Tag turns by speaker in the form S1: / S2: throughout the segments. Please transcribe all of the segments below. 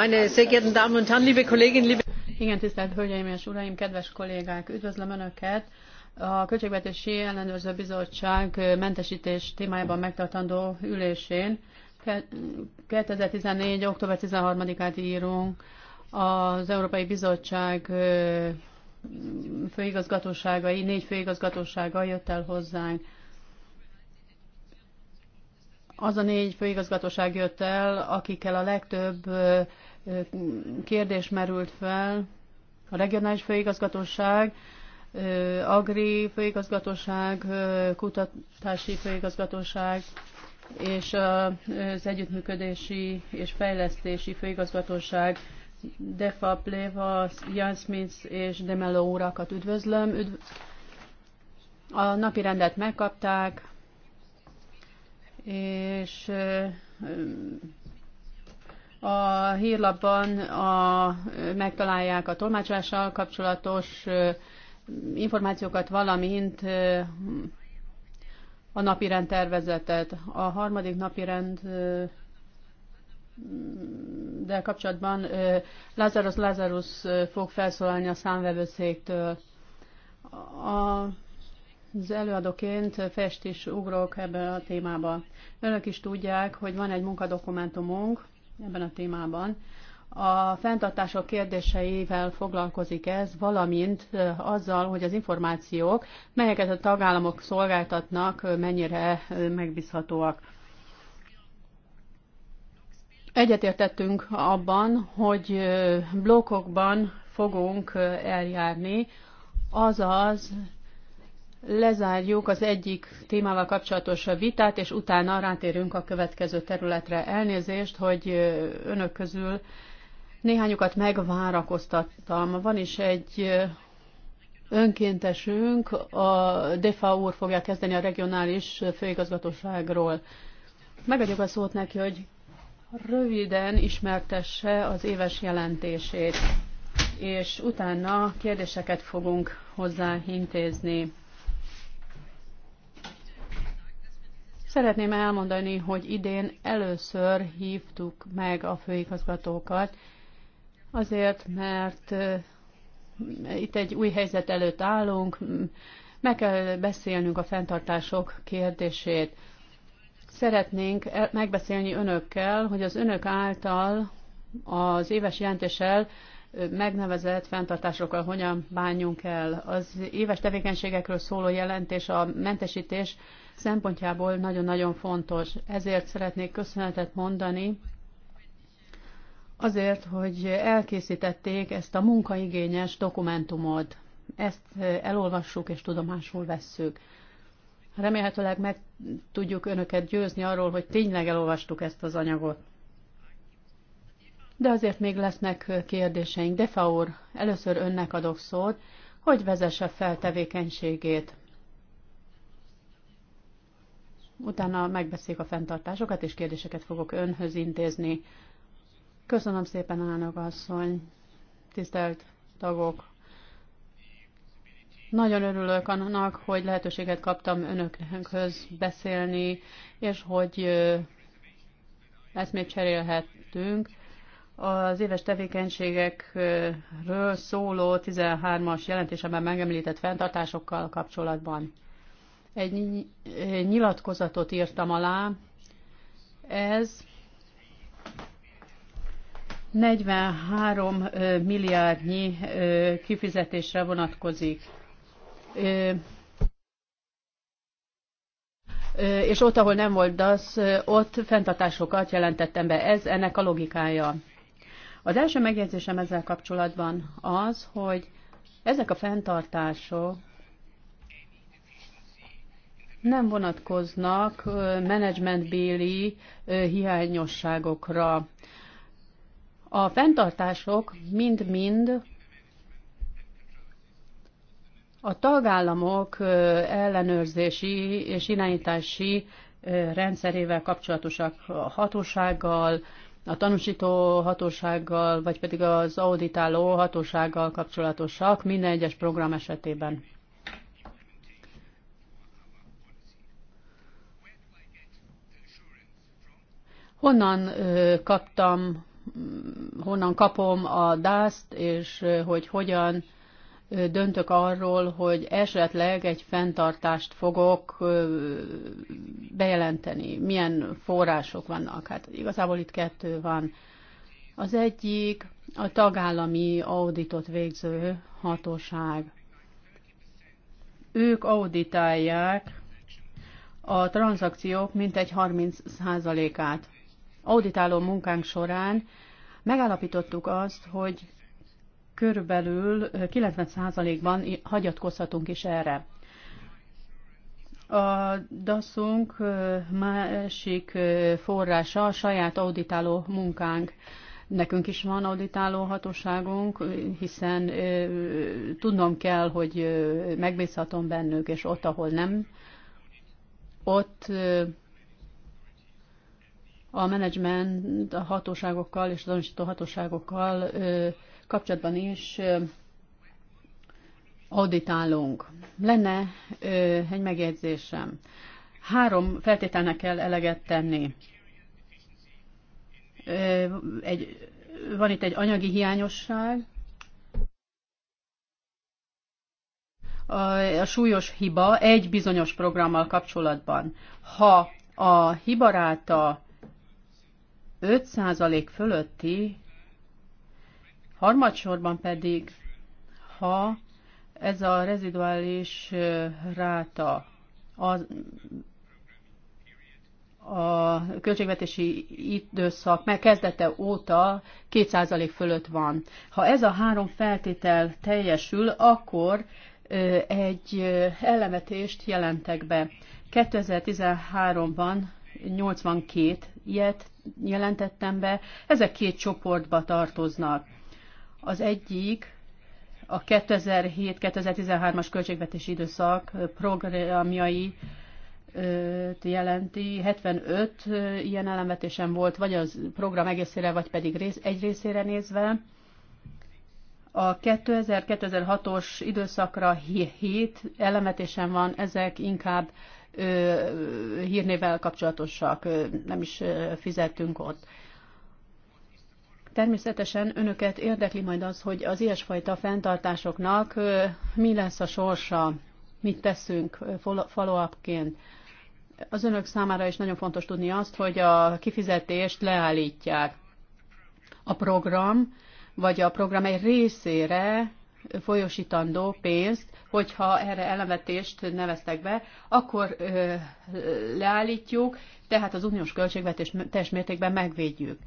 S1: Meine sehr tisztelt Hölgyeim és Uraim, kedves kollégák, üdvözlöm Önöket! A Költségvetési Ellenőrző Bizottság mentesítés témájában megtartandó ülésén 2014. október 13-át írunk az Európai Bizottság főigazgatóságai, négy főigazgatósága jött el hozzánk. Az a négy főigazgatóság jött el, akikkel a legtöbb kérdés merült fel. A regionális főigazgatóság, Agri főigazgatóság, kutatási főigazgatóság és az együttműködési és fejlesztési főigazgatóság Defa Pleva, Jan Smith és Demelo úrakat üdvözlöm. Üdv... A napi rendet megkapták, és a hírlapban a, megtalálják a tolmácsolással kapcsolatos információkat, valamint a napirend tervezetet. A harmadik napirend de kapcsolatban Lazarus Lazarus fog felszólalni a számvevőszéktől. A az előadóként fest is ugrok ebbe a témába. Önök is tudják, hogy van egy munkadokumentumunk, ebben a témában. A fenntartások kérdéseivel foglalkozik ez, valamint azzal, hogy az információk, melyeket a tagállamok szolgáltatnak, mennyire megbízhatóak. Egyetértettünk abban, hogy blokkokban fogunk eljárni, azaz lezárjuk az egyik témával kapcsolatos vitát, és utána rátérünk a következő területre. Elnézést, hogy önök közül néhányukat megvárakoztattam. Van is egy önkéntesünk, a Defa úr fogja kezdeni a regionális főigazgatóságról. Megadjuk a szót neki, hogy röviden ismertesse az éves jelentését, és utána kérdéseket fogunk hozzá intézni. Szeretném elmondani, hogy idén először hívtuk meg a főigazgatókat, azért, mert itt egy új helyzet előtt állunk, meg kell beszélnünk a fenntartások kérdését. Szeretnénk megbeszélni önökkel, hogy az önök által az éves jelentéssel megnevezett fenntartásokkal hogyan bánjunk el. Az éves tevékenységekről szóló jelentés, a mentesítés szempontjából nagyon-nagyon fontos. Ezért szeretnék köszönetet mondani azért, hogy elkészítették ezt a munkaigényes dokumentumot. Ezt elolvassuk és tudomásul vesszük. Remélhetőleg meg tudjuk önöket győzni arról, hogy tényleg elolvastuk ezt az anyagot. De azért még lesznek kérdéseink. Defaur, először önnek adok szót, hogy vezesse fel tevékenységét utána megbeszéljük a fenntartásokat, és kérdéseket fogok önhöz intézni. Köszönöm szépen, elnök asszony, tisztelt tagok. Nagyon örülök annak, hogy lehetőséget kaptam önökhöz beszélni, és hogy eszmét cserélhettünk. Az éves tevékenységekről szóló 13-as jelentésemben megemlített fenntartásokkal kapcsolatban egy nyilatkozatot írtam alá. Ez 43 milliárdnyi kifizetésre vonatkozik. És ott, ahol nem volt DASZ, ott fenntartásokat jelentettem be. Ez ennek a logikája. Az első megjegyzésem ezzel kapcsolatban az, hogy ezek a fenntartások nem vonatkoznak menedzsmentbéli hiányosságokra. A fenntartások mind-mind a tagállamok ellenőrzési és irányítási rendszerével kapcsolatosak a hatósággal, a tanúsító hatósággal, vagy pedig az auditáló hatósággal kapcsolatosak minden egyes program esetében. honnan kaptam, honnan kapom a dászt, és hogy hogyan döntök arról, hogy esetleg egy fenntartást fogok bejelenteni. Milyen források vannak? Hát igazából itt kettő van. Az egyik a tagállami auditot végző hatóság. Ők auditálják a tranzakciók mintegy 30%-át auditáló munkánk során megállapítottuk azt, hogy körülbelül 90%-ban hagyatkozhatunk is erre. A DASZ-unk másik forrása a saját auditáló munkánk. Nekünk is van auditáló hatóságunk, hiszen tudnom kell, hogy megbízhatom bennük, és ott, ahol nem, ott a menedzsment a hatóságokkal és az azonosító hatóságokkal kapcsolatban is auditálunk. Lenne egy megjegyzésem. Három feltételnek kell eleget tenni. Egy, van itt egy anyagi hiányosság, a súlyos hiba egy bizonyos programmal kapcsolatban. Ha a hibaráta 5% fölötti, harmadsorban pedig, ha ez a reziduális ráta az a költségvetési időszak megkezdete óta 2% fölött van. Ha ez a három feltétel teljesül, akkor egy ellemetést jelentek be. 2013-ban 82 ilyet jelentettem be, ezek két csoportba tartoznak. Az egyik a 2007-2013-as költségvetési időszak programjai jelenti. 75 ilyen ellenvetésem volt, vagy az program egészére, vagy pedig rész, egy részére nézve. A 2000-2006-os időszakra 7 elemetésen van, ezek inkább hírnével kapcsolatosak, nem is fizettünk ott. Természetesen önöket érdekli majd az, hogy az ilyesfajta fenntartásoknak mi lesz a sorsa, mit teszünk follow-upként. Az önök számára is nagyon fontos tudni azt, hogy a kifizetést leállítják. A program, vagy a program egy részére folyosítandó pénzt, hogyha erre ellenvetést neveztek be, akkor ö, leállítjuk, tehát az uniós költségvetés teljes mértékben megvédjük.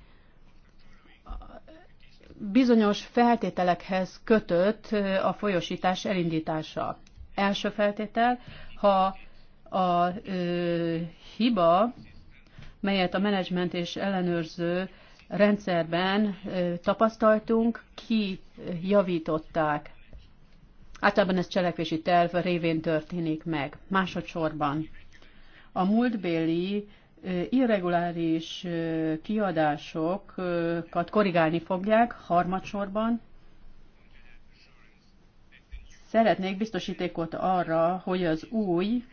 S1: Bizonyos feltételekhez kötött a folyosítás elindítása. Első feltétel, ha a ö, hiba, melyet a menedzsment és ellenőrző rendszerben tapasztaltunk, ki javították. Általában ez cselekvési terv révén történik meg. Másodszorban a múltbéli irreguláris kiadásokat korrigálni fogják, harmadsorban szeretnék biztosítékot arra, hogy az új,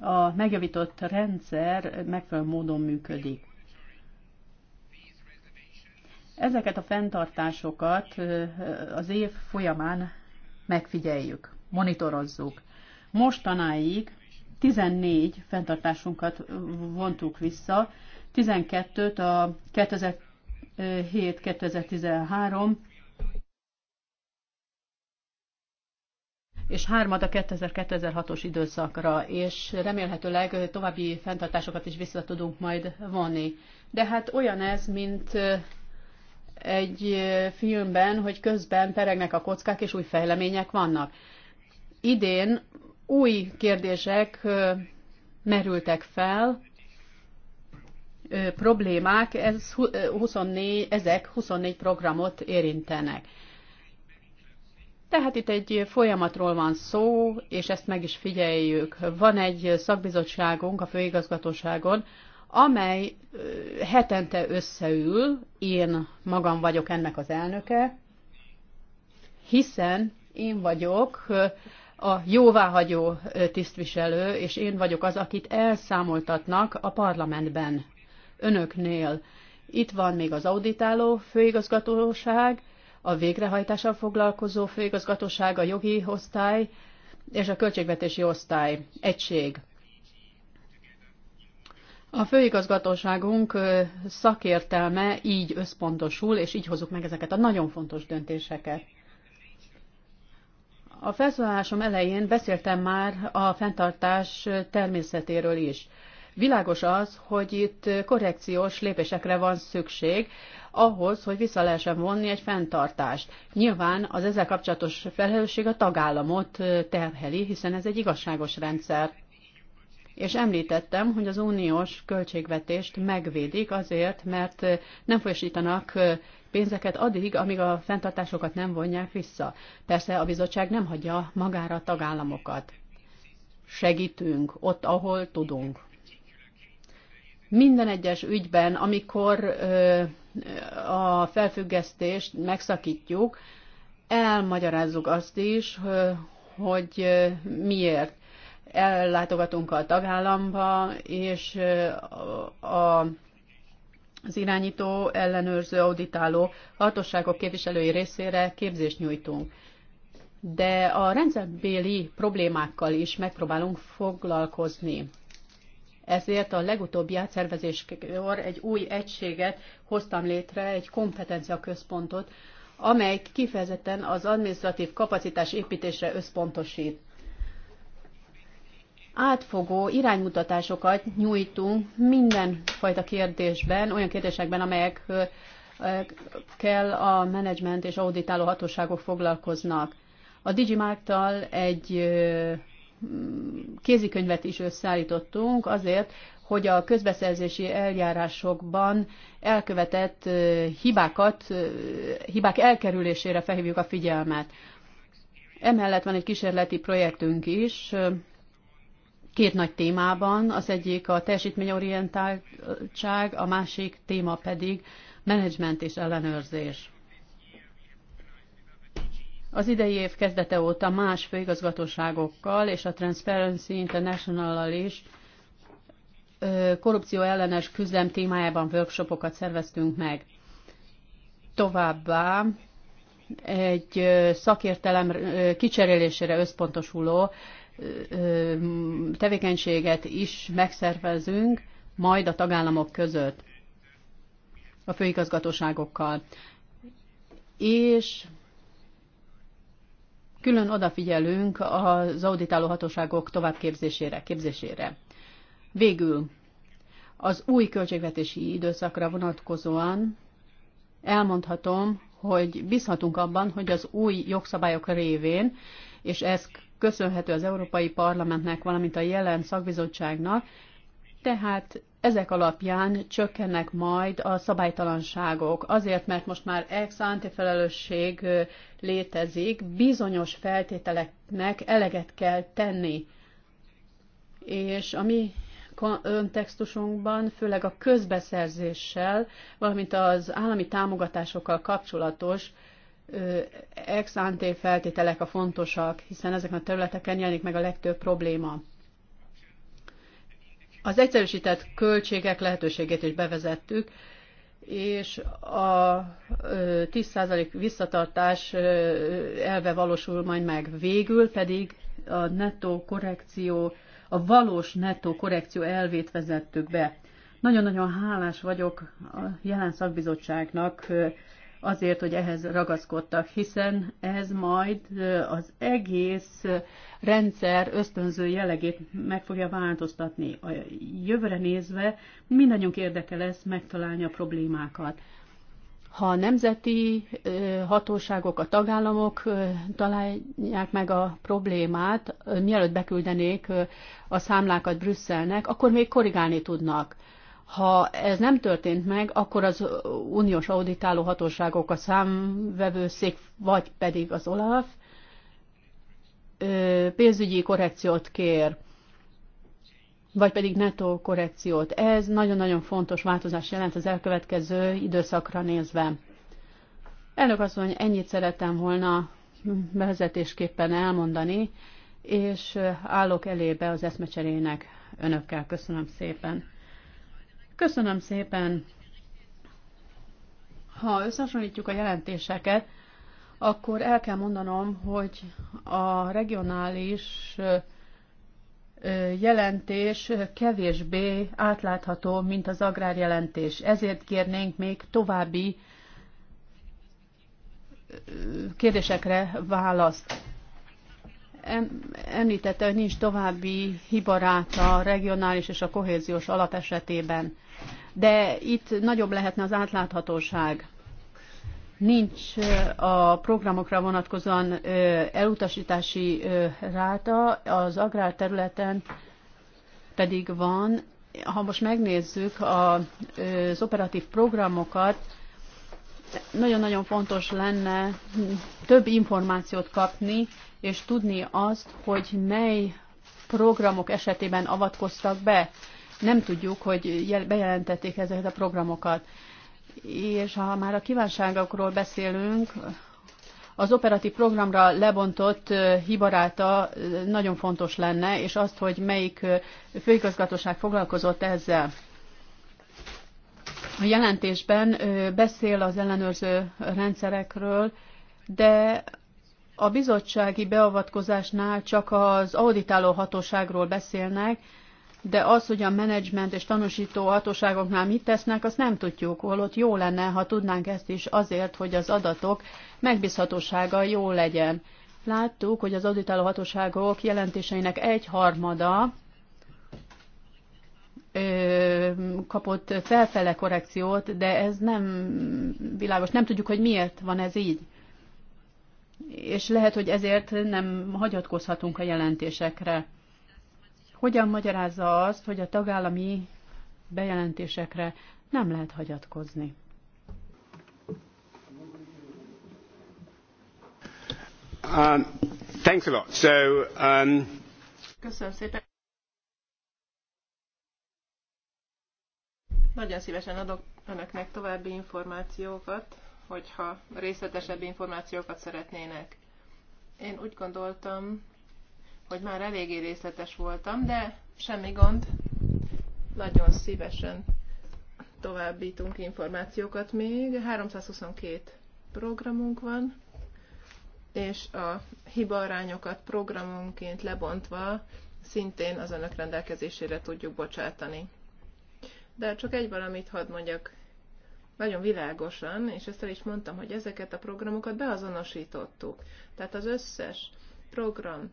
S1: a megjavított rendszer megfelelő módon működik. Ezeket a fenntartásokat az év folyamán megfigyeljük, monitorozzuk. Mostanáig 14 fenntartásunkat vontuk vissza, 12-t a 2007-2013 és hármat a 2006 os időszakra, és remélhetőleg további fenntartásokat is vissza tudunk majd vonni. De hát olyan ez, mint egy filmben, hogy közben peregnek a kockák, és új fejlemények vannak. Idén új kérdések merültek fel, problémák, ez 24, ezek 24 programot érintenek. Tehát itt egy folyamatról van szó, és ezt meg is figyeljük. Van egy szakbizottságunk a főigazgatóságon, amely hetente összeül, én magam vagyok ennek az elnöke, hiszen én vagyok a jóváhagyó tisztviselő, és én vagyok az, akit elszámoltatnak a parlamentben, önöknél. Itt van még az auditáló főigazgatóság, a végrehajtással foglalkozó főigazgatóság, a jogi osztály és a költségvetési osztály egység. A főigazgatóságunk szakértelme így összpontosul, és így hozzuk meg ezeket a nagyon fontos döntéseket. A felszólalásom elején beszéltem már a fenntartás természetéről is. Világos az, hogy itt korrekciós lépésekre van szükség ahhoz, hogy vissza lehessen vonni egy fenntartást. Nyilván az ezzel kapcsolatos felelősség a tagállamot terheli, hiszen ez egy igazságos rendszer és említettem, hogy az uniós költségvetést megvédik azért, mert nem folyosítanak pénzeket addig, amíg a fenntartásokat nem vonják vissza. Persze a bizottság nem hagyja magára a tagállamokat. Segítünk ott, ahol tudunk. Minden egyes ügyben, amikor a felfüggesztést megszakítjuk, elmagyarázzuk azt is, hogy miért ellátogatunk a tagállamba, és a az irányító, ellenőrző, auditáló hatóságok képviselői részére képzést nyújtunk. De a rendszerbéli problémákkal is megpróbálunk foglalkozni. Ezért a legutóbbi átszervezéskor egy új egységet hoztam létre, egy kompetencia központot, amely kifejezetten az administratív kapacitás építésre összpontosít átfogó iránymutatásokat nyújtunk mindenfajta kérdésben, olyan kérdésekben, amelyek kell a menedzsment és auditáló hatóságok foglalkoznak. A Digimarktal egy kézikönyvet is összeállítottunk azért, hogy a közbeszerzési eljárásokban elkövetett hibákat, hibák elkerülésére felhívjuk a figyelmet. Emellett van egy kísérleti projektünk is, két nagy témában, az egyik a teljesítményorientáltság, a másik téma pedig menedzsment és ellenőrzés. Az idei év kezdete óta más főigazgatóságokkal és a Transparency International-al is korrupció ellenes küzdelem témájában workshopokat szerveztünk meg. Továbbá egy szakértelem kicserélésére összpontosuló tevékenységet is megszervezünk, majd a tagállamok között, a főigazgatóságokkal. És külön odafigyelünk az auditáló hatóságok továbbképzésére, képzésére. Végül az új költségvetési időszakra vonatkozóan elmondhatom, hogy bízhatunk abban, hogy az új jogszabályok révén, és ez köszönhető az Európai Parlamentnek, valamint a jelen szakbizottságnak, tehát ezek alapján csökkennek majd a szabálytalanságok. Azért, mert most már ex ante felelősség létezik, bizonyos feltételeknek eleget kell tenni. És a mi öntextusunkban, főleg a közbeszerzéssel, valamint az állami támogatásokkal kapcsolatos ex ante feltételek a fontosak, hiszen ezeken a területeken jelenik meg a legtöbb probléma. Az egyszerűsített költségek lehetőségét is bevezettük, és a 10% visszatartás elve valósul majd meg. Végül pedig a nettó korrekció, a valós nettó korrekció elvét vezettük be. Nagyon-nagyon hálás vagyok a jelen szakbizottságnak, azért, hogy ehhez ragaszkodtak, hiszen ez majd az egész rendszer ösztönző jellegét meg fogja változtatni. A jövőre nézve mindannyiunk érdeke lesz megtalálni a problémákat. Ha a nemzeti hatóságok, a tagállamok találják meg a problémát, mielőtt beküldenék a számlákat Brüsszelnek, akkor még korrigálni tudnak. Ha ez nem történt meg, akkor az uniós auditáló hatóságok, a számvevőszék, vagy pedig az OLAF pénzügyi korrekciót kér, vagy pedig netó korrekciót. Ez nagyon-nagyon fontos változás jelent az elkövetkező időszakra nézve. Elnök asszony, ennyit szerettem volna bevezetésképpen elmondani, és állok elébe az eszmecserének önökkel. Köszönöm szépen. Köszönöm szépen. Ha összehasonlítjuk a jelentéseket, akkor el kell mondanom, hogy a regionális jelentés kevésbé átlátható, mint az agrárjelentés. Ezért kérnénk még további kérdésekre választ említette, hogy nincs további hibaráta a regionális és a kohéziós alap esetében. De itt nagyobb lehetne az átláthatóság. Nincs a programokra vonatkozóan elutasítási ráta, az agrárterületen pedig van. Ha most megnézzük az operatív programokat, nagyon-nagyon fontos lenne több információt kapni és tudni azt, hogy mely programok esetében avatkoztak be. Nem tudjuk, hogy bejelentették ezeket a programokat. És ha már a kívánságokról beszélünk, az operatív programra lebontott hibaráta nagyon fontos lenne, és azt, hogy melyik főigazgatóság foglalkozott ezzel. A jelentésben beszél az ellenőrző rendszerekről, de a bizottsági beavatkozásnál csak az auditáló hatóságról beszélnek, de az, hogy a menedzsment és tanúsító hatóságoknál mit tesznek, azt nem tudjuk, holott jó lenne, ha tudnánk ezt is azért, hogy az adatok megbízhatósága jó legyen. Láttuk, hogy az auditáló hatóságok jelentéseinek egy harmada kapott felfele korrekciót, de ez nem világos. Nem tudjuk, hogy miért van ez így és lehet, hogy ezért nem hagyatkozhatunk a jelentésekre. Hogyan magyarázza azt, hogy a tagállami bejelentésekre nem lehet hagyatkozni?
S2: Um, thanks a lot. So, um...
S3: Köszönöm szépen. Nagyon szívesen adok önöknek további információkat hogyha részletesebb információkat szeretnének. Én úgy gondoltam, hogy már eléggé részletes voltam, de semmi gond, nagyon szívesen továbbítunk információkat még. 322 programunk van, és a hibaarányokat programunként lebontva szintén az önök rendelkezésére tudjuk bocsátani. De csak egy valamit hadd mondjak nagyon világosan, és ezt el is mondtam, hogy ezeket a programokat beazonosítottuk. Tehát az összes program,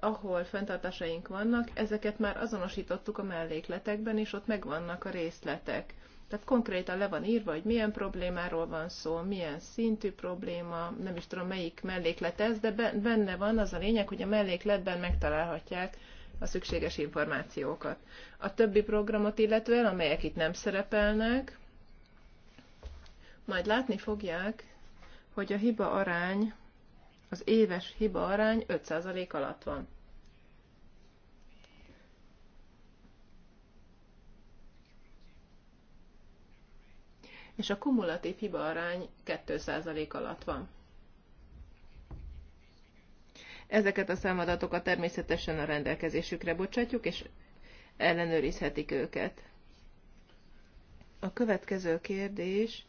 S3: ahol fenntartásaink vannak, ezeket már azonosítottuk a mellékletekben, és ott megvannak a részletek. Tehát konkrétan le van írva, hogy milyen problémáról van szó, milyen szintű probléma, nem is tudom melyik melléklet ez, de benne van az a lényeg, hogy a mellékletben megtalálhatják a szükséges információkat. A többi programot illetően, amelyek itt nem szerepelnek, majd látni fogják, hogy a hiba arány, az éves hiba arány 5% alatt van. És a kumulatív hiba arány 2% alatt van. Ezeket a számadatokat természetesen a rendelkezésükre bocsátjuk, és ellenőrizhetik őket. A következő kérdés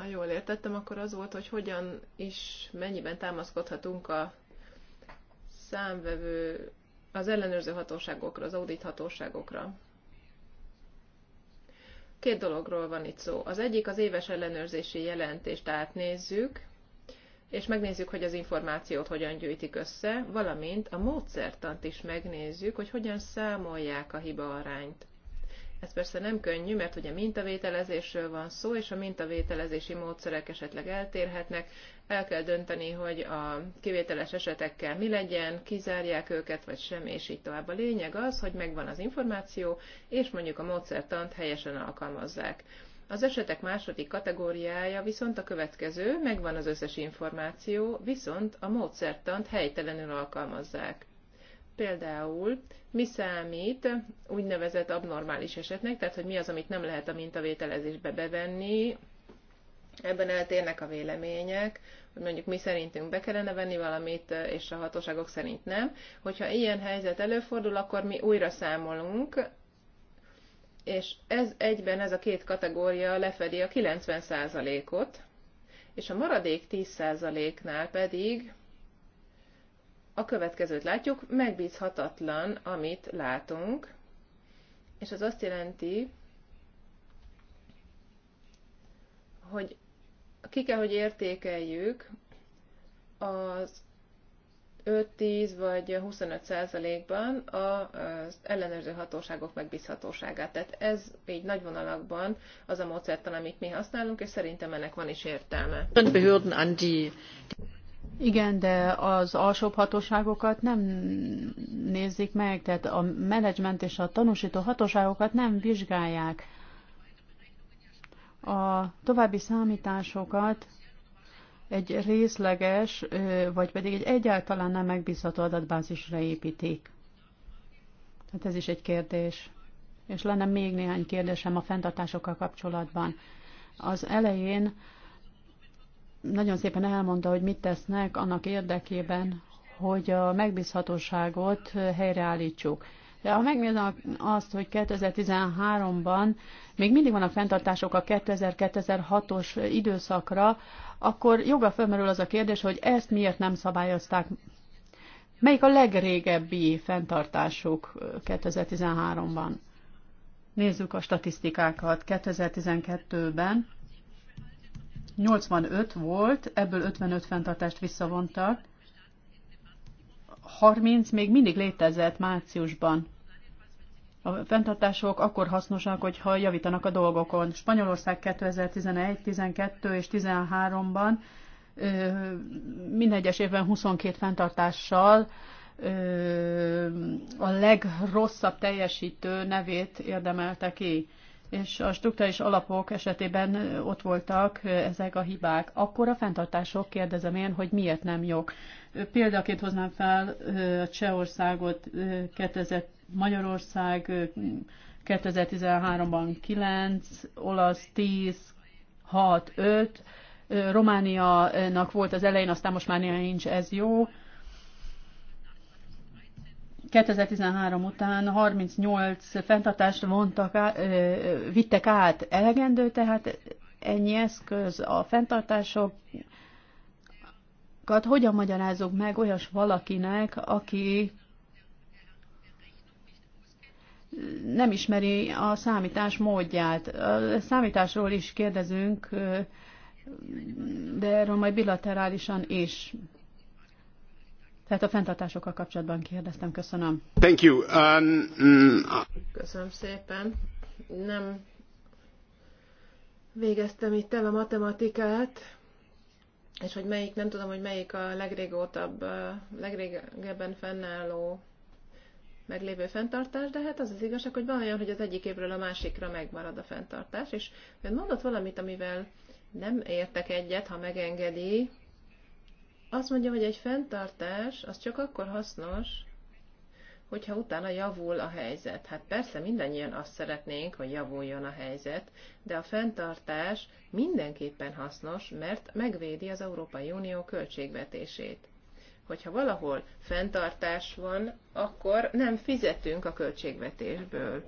S3: ha jól értettem, akkor az volt, hogy hogyan is, mennyiben támaszkodhatunk a számvevő, az ellenőrző hatóságokra, az audit hatóságokra. Két dologról van itt szó. Az egyik az éves ellenőrzési jelentést átnézzük, és megnézzük, hogy az információt hogyan gyűjtik össze, valamint a módszertant is megnézzük, hogy hogyan számolják a hiba arányt. Ez persze nem könnyű, mert ugye mintavételezésről van szó, és a mintavételezési módszerek esetleg eltérhetnek. El kell dönteni, hogy a kivételes esetekkel mi legyen, kizárják őket, vagy sem, és így tovább. A lényeg az, hogy megvan az információ, és mondjuk a módszertant helyesen alkalmazzák. Az esetek második kategóriája viszont a következő, megvan az összes információ, viszont a módszertant helytelenül alkalmazzák. Például mi számít úgynevezett abnormális esetnek, tehát hogy mi az, amit nem lehet a mintavételezésbe bevenni, ebben eltérnek a vélemények, hogy mondjuk mi szerintünk be kellene venni valamit, és a hatóságok szerint nem. Hogyha ilyen helyzet előfordul, akkor mi újra számolunk, és ez egyben ez a két kategória lefedi a 90%-ot, és a maradék 10%-nál pedig a következőt látjuk, megbízhatatlan, amit látunk, és az azt jelenti, hogy ki kell, hogy értékeljük az 5-10 vagy 25 százalékban az ellenőrző hatóságok megbízhatóságát. Tehát ez így nagy vonalakban az a módszertan, amit mi használunk, és szerintem ennek van is értelme.
S1: Igen, de az alsóbb hatóságokat nem nézik meg, tehát a menedzsment és a tanúsító hatóságokat nem vizsgálják. A további számításokat egy részleges, vagy pedig egy egyáltalán nem megbízható adatbázisra építik. Tehát ez is egy kérdés. És lenne még néhány kérdésem a fenntartásokkal kapcsolatban. Az elején nagyon szépen elmondta, hogy mit tesznek annak érdekében, hogy a megbízhatóságot helyreállítsuk. De ha megnézem azt, hogy 2013-ban még mindig vannak fenntartások a 2000-2006-os időszakra, akkor joga felmerül az a kérdés, hogy ezt miért nem szabályozták. Melyik a legrégebbi fenntartásuk 2013-ban? Nézzük a statisztikákat. 2012-ben 85 volt, ebből 55 fenntartást visszavontak, 30 még mindig létezett márciusban. A fenntartások akkor hasznosak, hogyha javítanak a dolgokon. Spanyolország 2011, 12 és 13-ban mindegyes évben 22 fenntartással a legrosszabb teljesítő nevét érdemelte ki és a struktúrális alapok esetében ott voltak ezek a hibák. Akkor a fenntartások kérdezem én, hogy miért nem jók. Példaként hoznám fel a Csehországot, 2000, Magyarország 2013-ban 9, olasz 10, 6, 5, Romániának volt az elején, aztán most már nincs ez jó, 2013 után 38 fenntartást vontak át, vittek át. Elegendő tehát ennyi eszköz a fenntartások hogyan magyarázok meg olyas valakinek, aki nem ismeri a számítás módját. A számításról is kérdezünk, de erről majd bilaterálisan is. Tehát a fenntartásokkal kapcsolatban kérdeztem, köszönöm.
S2: Thank you. Um, mm.
S3: Köszönöm szépen. Nem végeztem itt el a matematikát, és hogy melyik, nem tudom, hogy melyik a legrégótabb, legrégebben fennálló meglévő fenntartás, de hát az az igazság, hogy van olyan, hogy az egyik évről a másikra megmarad a fenntartás, és mondott valamit, amivel nem értek egyet, ha megengedi, azt mondja, hogy egy fenntartás az csak akkor hasznos, hogyha utána javul a helyzet. Hát persze mindannyian azt szeretnénk, hogy javuljon a helyzet, de a fenntartás mindenképpen hasznos, mert megvédi az Európai Unió költségvetését. Hogyha valahol fenntartás van, akkor nem fizetünk a költségvetésből.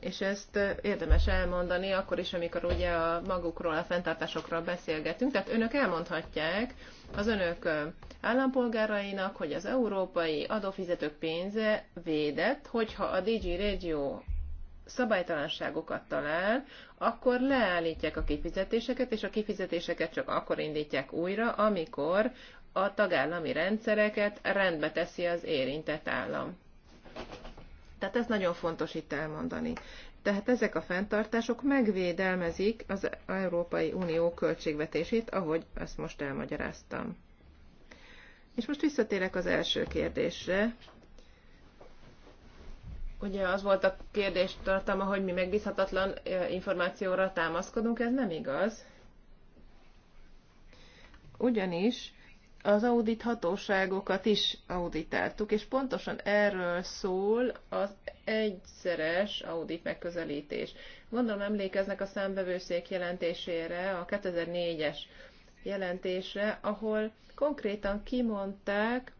S3: És ezt érdemes elmondani akkor is, amikor ugye a magukról, a fenntartásokról beszélgetünk. Tehát önök elmondhatják, az önök állampolgárainak, hogy az európai adófizetők pénze védett, hogyha a DG Régió szabálytalanságokat talál, akkor leállítják a kifizetéseket, és a kifizetéseket csak akkor indítják újra, amikor a tagállami rendszereket rendbe teszi az érintett állam. Tehát ez nagyon fontos itt elmondani. Tehát ezek a fenntartások megvédelmezik az Európai Unió költségvetését, ahogy ezt most elmagyaráztam. És most visszatérek az első kérdésre. Ugye az volt a kérdés tartalma, hogy mi megbízhatatlan információra támaszkodunk, ez nem igaz. Ugyanis az audit hatóságokat is auditáltuk, és pontosan erről szól az egyszeres audit megközelítés. Gondolom emlékeznek a számbevőszék jelentésére, a 2004-es jelentésre, ahol konkrétan kimondták,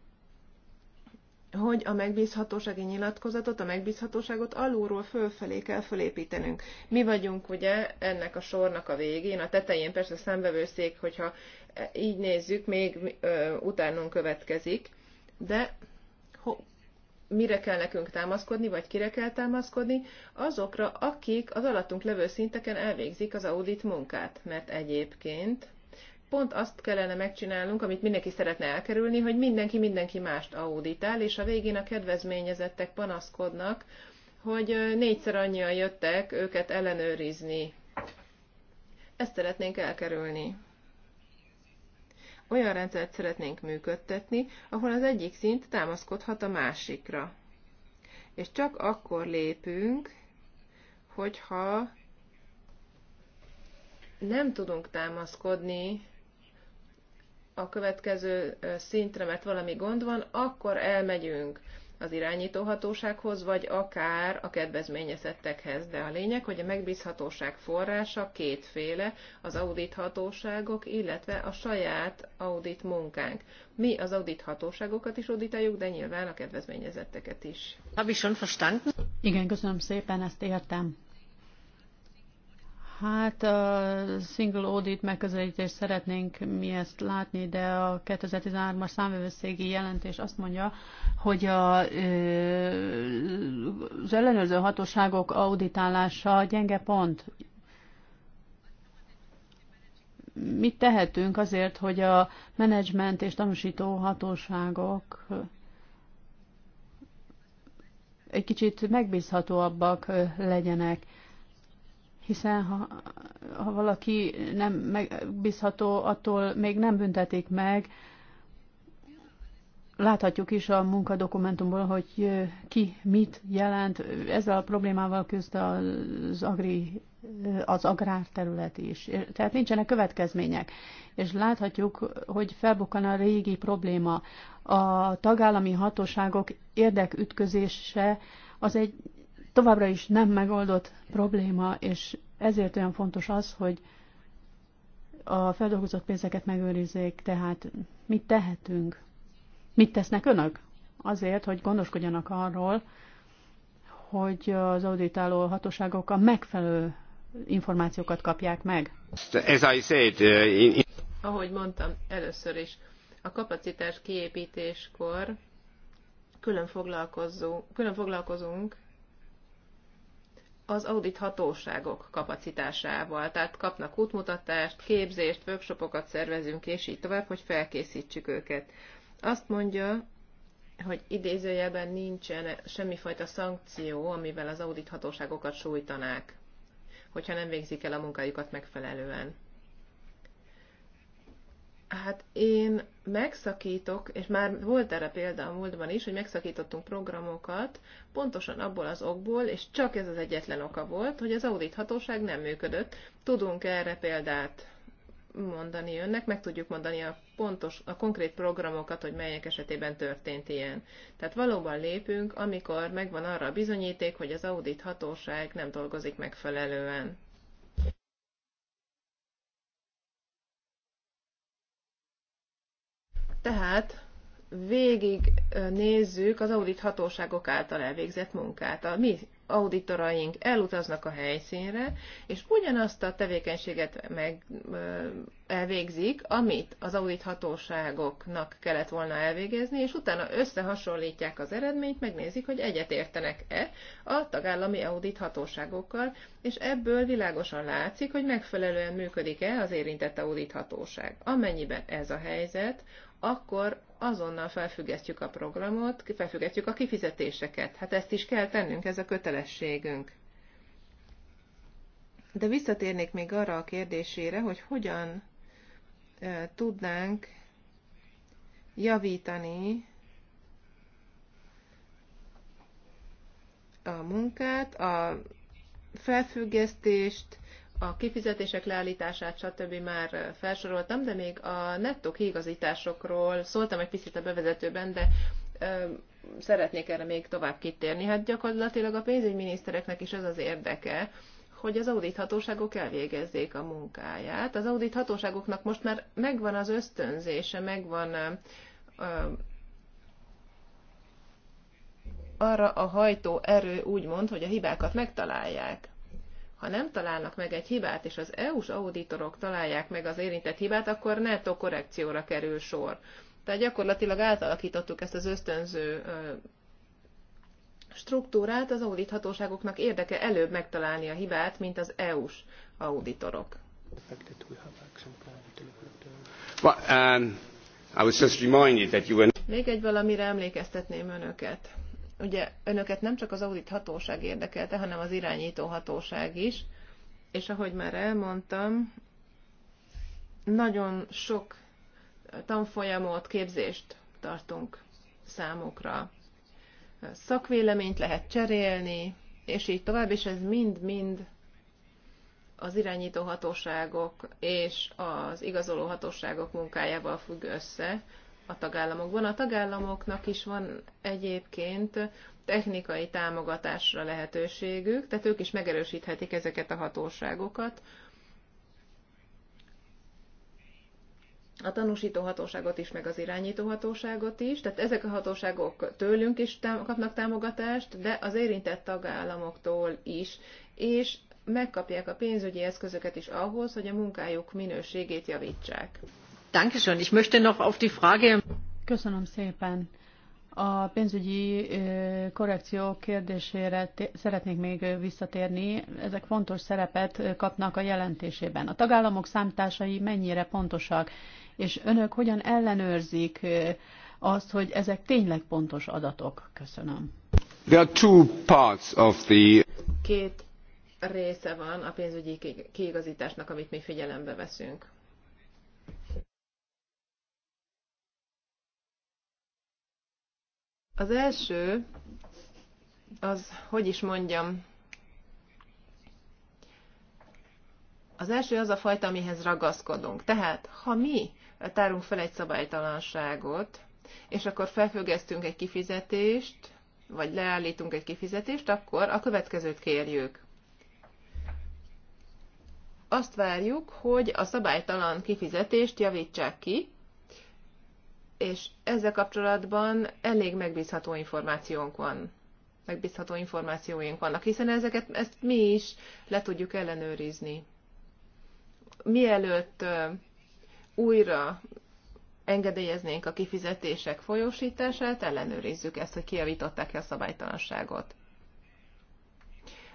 S3: hogy a megbízhatósági nyilatkozatot, a megbízhatóságot alulról fölfelé kell fölépítenünk. Mi vagyunk ugye ennek a sornak a végén, a tetején persze a számbevőszék, hogyha így nézzük, még utánunk következik, de mire kell nekünk támaszkodni, vagy kire kell támaszkodni, azokra, akik az alattunk levő szinteken elvégzik az audit munkát, mert egyébként pont azt kellene megcsinálnunk, amit mindenki szeretne elkerülni, hogy mindenki mindenki mást auditál, és a végén a kedvezményezettek panaszkodnak, hogy négyszer annyian jöttek őket ellenőrizni. Ezt szeretnénk elkerülni. Olyan rendszert szeretnénk működtetni, ahol az egyik szint támaszkodhat a másikra. És csak akkor lépünk, hogyha nem tudunk támaszkodni a következő szintre, mert valami gond van, akkor elmegyünk az irányítóhatósághoz, vagy akár a kedvezményezettekhez. De a lényeg, hogy a megbízhatóság forrása kétféle, az audithatóságok, illetve a saját audit munkánk. Mi az audithatóságokat is auditáljuk, de nyilván a kedvezményezetteket is.
S1: schon verstanden? Igen, köszönöm szépen, ezt értem. Hát a single audit megközelítést szeretnénk mi ezt látni, de a 2013-as számvevőszégi jelentés azt mondja, hogy a, az ellenőrző hatóságok auditálása gyenge pont. Mit tehetünk azért, hogy a menedzsment és tanúsító hatóságok egy kicsit megbízhatóabbak legyenek? hiszen ha, ha valaki nem megbízható, attól még nem büntetik meg. Láthatjuk is a munkadokumentumból, hogy ki mit jelent. Ezzel a problémával küzd az, agri, az terület is. Tehát nincsenek következmények. És láthatjuk, hogy felbukkan a régi probléma. A tagállami hatóságok érdekütközése az egy továbbra is nem megoldott probléma, és ezért olyan fontos az, hogy a feldolgozott pénzeket megőrizzék, tehát mit tehetünk? Mit tesznek önök? Azért, hogy gondoskodjanak arról, hogy az auditáló hatóságok a megfelelő információkat kapják meg. Uh,
S3: Ahogy mondtam először is, a kapacitás kiépítéskor külön, foglalkozó, külön foglalkozunk az audit hatóságok kapacitásával. Tehát kapnak útmutatást, képzést, workshopokat szervezünk, és így tovább, hogy felkészítsük őket. Azt mondja, hogy idézőjelben nincsen semmifajta szankció, amivel az audit hatóságokat sújtanák, hogyha nem végzik el a munkájukat megfelelően. Hát én megszakítok, és már volt erre példa a múltban is, hogy megszakítottunk programokat pontosan abból az okból, és csak ez az egyetlen oka volt, hogy az audíthatóság nem működött. Tudunk erre példát mondani önnek, meg tudjuk mondani a pontos, a konkrét programokat, hogy melyek esetében történt ilyen. Tehát valóban lépünk, amikor megvan arra a bizonyíték, hogy az audit hatóság nem dolgozik megfelelően. Tehát végig nézzük az audit hatóságok által elvégzett munkát. A mi auditoraink elutaznak a helyszínre, és ugyanazt a tevékenységet meg, elvégzik, amit az audit hatóságoknak kellett volna elvégezni, és utána összehasonlítják az eredményt, megnézik, hogy egyetértenek-e a tagállami audit hatóságokkal, és ebből világosan látszik, hogy megfelelően működik-e az érintett audit hatóság. Amennyiben ez a helyzet, akkor azonnal felfüggesztjük a programot, felfüggesztjük a kifizetéseket. Hát ezt is kell tennünk, ez a kötelességünk. De visszatérnék még arra a kérdésére, hogy hogyan tudnánk javítani a munkát, a felfüggesztést, a kifizetések leállítását, stb. már felsoroltam, de még a nettó kiigazításokról szóltam egy picit a bevezetőben, de ö, szeretnék erre még tovább kitérni. Hát gyakorlatilag a pénzügyminisztereknek is ez az érdeke, hogy az audíthatóságok elvégezzék a munkáját. Az audíthatóságoknak most már megvan az ösztönzése, megvan ö, arra a hajtó erő úgymond, hogy a hibákat megtalálják. Ha nem találnak meg egy hibát, és az EU-s auditorok találják meg az érintett hibát, akkor netto korrekcióra kerül sor. Tehát gyakorlatilag átalakítottuk ezt az ösztönző struktúrát, az audithatóságoknak érdeke előbb megtalálni a hibát, mint az EU-s auditorok.
S4: Well, um, I was just reminded that you were...
S3: Még egy valamire emlékeztetném önöket ugye önöket nem csak az audit hatóság érdekelte, hanem az irányító hatóság is, és ahogy már elmondtam, nagyon sok tanfolyamot, képzést tartunk számukra. Szakvéleményt lehet cserélni, és így tovább, és ez mind-mind az irányító hatóságok és az igazoló hatóságok munkájával függ össze, a tagállamokban. A tagállamoknak is van egyébként technikai támogatásra lehetőségük, tehát ők is megerősíthetik ezeket a hatóságokat. A tanúsító hatóságot is, meg az irányító hatóságot is, tehát ezek a hatóságok tőlünk is tám- kapnak támogatást, de az érintett tagállamoktól is, és megkapják a pénzügyi eszközöket is ahhoz, hogy a munkájuk minőségét javítsák. Ich möchte noch auf
S1: die Frage. Köszönöm szépen. A pénzügyi korrekció kérdésére szeretnék még visszatérni. Ezek fontos szerepet kapnak a jelentésében. A tagállamok számtásai mennyire pontosak, és önök hogyan ellenőrzik azt, hogy ezek tényleg pontos adatok? Köszönöm.
S4: There are two parts of the...
S3: Két része van a pénzügyi kiigazításnak, amit mi figyelembe veszünk. Az első, az, hogy is mondjam, az első az a fajta, amihez ragaszkodunk. Tehát, ha mi tárunk fel egy szabálytalanságot, és akkor felfüggesztünk egy kifizetést, vagy leállítunk egy kifizetést, akkor a következőt kérjük. Azt várjuk, hogy a szabálytalan kifizetést javítsák ki, és ezzel kapcsolatban elég megbízható információnk van. Megbízható információink vannak, hiszen ezeket ezt mi is le tudjuk ellenőrizni. Mielőtt újra engedélyeznénk a kifizetések folyósítását, ellenőrizzük ezt, hogy kiavították-e a szabálytalanságot.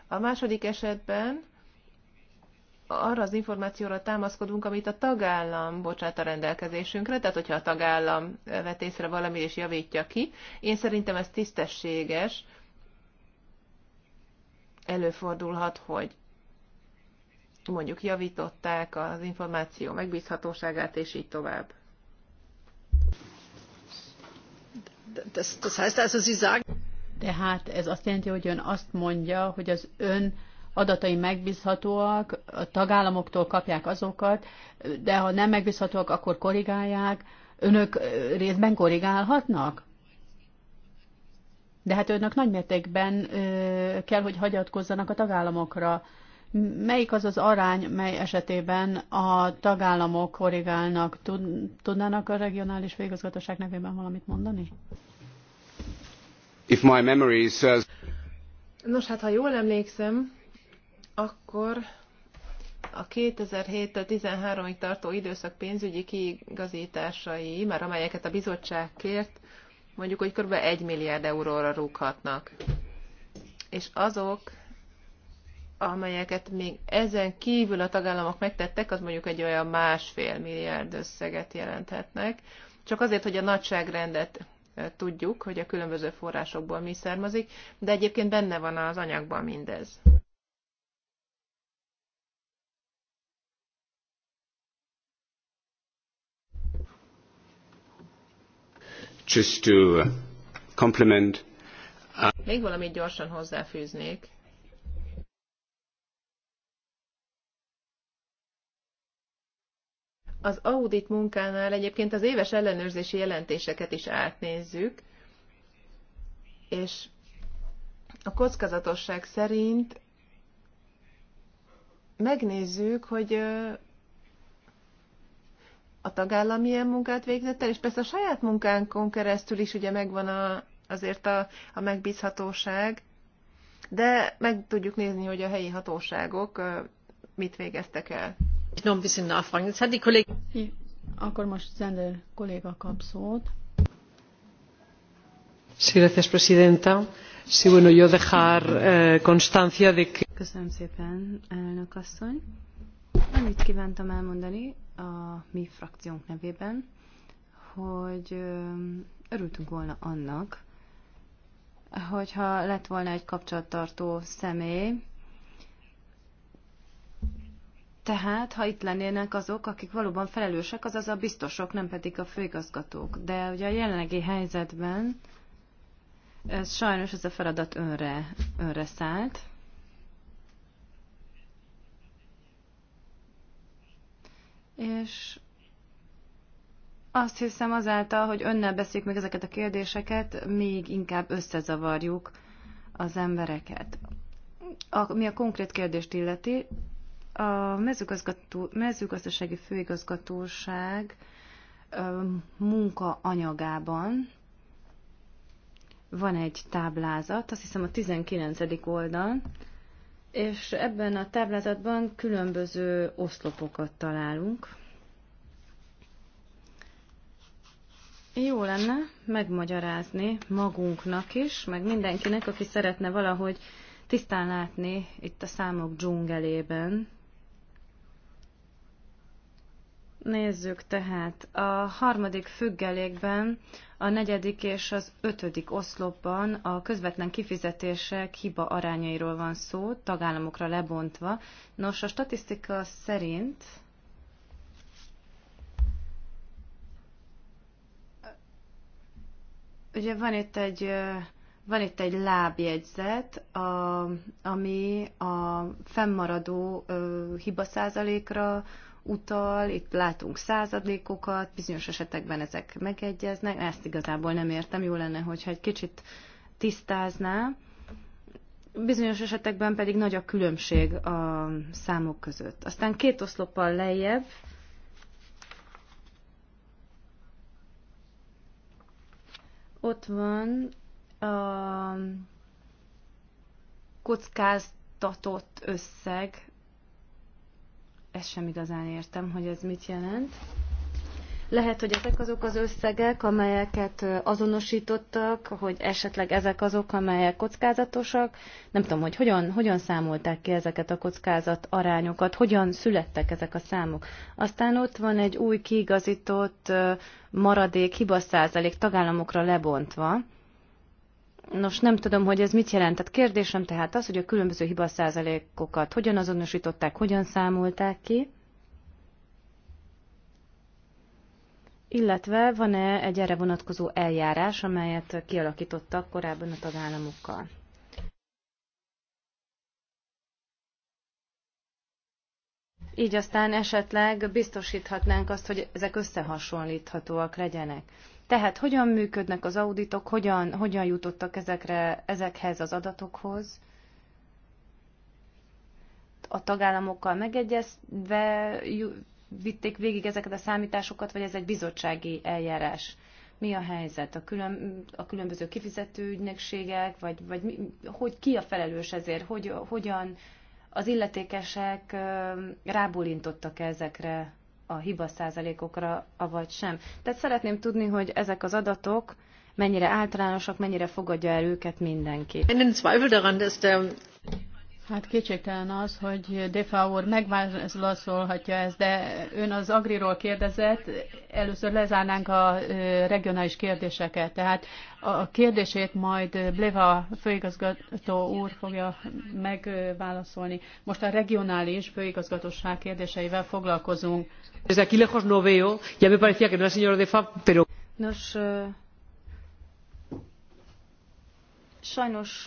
S3: A második esetben arra az információra támaszkodunk, amit a tagállam bocsát a rendelkezésünkre, tehát hogyha a tagállam vet észre valami és javítja ki. Én szerintem ez tisztességes. Előfordulhat, hogy mondjuk javították az információ megbízhatóságát, és így tovább. Das, das heißt also, Sie sagen...
S1: Tehát ez azt jelenti, hogy ön azt mondja, hogy az ön adatai megbízhatóak, a tagállamoktól kapják azokat, de ha nem megbízhatóak, akkor korrigálják. Önök részben korrigálhatnak? De hát önök nagymértékben kell, hogy hagyatkozzanak a tagállamokra. Melyik az az arány, mely esetében a tagállamok korrigálnak? Tudnának a regionális végazgatóság
S3: nevében valamit mondani?
S2: If my memory says...
S3: Nos, hát ha jól emlékszem, akkor a 2007-től 13-ig tartó időszak pénzügyi kiigazításai, már amelyeket a bizottság kért, mondjuk, hogy kb. 1 milliárd euróra rúghatnak. És azok, amelyeket még ezen kívül a tagállamok megtettek, az mondjuk egy olyan másfél milliárd összeget jelenthetnek. Csak azért, hogy a nagyságrendet tudjuk, hogy a különböző forrásokból mi származik, de egyébként benne van az anyagban mindez.
S4: just to uh, complement.
S3: Uh, Még valamit gyorsan hozzáfűznék. Az audit munkánál egyébként az éves ellenőrzési jelentéseket is átnézzük, és a kockázatosság szerint megnézzük, hogy a tagállam ilyen munkát végzett el, és persze a saját munkánkon keresztül is ugye megvan a, azért a, a megbízhatóság, de meg tudjuk nézni, hogy a helyi hatóságok mit végeztek el.
S1: Akkor most Zender kolléga kap szót.
S5: Sí, gracias, presidenta. Sí, bueno, yo dejar eh, constancia
S6: de que... Köszönöm szépen, elnök asszony. Annyit kívántam elmondani, a mi frakciónk nevében, hogy örültünk volna annak, hogyha lett volna egy kapcsolattartó személy, tehát, ha itt lennének azok, akik valóban felelősek, azaz a biztosok, nem pedig a főigazgatók. De ugye a jelenlegi helyzetben ez sajnos ez a feladat önre, önre szállt. És azt hiszem azáltal, hogy önnel beszéljük meg ezeket a kérdéseket, még inkább összezavarjuk az embereket. A, mi a konkrét kérdést illeti, a mezőgazdasági főigazgatóság munkaanyagában van egy táblázat, azt hiszem a 19. oldal, és ebben a táblázatban különböző oszlopokat találunk. Jó lenne megmagyarázni magunknak is, meg mindenkinek, aki szeretne valahogy tisztán látni itt a számok dzsungelében, Nézzük tehát. A harmadik függelékben, a negyedik és az ötödik oszlopban a közvetlen kifizetések hiba arányairól van szó, tagállamokra lebontva. Nos, a statisztika szerint ugye van itt egy van itt egy lábjegyzet, a, ami a fennmaradó ö, hiba százalékra utal, itt látunk századékokat, bizonyos esetekben ezek megegyeznek, ezt igazából nem értem, jó lenne, hogyha egy kicsit tisztázná. Bizonyos esetekben pedig nagy a különbség a számok között. Aztán két oszloppal lejjebb, ott van a kockáztatott összeg ezt sem igazán értem, hogy ez mit jelent. Lehet, hogy ezek azok az összegek, amelyeket azonosítottak, hogy esetleg ezek azok, amelyek kockázatosak. Nem tudom, hogy hogyan, hogyan számolták ki ezeket a kockázat arányokat, hogyan születtek ezek a számok. Aztán ott van egy új kiigazított maradék hibaszázalék tagállamokra lebontva, Nos, nem tudom, hogy ez mit jelent. Tehát kérdésem tehát az, hogy a különböző hibaszázalékokat hogyan azonosították, hogyan számolták ki, illetve van-e egy erre vonatkozó eljárás, amelyet kialakítottak korábban a tagállamokkal? Így aztán esetleg biztosíthatnánk azt, hogy ezek összehasonlíthatóak legyenek. Tehát hogyan működnek az auditok, hogyan, hogyan jutottak ezekre, ezekhez az adatokhoz? A tagállamokkal megegyezve vitték végig ezeket a számításokat, vagy ez egy bizottsági eljárás? Mi a helyzet? A, külön, a különböző kifizető ügynökségek, vagy, vagy mi, hogy ki a felelős ezért? Hogy, hogyan az illetékesek rábólintottak -e ezekre a hiba százalékokra, avagy sem. Tehát szeretném tudni, hogy ezek az adatok mennyire általánosak, mennyire fogadja el őket mindenki.
S1: Hát kétségtelen az, hogy Defa úr megválaszolhatja ezt, de ön az Agriról kérdezett, először lezárnánk a regionális kérdéseket. Tehát a kérdését majd Bleva főigazgató úr fogja megválaszolni. Most a regionális főigazgatóság kérdéseivel
S5: foglalkozunk. aquí ya me parecía que no señor Defa, pero...
S6: Nos, Sajnos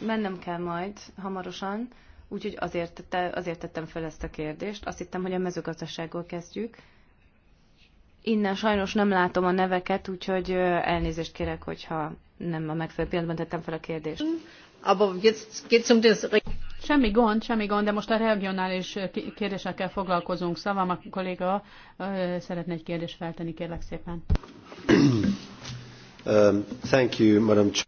S6: mennem kell majd hamarosan, úgyhogy azért, te, azért tettem fel ezt a kérdést. Azt hittem, hogy a mezőgazdasággal kezdjük. Innen sajnos nem látom a neveket, úgyhogy elnézést kérek, hogyha nem a megfelelő pillanatban tettem fel a kérdést. Um
S1: semmi gond, semmi gond, de most a regionális kérdésekkel foglalkozunk. Szavam a kolléga szeretne egy kérdést feltenni, kérlek szépen.
S4: Um,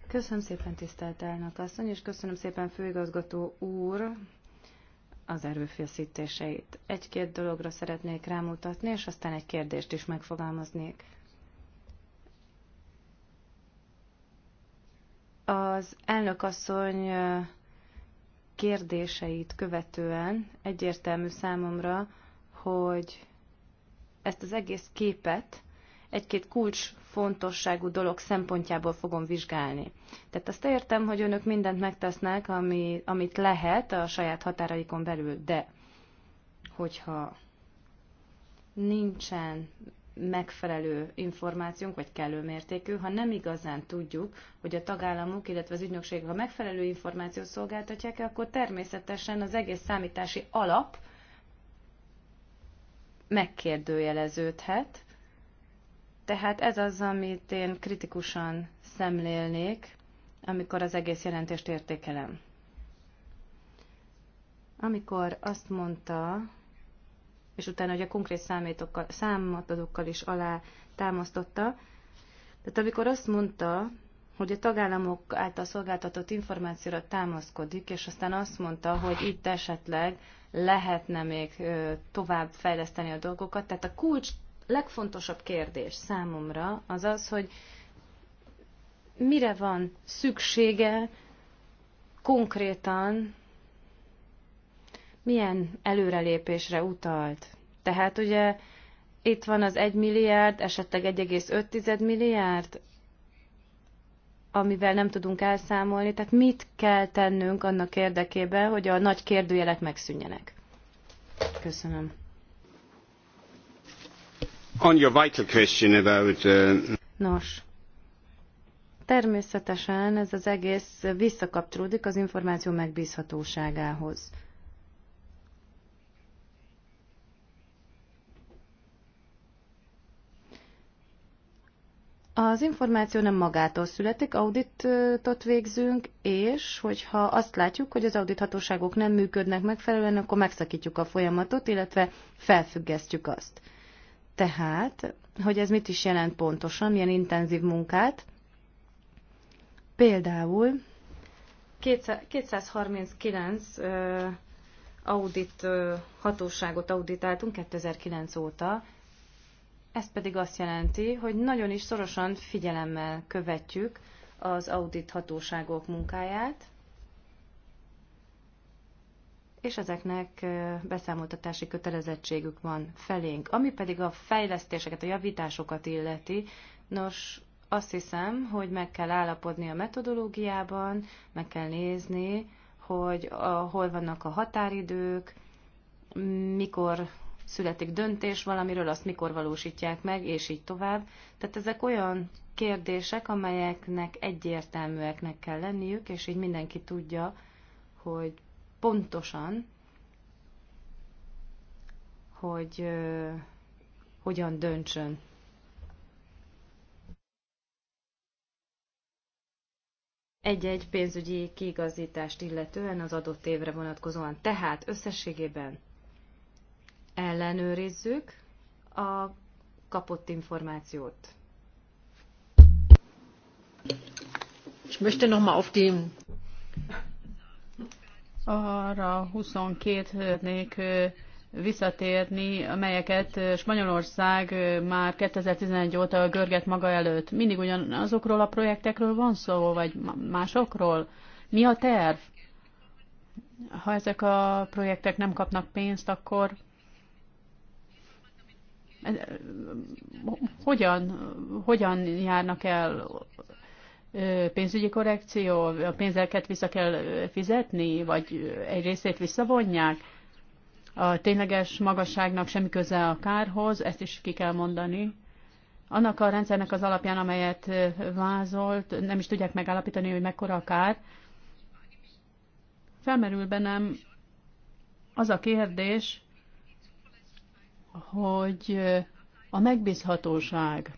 S6: köszönöm szépen, tisztelt elnök asszony, és köszönöm szépen, főigazgató úr, az erőfeszítéseit. Egy-két dologra szeretnék rámutatni, és aztán egy kérdést is megfogalmaznék. Az elnök asszony uh, kérdéseit követően egyértelmű számomra, hogy ezt az egész képet egy-két kulcs fontosságú dolog szempontjából fogom vizsgálni. Tehát azt értem, hogy önök mindent megtesznek, ami, amit lehet a saját határaikon belül, de hogyha nincsen megfelelő információnk, vagy kellő mértékű, ha nem igazán tudjuk, hogy a tagállamok, illetve az ügynökség, ha megfelelő információt szolgáltatják, akkor természetesen az egész számítási alap megkérdőjeleződhet, tehát ez az, amit én kritikusan szemlélnék, amikor az egész jelentést értékelem. Amikor azt mondta, és utána ugye konkrét számadatokkal is alá támasztotta, tehát amikor azt mondta, hogy a tagállamok által szolgáltatott információra támaszkodik, és aztán azt mondta, hogy itt esetleg lehetne még tovább fejleszteni a dolgokat. Tehát a kulcs legfontosabb kérdés számomra az az, hogy mire van szüksége konkrétan, milyen előrelépésre utalt. Tehát ugye itt van az 1 milliárd, esetleg 1,5 milliárd, amivel nem tudunk elszámolni, tehát mit kell tennünk annak érdekében, hogy a nagy kérdőjelek megszűnjenek. Köszönöm.
S4: Uh,
S6: Nos, természetesen ez az egész visszakapcsolódik az információ megbízhatóságához. Az információ nem magától születik, auditot végzünk, és hogyha azt látjuk, hogy az audithatóságok nem működnek megfelelően, akkor megszakítjuk a folyamatot, illetve felfüggesztjük azt. Tehát, hogy ez mit is jelent pontosan, milyen intenzív munkát. Például 239 audit hatóságot auditáltunk 2009 óta, ez pedig azt jelenti, hogy nagyon is szorosan figyelemmel követjük az audit hatóságok munkáját, és ezeknek beszámoltatási kötelezettségük van felénk. Ami pedig a fejlesztéseket, a javításokat illeti, nos, azt hiszem, hogy meg kell állapodni a metodológiában, meg kell nézni, hogy a, hol vannak a határidők, mikor születik döntés valamiről, azt mikor valósítják meg, és így tovább. Tehát ezek olyan kérdések, amelyeknek egyértelműeknek kell lenniük, és így mindenki tudja, hogy pontosan, hogy uh, hogyan döntsön. Egy-egy pénzügyi kiigazítást illetően az adott évre vonatkozóan. Tehát összességében ellenőrizzük a kapott információt.
S7: Ich möchte noch mal auf die
S1: arra 22 szeretnék visszatérni, amelyeket Spanyolország már 2011 óta görget maga előtt. Mindig ugyanazokról a projektekről van szó, vagy másokról? Mi a terv? Ha ezek a projektek nem kapnak pénzt, akkor hogyan, hogyan járnak el pénzügyi korrekció, a pénzeket vissza kell fizetni, vagy egy részét visszavonják. A tényleges magasságnak semmi köze a kárhoz, ezt is ki kell mondani. Annak a rendszernek az alapján, amelyet vázolt, nem is tudják megállapítani, hogy mekkora a kár. Felmerül bennem az a kérdés, hogy a megbízhatóság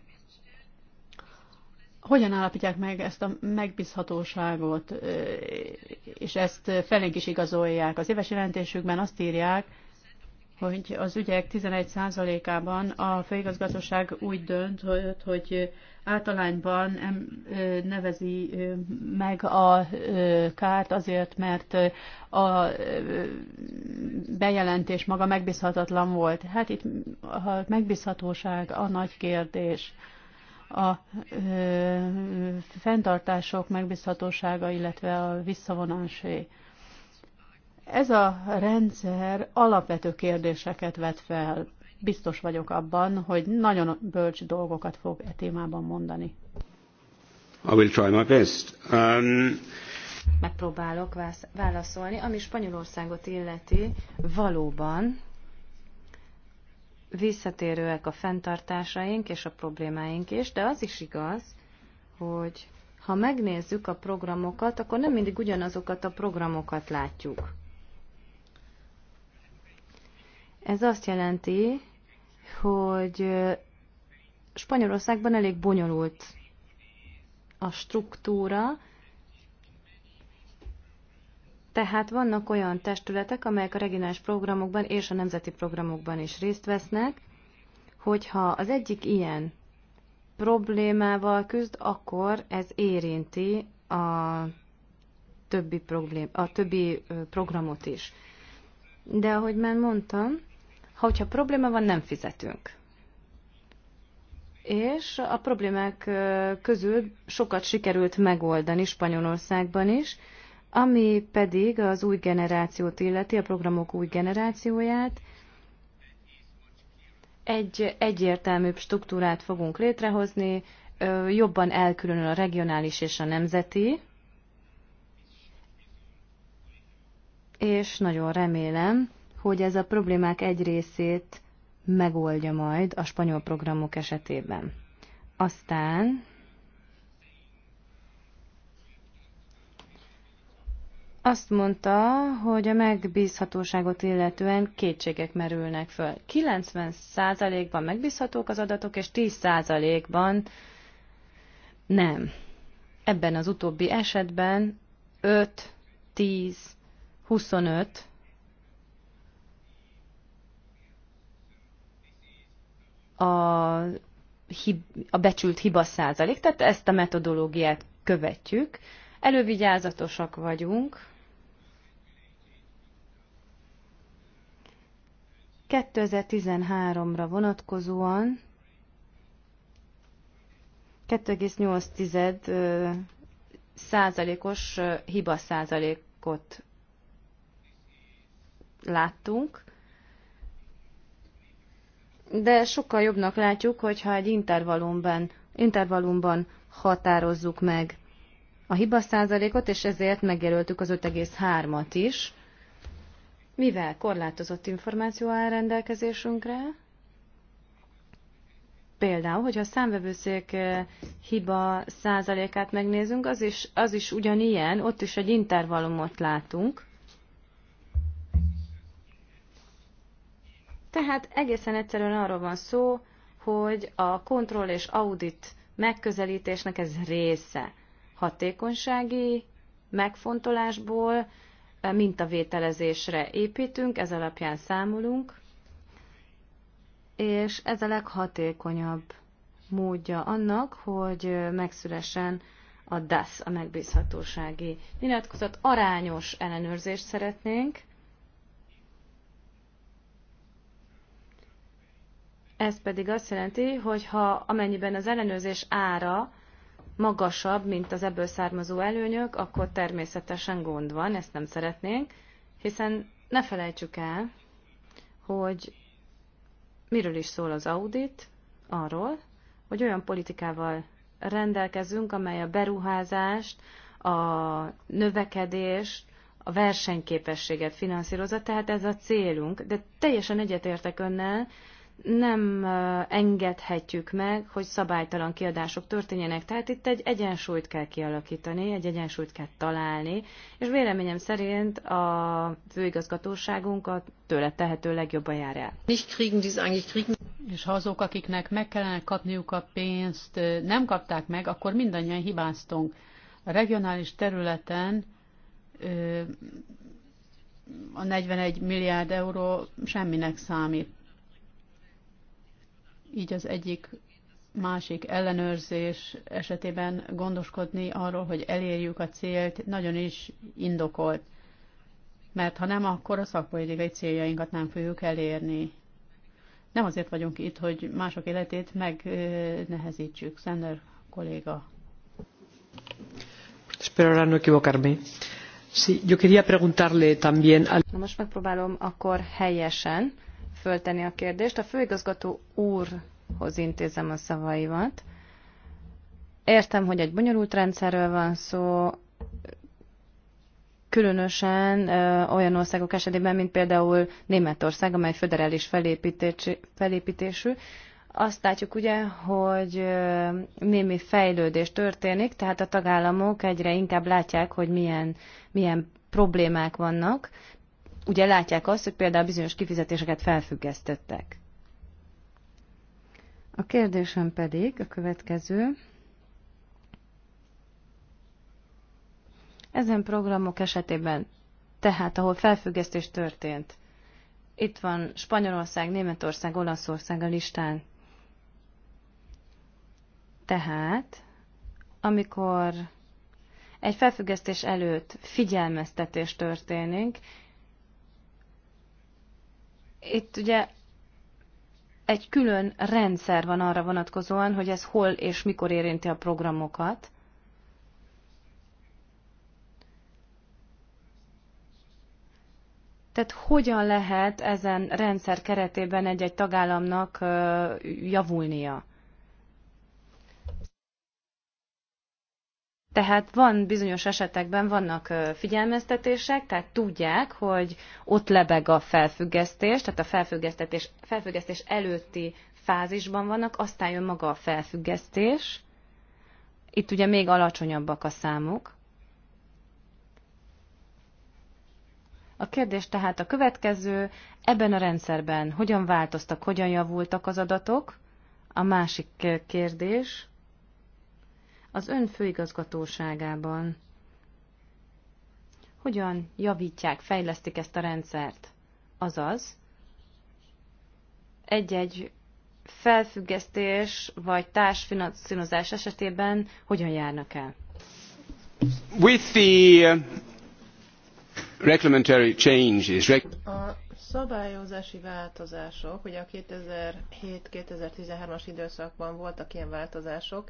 S1: hogyan állapítják meg ezt a megbízhatóságot, és ezt felénk is igazolják. Az éves jelentésükben azt írják, hogy az ügyek 11%-ában a főigazgatóság úgy dönt, hogy általányban nevezi meg a kárt azért, mert a bejelentés maga megbízhatatlan volt. Hát itt a megbízhatóság a nagy kérdés a ö, fenntartások megbízhatósága, illetve a visszavonásé. Ez a rendszer alapvető kérdéseket vet fel. Biztos vagyok abban, hogy nagyon bölcs dolgokat fog e témában mondani.
S8: I will try my best. Um...
S6: Megpróbálok válaszolni. Ami Spanyolországot illeti, valóban visszatérőek a fenntartásaink és a problémáink is, de az is igaz, hogy ha megnézzük a programokat, akkor nem mindig ugyanazokat a programokat látjuk. Ez azt jelenti, hogy Spanyolországban elég bonyolult a struktúra, tehát vannak olyan testületek, amelyek a regionális programokban és a nemzeti programokban is részt vesznek, hogyha az egyik ilyen problémával küzd, akkor ez érinti a többi, problém, a többi programot is. De ahogy már mondtam, ha hogyha probléma van, nem fizetünk. És a problémák közül sokat sikerült megoldani Spanyolországban is, ami pedig az új generációt illeti, a programok új generációját, egy egyértelműbb struktúrát fogunk létrehozni, jobban elkülönül a regionális és a nemzeti, és nagyon remélem, hogy ez a problémák egy részét megoldja majd a spanyol programok esetében. Aztán azt mondta, hogy a megbízhatóságot illetően kétségek merülnek föl. 90%-ban megbízhatók az adatok, és 10%-ban nem. Ebben az utóbbi esetben 5, 10, 25 a, hib, a becsült hiba százalék, tehát ezt a metodológiát követjük, Elővigyázatosak vagyunk. 2013-ra vonatkozóan 2,8 százalékos hiba százalékot láttunk, de sokkal jobbnak látjuk, hogyha egy intervallumban, intervallumban határozzuk meg a hiba százalékot, és ezért megjelöltük az 5,3-at is, mivel korlátozott információ áll rendelkezésünkre, Például, hogyha a számvevőszék eh, hiba százalékát megnézünk, az is, az is ugyanilyen, ott is egy intervallumot látunk. Tehát egészen egyszerűen arról van szó, hogy a kontroll és audit megközelítésnek ez része hatékonysági megfontolásból eh, mintavételezésre építünk, ez alapján számolunk, és ez a leghatékonyabb módja annak, hogy eh, megszülesen a DAS, a megbízhatósági nyilatkozat. Arányos ellenőrzést szeretnénk. Ez pedig azt jelenti, hogy ha amennyiben az ellenőrzés ára magasabb, mint az ebből származó előnyök, akkor természetesen gond van, ezt nem szeretnénk, hiszen ne felejtsük el, hogy miről is szól az audit, arról, hogy olyan politikával rendelkezünk, amely a beruházást, a növekedést, a versenyképességet finanszírozza, tehát ez a célunk, de teljesen egyetértek önnel, nem engedhetjük meg, hogy szabálytalan kiadások történjenek. Tehát itt egy egyensúlyt kell kialakítani, egy egyensúlyt kell találni, és véleményem szerint a főigazgatóságunk a tőle tehető legjobban jár el.
S1: És ha azok, akiknek meg kellene kapniuk a pénzt, nem kapták meg, akkor mindannyian hibáztunk. A regionális területen a 41 milliárd euró semminek számít így az egyik másik ellenőrzés esetében gondoskodni arról, hogy elérjük a célt, nagyon is indokolt. Mert ha nem, akkor a szakpolitikai céljainkat nem fogjuk elérni. Nem azért vagyunk itt, hogy mások életét megnehezítsük. Szender kolléga.
S5: Espero no equivocarme. Sí, yo quería preguntarle también... al.
S6: Na most megpróbálom akkor helyesen föltenni a kérdést. A főigazgató úrhoz intézem a szavaimat. Értem, hogy egy bonyolult rendszerről van szó, különösen ö, olyan országok esetében, mint például Németország, amely föderális felépítésű. Azt látjuk ugye, hogy ö, némi fejlődés történik, tehát a tagállamok egyre inkább látják, hogy milyen, milyen problémák vannak ugye látják azt, hogy például bizonyos kifizetéseket felfüggesztettek. A kérdésem pedig a következő. Ezen programok esetében, tehát ahol felfüggesztés történt, itt van Spanyolország, Németország, Olaszország a listán. Tehát, amikor egy felfüggesztés előtt figyelmeztetés történik, itt ugye egy külön rendszer van arra vonatkozóan, hogy ez hol és mikor érinti a programokat. Tehát hogyan lehet ezen rendszer keretében egy-egy tagállamnak javulnia? Tehát van bizonyos esetekben vannak figyelmeztetések, tehát tudják, hogy ott lebeg a felfüggesztés, tehát a felfüggesztés, felfüggesztés előtti fázisban vannak, aztán jön maga a felfüggesztés. Itt ugye még alacsonyabbak a számok. A kérdés tehát a következő, ebben a rendszerben hogyan változtak, hogyan javultak az adatok? A másik kérdés az ön főigazgatóságában hogyan javítják, fejlesztik ezt a rendszert? Azaz, egy-egy felfüggesztés vagy társfinanszírozás esetében hogyan járnak el?
S2: With the uh, reglementary changes,
S3: a szabályozási változások, ugye a 2007-2013-as időszakban voltak ilyen változások,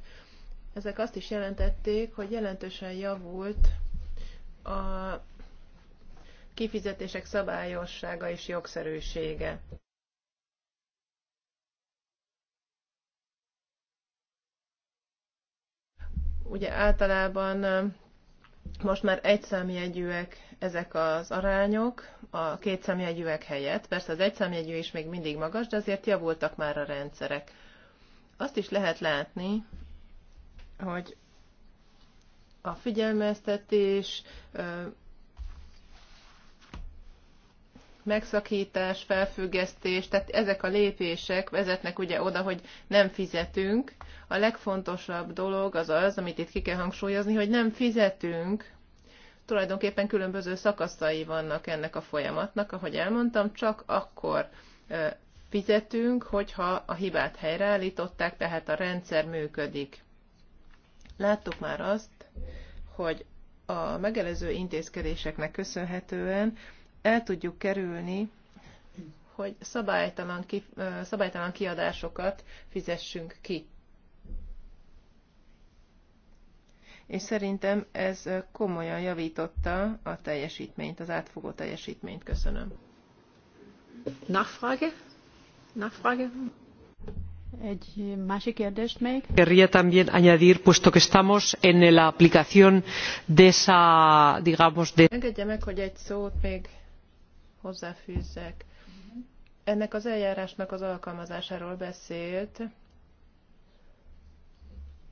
S3: ezek azt is jelentették, hogy jelentősen javult a kifizetések szabályossága és jogszerűsége. Ugye általában most már egyszámjegyűek ezek az arányok, a kétszámjegyűek helyett. Persze az egyszámjegyű is még mindig magas, de azért javultak már a rendszerek. Azt is lehet látni, hogy a figyelmeztetés, megszakítás, felfüggesztés, tehát ezek a lépések vezetnek ugye oda, hogy nem fizetünk. A legfontosabb dolog az az, amit itt ki kell hangsúlyozni, hogy nem fizetünk. Tulajdonképpen különböző szakaszai vannak ennek a folyamatnak, ahogy elmondtam, csak akkor fizetünk, hogyha a hibát helyreállították, tehát a rendszer működik. Láttuk már azt, hogy a megelező intézkedéseknek köszönhetően el tudjuk kerülni, hogy szabálytalan, ki, szabálytalan kiadásokat fizessünk ki. És szerintem ez komolyan javította a teljesítményt, az átfogó teljesítményt. Köszönöm. Nachfrage? Nachfrage?
S5: Querría también añadir, puesto que estamos en la aplicación de esa, digamos, de...
S3: hogy egy szót még Ennek az eljárásnak az alkalmazásáról beszélt.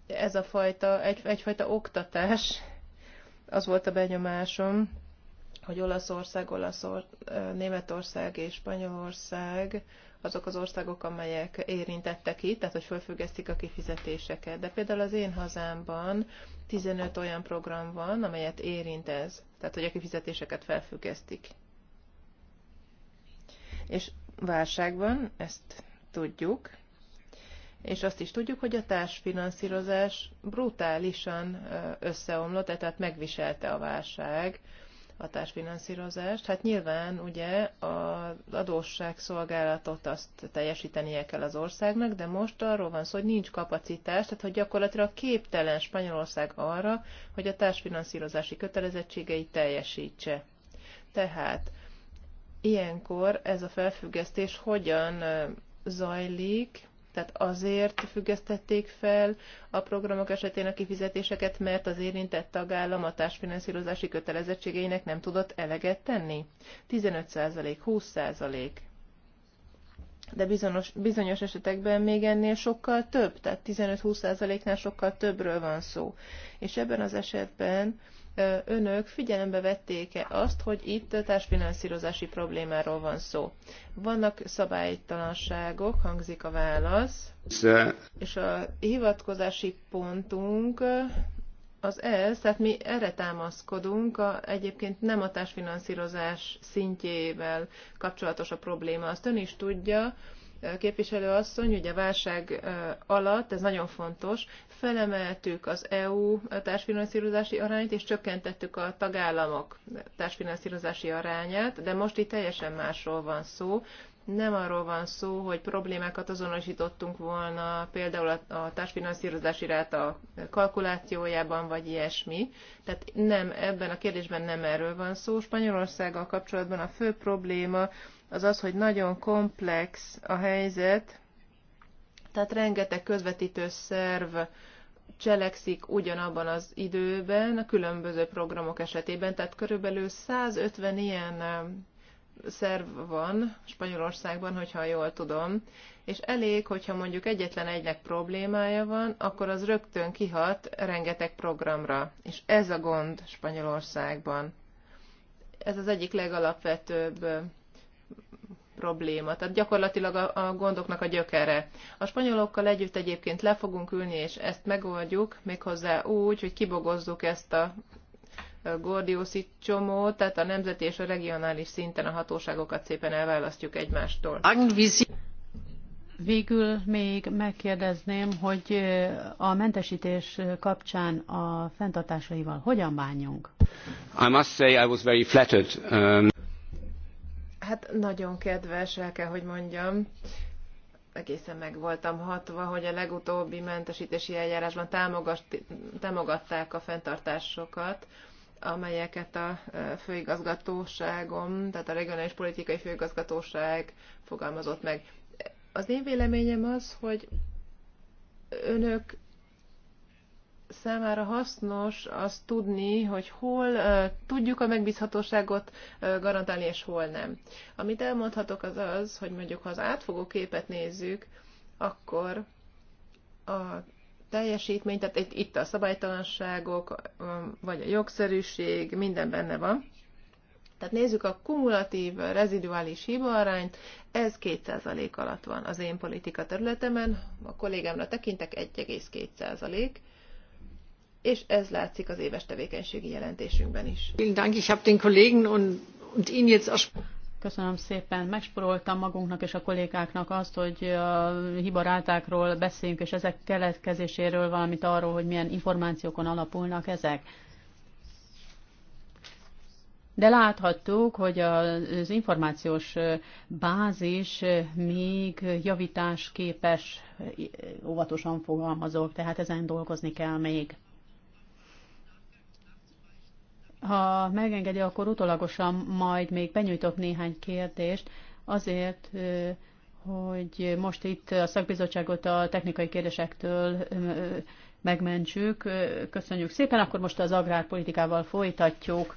S3: Ez a fajta, egy, egyfajta oktatás, az volt a benyomásom, hogy Olaszország, Olaszor, Németország és Spanyolország azok az országok, amelyek érintettek itt, tehát hogy fölfüggesztik a kifizetéseket. De például az én hazámban 15 olyan program van, amelyet érint ez, tehát hogy a kifizetéseket felfüggesztik. És válságban, ezt tudjuk, és azt is tudjuk, hogy a társfinanszírozás brutálisan összeomlott, tehát megviselte a válság a társfinanszírozást. Hát nyilván ugye az adósságszolgálatot azt teljesítenie kell az országnak, de most arról van szó, hogy nincs kapacitás, tehát hogy gyakorlatilag képtelen Spanyolország arra, hogy a társfinanszírozási kötelezettségeit teljesítse. Tehát ilyenkor ez a felfüggesztés hogyan zajlik, tehát azért függesztették fel a programok esetén a kifizetéseket, mert az érintett tagállam a társfinanszírozási kötelezettségeinek nem tudott eleget tenni. 15%, 20%. De bizonyos, bizonyos esetekben még ennél sokkal több, tehát 15-20%-nál sokkal többről van szó. És ebben az esetben önök figyelembe vették-e azt, hogy itt társfinanszírozási problémáról van szó? Vannak szabálytalanságok, hangzik a válasz. Sze. És a hivatkozási pontunk az ez, tehát mi erre támaszkodunk, a, egyébként nem a társfinanszírozás szintjével kapcsolatos a probléma. Azt ön is tudja, képviselő asszony, ugye válság alatt, ez nagyon fontos, felemeltük az EU társfinanszírozási arányt, és csökkentettük a tagállamok társfinanszírozási arányát, de most itt teljesen másról van szó. Nem arról van szó, hogy problémákat azonosítottunk volna például a társfinanszírozási ráta kalkulációjában, vagy ilyesmi. Tehát nem, ebben a kérdésben nem erről van szó. Spanyolországgal kapcsolatban a fő probléma az az, hogy nagyon komplex a helyzet, tehát rengeteg közvetítő szerv cselekszik ugyanabban az időben, a különböző programok esetében, tehát körülbelül 150 ilyen szerv van Spanyolországban, hogyha jól tudom, és elég, hogyha mondjuk egyetlen egynek problémája van, akkor az rögtön kihat rengeteg programra. És ez a gond Spanyolországban. Ez az egyik legalapvetőbb probléma, tehát gyakorlatilag a, a gondoknak a gyökere. A spanyolokkal együtt egyébként le fogunk ülni, és ezt megoldjuk, méghozzá úgy, hogy kibogozzuk ezt a Gordiuszi csomót, tehát a nemzeti és a regionális szinten a hatóságokat szépen elválasztjuk egymástól.
S1: Végül még megkérdezném, hogy a mentesítés kapcsán a fenntartásaival hogyan bánjunk?
S2: I must say I was very flattered. Um...
S3: Hát nagyon kedves, el kell, hogy mondjam. Egészen meg voltam hatva, hogy a legutóbbi mentesítési eljárásban támogatták a fenntartásokat, amelyeket a főigazgatóságom, tehát a regionális politikai főigazgatóság fogalmazott meg. Az én véleményem az, hogy önök számára hasznos azt tudni, hogy hol uh, tudjuk a megbízhatóságot uh, garantálni, és hol nem. Amit elmondhatok az az, hogy mondjuk ha az átfogó képet nézzük, akkor a teljesítmény, tehát itt, itt a szabálytalanságok, vagy a jogszerűség, minden benne van. Tehát nézzük a kumulatív reziduális hibaarányt, ez 2% alatt van az én politika területemen, a kollégámra tekintek 1,2% és ez látszik az éves tevékenységi jelentésünkben is.
S1: Köszönöm szépen. Megsporoltam magunknak és a kollégáknak azt, hogy a hibarátákról beszéljünk, és ezek keletkezéséről, valamit arról, hogy milyen információkon alapulnak ezek. De láthattuk, hogy az információs bázis még javítás képes, óvatosan fogalmazok, tehát ezen dolgozni kell még. Ha megengedi, akkor utolagosan majd még benyújtok néhány kérdést, azért, hogy most itt a szakbizottságot a technikai kérdésektől megmentsük. Köszönjük szépen, akkor most az agrárpolitikával folytatjuk.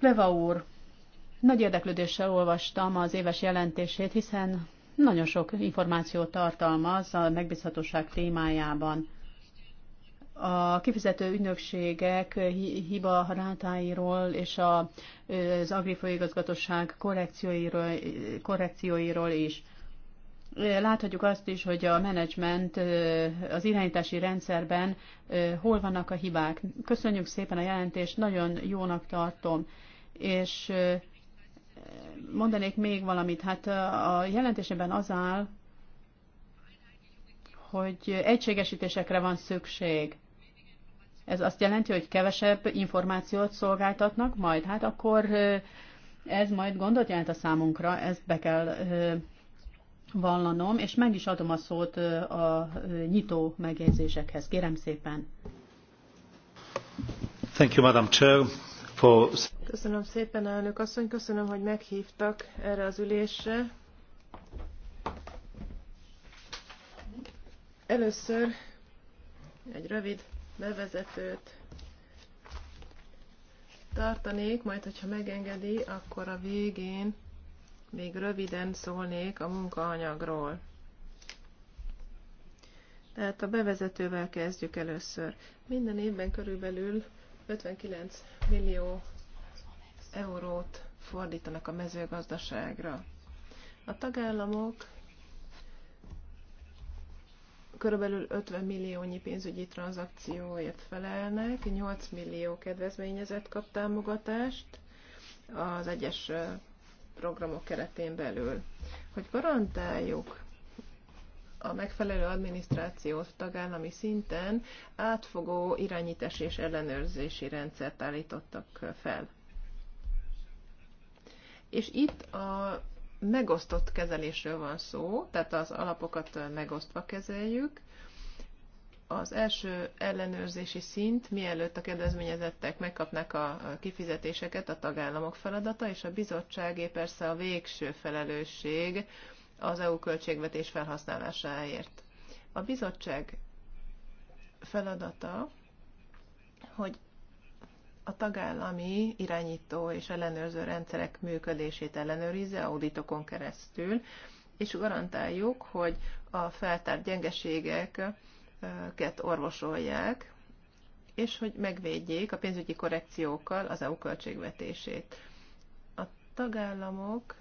S1: Leva úr, nagy érdeklődéssel olvastam az éves jelentését, hiszen nagyon sok információt tartalmaz a megbízhatóság témájában a kifizető ügynökségek hiba rátáiról és az agrifolyigazgatosság korrekcióiról, korrekcióiról is. Láthatjuk azt is, hogy a menedzsment az irányítási rendszerben hol vannak a hibák. Köszönjük szépen a jelentést, nagyon jónak tartom. És mondanék még valamit. Hát a jelentésében az áll, hogy egységesítésekre van szükség. Ez azt jelenti, hogy kevesebb információt szolgáltatnak majd, hát akkor ez majd gondot jelent a számunkra, ezt be kell vallanom, és meg is adom a szót a nyitó megjegyzésekhez. Kérem szépen.
S9: Thank you, Madam Chair. For...
S3: Köszönöm szépen, elnök asszony, köszönöm, hogy meghívtak erre az ülésre. Először egy rövid bevezetőt tartanék, majd hogyha megengedi, akkor a végén még röviden szólnék a munkaanyagról. Tehát a bevezetővel kezdjük először. Minden évben körülbelül 59 millió eurót fordítanak a mezőgazdaságra. A tagállamok körülbelül 50 milliónyi pénzügyi tranzakcióért felelnek, 8 millió kedvezményezett kap támogatást az egyes programok keretén belül. Hogy garantáljuk a megfelelő adminisztrációt tagállami szinten átfogó irányítás és ellenőrzési rendszert állítottak fel. És itt a megosztott kezelésről van szó, tehát az alapokat megosztva kezeljük. Az első ellenőrzési szint, mielőtt a kedvezményezettek megkapnak a kifizetéseket, a tagállamok feladata, és a bizottságé persze a végső felelősség az EU költségvetés felhasználásáért. A bizottság feladata, hogy a tagállami irányító és ellenőrző rendszerek működését ellenőrizze auditokon keresztül, és garantáljuk, hogy a feltárt gyengeségeket orvosolják, és hogy megvédjék a pénzügyi korrekciókkal az EU költségvetését. A tagállamok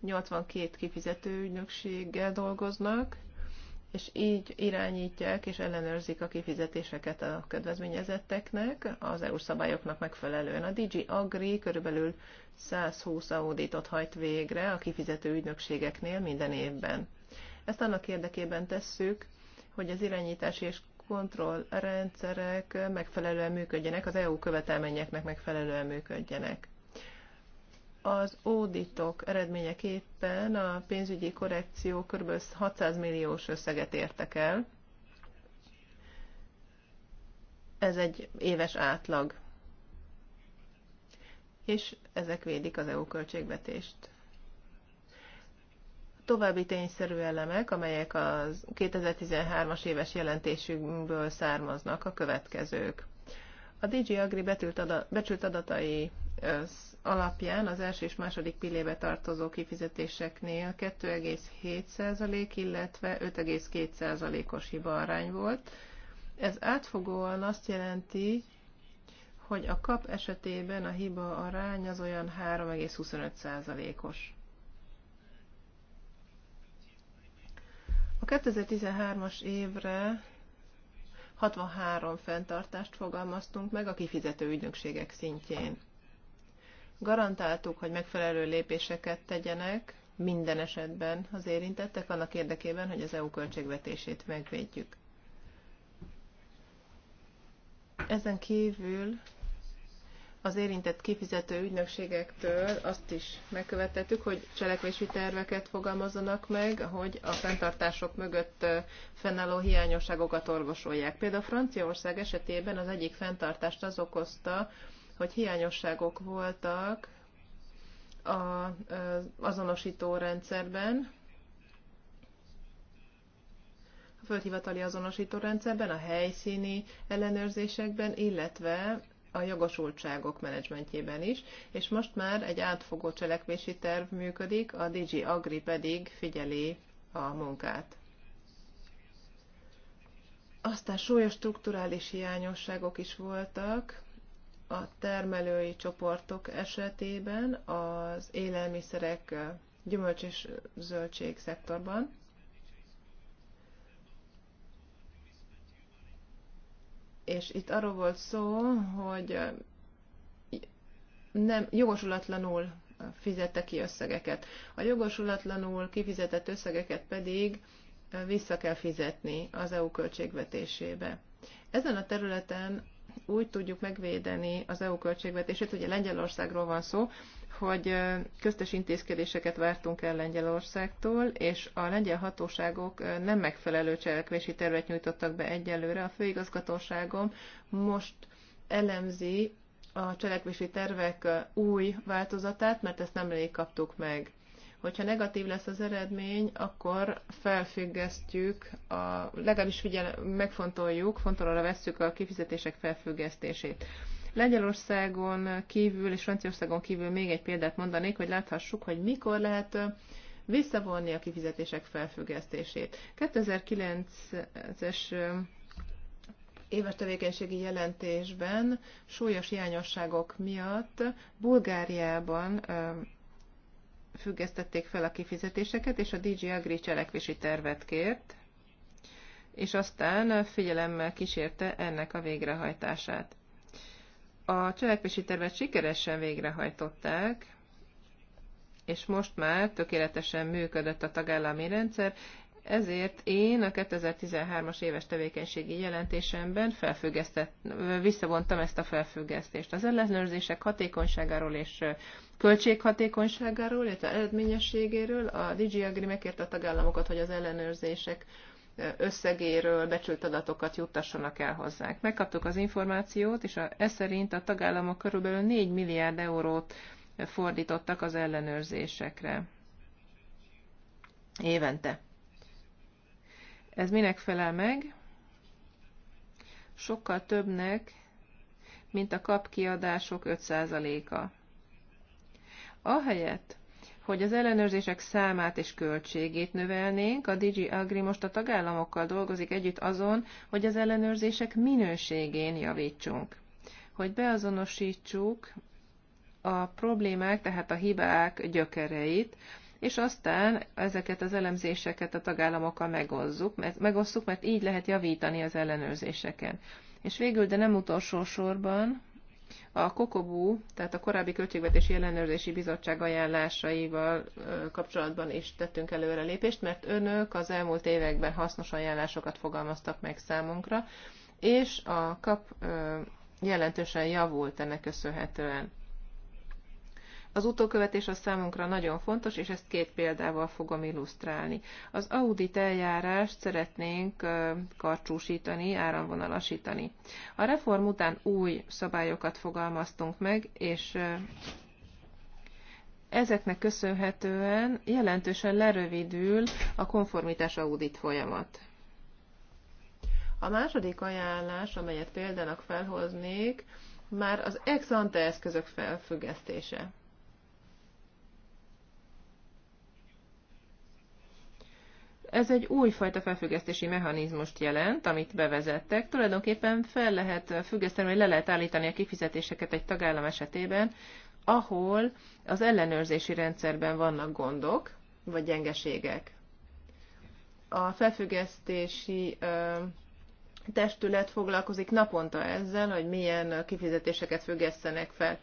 S3: 82 kifizető ügynökséggel dolgoznak, és így irányítják és ellenőrzik a kifizetéseket a kedvezményezetteknek az EU szabályoknak megfelelően. A DG Agri körülbelül 120 auditot hajt végre a kifizető ügynökségeknél minden évben. Ezt annak érdekében tesszük, hogy az irányítási és kontrollrendszerek megfelelően működjenek, az EU követelményeknek megfelelően működjenek az óditok eredményeképpen a pénzügyi korrekció kb. 600 milliós összeget értek el. Ez egy éves átlag. És ezek védik az EU költségvetést. További tényszerű elemek, amelyek a 2013-as éves jelentésünkből származnak, a következők. A DG Agri betült becsült adatai az alapján az első és második pillébe tartozó kifizetéseknél 2,7% illetve 5,2%-os hibaarány volt. Ez átfogóan azt jelenti, hogy a kap esetében a hiba arány az olyan 3,25%-os. A 2013-as évre 63 fenntartást fogalmaztunk meg a kifizető ügynökségek szintjén garantáltuk, hogy megfelelő lépéseket tegyenek minden esetben az érintettek, annak érdekében, hogy az EU költségvetését megvédjük. Ezen kívül az érintett kifizető ügynökségektől azt is megkövetettük, hogy cselekvési terveket fogalmazzanak meg, hogy a fenntartások mögött fennálló hiányosságokat orvosolják. Például Franciaország esetében az egyik fenntartást az okozta, hogy hiányosságok voltak a azonosító rendszerben, a földhivatali azonosító rendszerben, a helyszíni ellenőrzésekben, illetve a jogosultságok menedzsmentjében is, és most már egy átfogó cselekvési terv működik, a Digi Agri pedig figyeli a munkát. Aztán súlyos strukturális hiányosságok is voltak, a termelői csoportok esetében az élelmiszerek gyümölcs és zöldség szektorban. És itt arról volt szó, hogy nem jogosulatlanul fizette ki összegeket. A jogosulatlanul kifizetett összegeket pedig vissza kell fizetni az EU költségvetésébe. Ezen a területen úgy tudjuk megvédeni az EU költségvetését, ugye Lengyelországról van szó, hogy köztes intézkedéseket vártunk el Lengyelországtól, és a lengyel hatóságok nem megfelelő cselekvési tervet nyújtottak be egyelőre. A főigazgatóságom most elemzi a cselekvési tervek új változatát, mert ezt nem kaptuk meg. Hogyha negatív lesz az eredmény, akkor felfüggesztjük, a, legalábbis figyel, megfontoljuk, fontolóra vesszük a kifizetések felfüggesztését. Lengyelországon kívül és Franciaországon kívül még egy példát mondanék, hogy láthassuk, hogy mikor lehet visszavonni a kifizetések felfüggesztését. 2009-es éves tevékenységi jelentésben súlyos hiányosságok miatt Bulgáriában függesztették fel a kifizetéseket, és a DG Agri cselekvési tervet kért, és aztán figyelemmel kísérte ennek a végrehajtását. A cselekvési tervet sikeresen végrehajtották, és most már tökéletesen működött a tagállami rendszer, ezért én a 2013-as éves tevékenységi jelentésemben visszavontam ezt a felfüggesztést. Az ellenőrzések hatékonyságáról és költséghatékonyságáról, illetve eredményességéről a DG Agri megkérte a tagállamokat, hogy az ellenőrzések összegéről becsült adatokat juttassanak el hozzánk. Megkaptuk az információt, és a, ez szerint a tagállamok körülbelül 4 milliárd eurót fordítottak az ellenőrzésekre. Évente. Ez minek felel meg? Sokkal többnek, mint a kapkiadások 5%-a. Ahelyett, hogy az ellenőrzések számát és költségét növelnénk, a Digi Agri most a tagállamokkal dolgozik együtt azon, hogy az ellenőrzések minőségén javítsunk. Hogy beazonosítsuk a problémák, tehát a hibák gyökereit, és aztán ezeket az elemzéseket a tagállamokkal megozzuk, mert, megosszuk, mert így lehet javítani az ellenőrzéseken. És végül, de nem utolsó sorban, a Kokobú, tehát a korábbi Költségvetési Ellenőrzési Bizottság ajánlásaival kapcsolatban is tettünk előre lépést, mert önök az elmúlt években hasznos ajánlásokat fogalmaztak meg számunkra, és a kap jelentősen javult ennek köszönhetően. Az utókövetés a számunkra nagyon fontos, és ezt két példával fogom illusztrálni. Az audit eljárást szeretnénk karcsúsítani, áramvonalasítani. A reform után új szabályokat fogalmaztunk meg, és ezeknek köszönhetően jelentősen lerövidül a konformitás audit folyamat. A második ajánlás, amelyet példának felhoznék, már az ex ante eszközök felfüggesztése. Ez egy újfajta felfüggesztési mechanizmust jelent, amit bevezettek. Tulajdonképpen fel lehet függeszteni, vagy le lehet állítani a kifizetéseket egy tagállam esetében, ahol az ellenőrzési rendszerben vannak gondok, vagy gyengeségek. A felfüggesztési testület foglalkozik naponta ezzel, hogy milyen kifizetéseket függesztenek fel.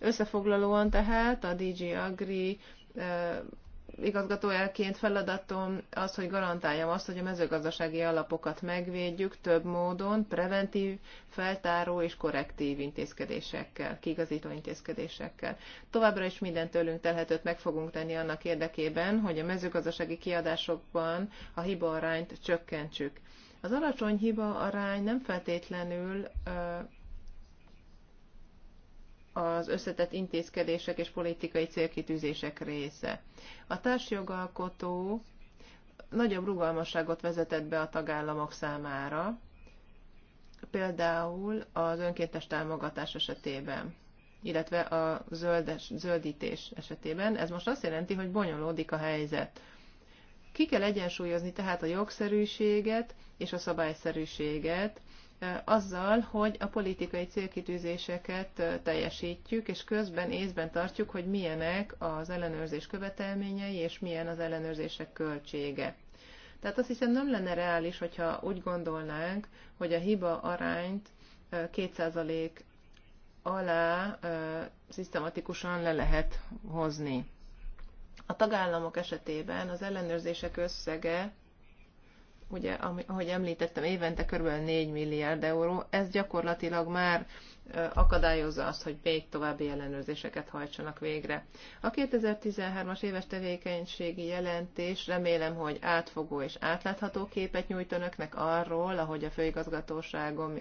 S3: Összefoglalóan tehát a DG Agri igazgatójelként feladatom az, hogy garantáljam azt, hogy a mezőgazdasági alapokat megvédjük több módon, preventív, feltáró és korrektív intézkedésekkel, kiigazító intézkedésekkel. Továbbra is minden tőlünk telhetőt meg fogunk tenni annak érdekében, hogy a mezőgazdasági kiadásokban a hiba arányt csökkentsük. Az alacsony hiba arány nem feltétlenül az összetett intézkedések és politikai célkitűzések része. A társjogalkotó nagyobb rugalmasságot vezetett be a tagállamok számára, például az önkéntes támogatás esetében, illetve a zöldes, zöldítés esetében. Ez most azt jelenti, hogy bonyolódik a helyzet. Ki kell egyensúlyozni tehát a jogszerűséget és a szabályszerűséget, azzal, hogy a politikai célkitűzéseket teljesítjük, és közben észben tartjuk, hogy milyenek az ellenőrzés követelményei, és milyen az ellenőrzések költsége. Tehát azt hiszem nem lenne reális, hogyha úgy gondolnánk, hogy a hiba arányt 2% alá szisztematikusan le lehet hozni. A tagállamok esetében az ellenőrzések összege ugye, ahogy említettem, évente kb. 4 milliárd euró, ez gyakorlatilag már akadályozza azt, hogy még további ellenőrzéseket hajtsanak végre. A 2013-as éves tevékenységi jelentés remélem, hogy átfogó és átlátható képet nyújt önöknek arról, ahogy a főigazgatóságom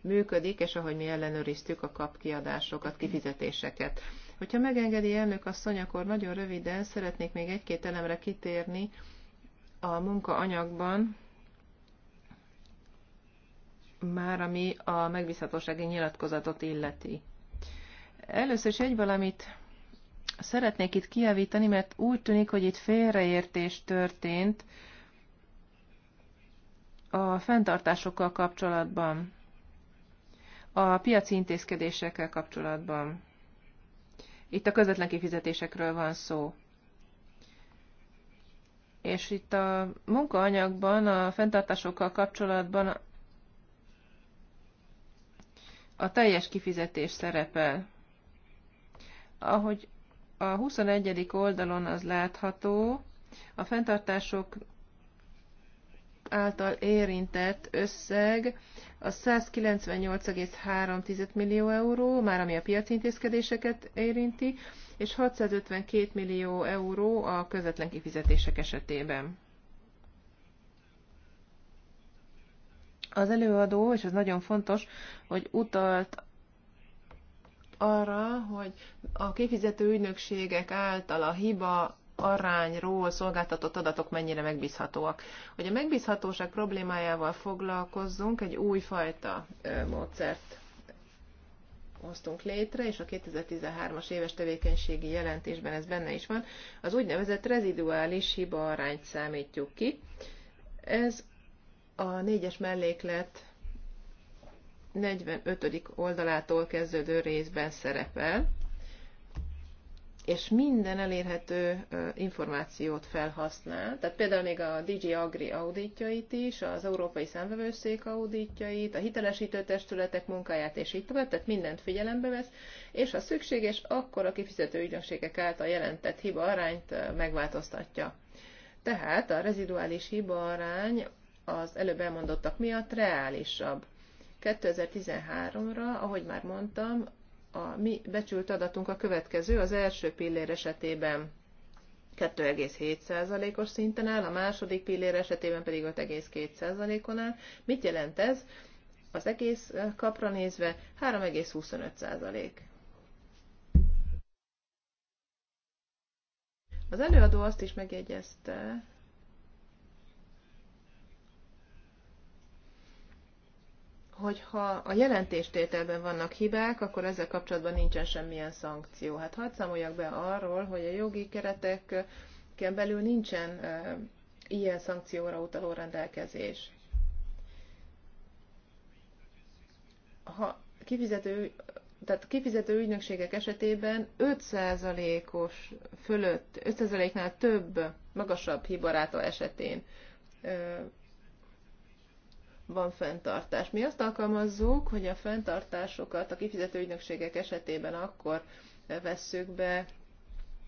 S3: működik, és ahogy mi ellenőriztük a kapkiadásokat, kifizetéseket. Hogyha megengedi elnök asszony, akkor nagyon röviden szeretnék még egy-két elemre kitérni, a munkaanyagban már ami a megbízhatósági nyilatkozatot illeti. Először is egy valamit szeretnék itt kijavítani, mert úgy tűnik, hogy itt félreértés történt a fenntartásokkal kapcsolatban, a piaci intézkedésekkel kapcsolatban. Itt a közvetlen kifizetésekről van szó. És itt a munkaanyagban, a fenntartásokkal kapcsolatban a teljes kifizetés szerepel. Ahogy a 21. oldalon az látható, a fenntartások által érintett összeg a 198,3 millió euró, már ami a piaci intézkedéseket érinti, és 652 millió euró a közvetlen kifizetések esetében. Az előadó, és ez nagyon fontos, hogy utalt arra, hogy a kifizető ügynökségek által a hiba arányról szolgáltatott adatok mennyire megbízhatóak. Hogy a megbízhatóság problémájával foglalkozzunk, egy újfajta módszert hoztunk létre, és a 2013-as éves tevékenységi jelentésben ez benne is van, az úgynevezett reziduális hiba arányt számítjuk ki. Ez a négyes melléklet 45. oldalától kezdődő részben szerepel és minden elérhető információt felhasznál. Tehát például még a DG Agri auditjait is, az Európai Számvevőszék auditjait, a hitelesítő testületek munkáját, és így tovább, tehát mindent figyelembe vesz, és ha szükséges, akkor a kifizető ügynökségek által jelentett hiba arányt megváltoztatja. Tehát a reziduális hiba arány az előbb elmondottak miatt reálisabb. 2013-ra, ahogy már mondtam, a mi becsült adatunk a következő, az első pillér esetében 2,7%-os szinten áll, a második pillér esetében pedig 5,2%-on áll. Mit jelent ez? Az egész kapra nézve 3,25%. Az előadó azt is megjegyezte, hogy ha a jelentéstételben vannak hibák, akkor ezzel kapcsolatban nincsen semmilyen szankció. Hát hadd számoljak be arról, hogy a jogi kereteken belül nincsen ilyen szankcióra utaló rendelkezés. Ha kifizető, tehát kifizető ügynökségek esetében 5%-os fölött, 5%-nál több magasabb hibaráta esetén van fenntartás. Mi azt alkalmazzuk, hogy a fenntartásokat a kifizető ügynökségek esetében akkor vesszük be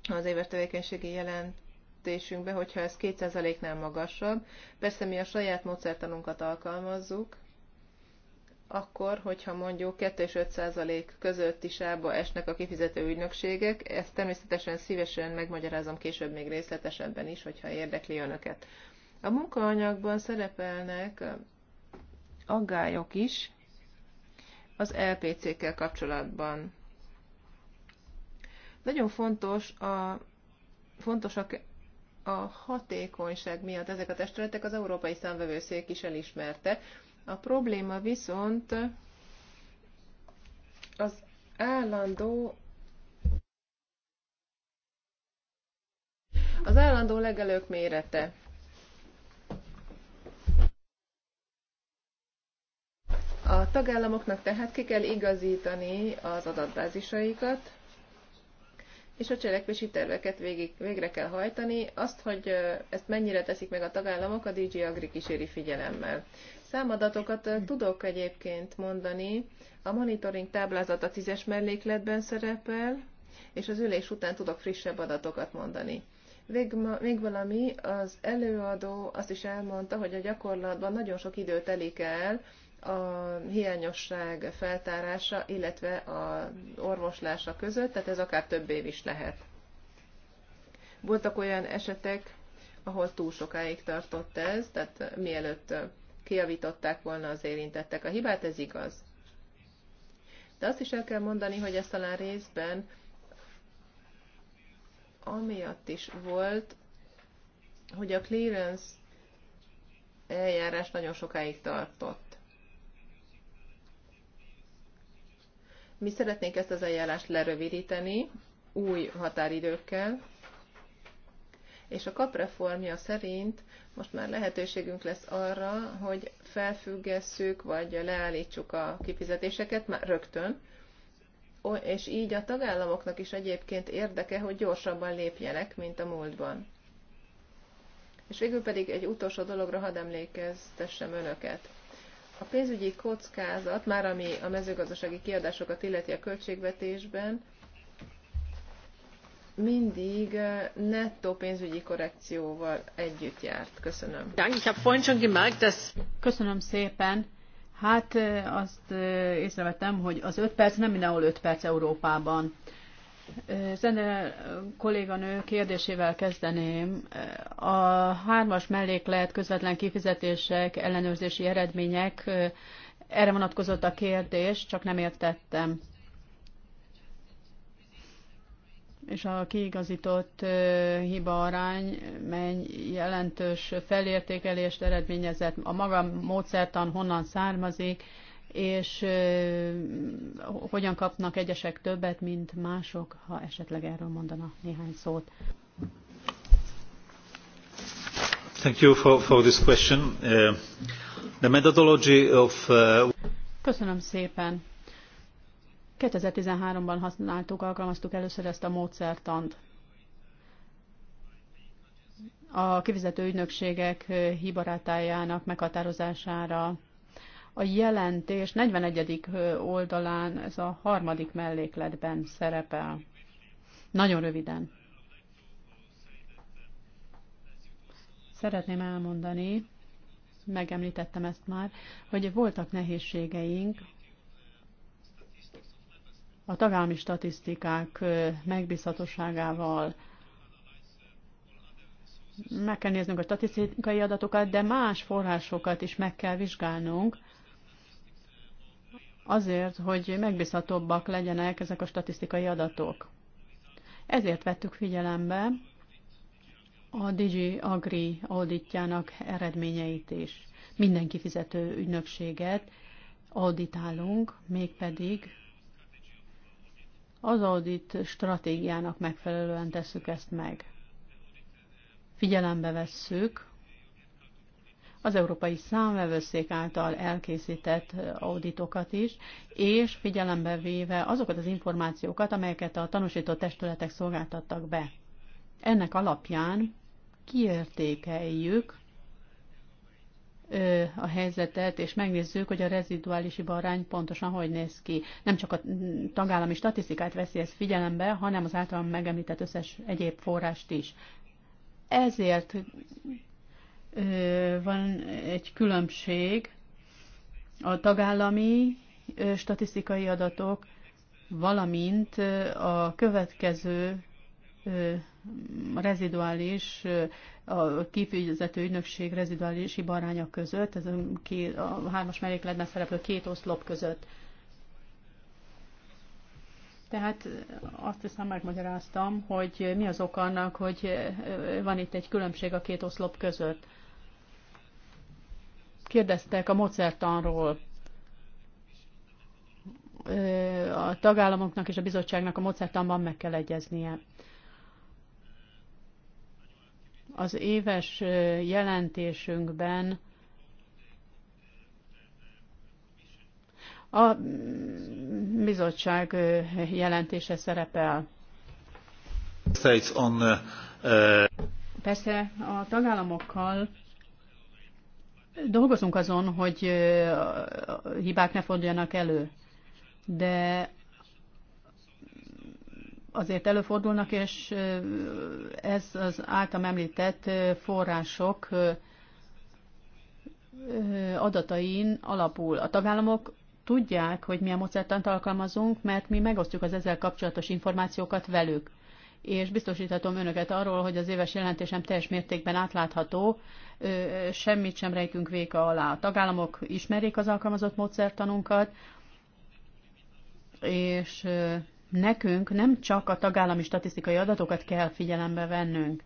S3: az éves tevékenységi jelentésünkbe, hogyha ez 2%-nál magasabb. Persze mi a saját módszertanunkat alkalmazzuk, akkor, hogyha mondjuk 2 és 5 százalék közötti sába esnek a kifizető ügynökségek, ezt természetesen szívesen megmagyarázom később még részletesebben is, hogyha érdekli önöket. A munkaanyagban szerepelnek aggályok is az LPC-kkel kapcsolatban. Nagyon fontos a, fontosak a hatékonyság miatt ezek a testületek az Európai Számvevőszék is elismerte. A probléma viszont az állandó az állandó legelők mérete. A tagállamoknak tehát ki kell igazítani az adatbázisaikat, és a cselekvési terveket végig, végre kell hajtani. Azt, hogy ezt mennyire teszik meg a tagállamok, a DG Agri kíséri figyelemmel. Számadatokat tudok egyébként mondani. A monitoring táblázat a tízes mellékletben szerepel, és az ülés után tudok frissebb adatokat mondani. Vég, még valami, az előadó azt is elmondta, hogy a gyakorlatban nagyon sok idő telik el, a hiányosság feltárása, illetve a orvoslása között, tehát ez akár több év is lehet. Voltak olyan esetek, ahol túl sokáig tartott ez, tehát mielőtt kiavították volna az érintettek a hibát, ez igaz. De azt is el kell mondani, hogy ez talán részben amiatt is volt, hogy a clearance eljárás nagyon sokáig tartott. Mi szeretnénk ezt az eljárást lerövidíteni új határidőkkel, és a kap reformja szerint most már lehetőségünk lesz arra, hogy felfüggesszük vagy leállítsuk a kifizetéseket már rögtön, és így a tagállamoknak is egyébként érdeke, hogy gyorsabban lépjenek, mint a múltban. És végül pedig egy utolsó dologra hadd emlékeztessem önöket. A pénzügyi kockázat, már ami a mezőgazdasági kiadásokat illeti a költségvetésben, mindig eh, nettó pénzügyi korrekcióval együtt járt. Köszönöm.
S1: Köszönöm szépen. Hát eh, azt eh, észrevettem, hogy az 5 perc nem mindenhol 5 perc Európában. Zene kolléganő kérdésével kezdeném. A hármas melléklet közvetlen kifizetések, ellenőrzési eredmények, erre vonatkozott a kérdés, csak nem értettem. És a kiigazított hiba arány mennyi jelentős felértékelést eredményezett. A maga módszertan honnan származik, és hogyan kapnak egyesek többet, mint mások, ha esetleg erről mondana néhány szót.
S9: Thank you for, for this question. Uh, the methodology of... Uh...
S1: Köszönöm szépen. 2013-ban használtuk, alkalmaztuk először ezt a módszertant. A kivizető ügynökségek hibarátájának meghatározására a jelentés 41. oldalán ez a harmadik mellékletben szerepel. Nagyon röviden. Szeretném elmondani, megemlítettem ezt már, hogy voltak nehézségeink a tagállami statisztikák megbízhatóságával. Meg kell néznünk a statisztikai adatokat, de más forrásokat is meg kell vizsgálnunk, azért, hogy megbízhatóbbak legyenek ezek a statisztikai adatok. Ezért vettük figyelembe a Digi Agri auditjának eredményeit is. Minden kifizető ügynökséget auditálunk, mégpedig az audit stratégiának megfelelően tesszük ezt meg. Figyelembe vesszük az Európai Számvevőszék által elkészített auditokat is, és figyelembe véve azokat az információkat, amelyeket a tanúsító testületek szolgáltattak be. Ennek alapján kiértékeljük a helyzetet, és megnézzük, hogy a reziduális arány pontosan hogy néz ki. Nem csak a tagállami statisztikát veszi ez figyelembe, hanem az általam megemlített összes egyéb forrást is. Ezért van egy különbség a tagállami statisztikai adatok, valamint a következő reziduális, a kifizető ügynökség reziduális hibaránya között, ez a, két, a hármas mellékletben szereplő két oszlop között. Tehát azt hiszem megmagyaráztam, hogy mi az oka annak, hogy van itt egy különbség a két oszlop között. Kérdeztek a módszertanról. A tagállamoknak és a bizottságnak a mozertanban meg kell egyeznie. Az éves jelentésünkben a mm, bizottság jelentése szerepel. Persze a tagállamokkal dolgozunk azon, hogy hibák ne forduljanak elő, de azért előfordulnak, és ez az által említett források adatain alapul. A tagállamok tudják, hogy milyen módszertant alkalmazunk, mert mi megosztjuk az ezzel kapcsolatos információkat velük és biztosíthatom önöket arról, hogy az éves jelentésem teljes mértékben átlátható, semmit sem rejtünk véka alá. A tagállamok ismerik az alkalmazott módszertanunkat, és nekünk nem csak a tagállami statisztikai adatokat kell figyelembe vennünk.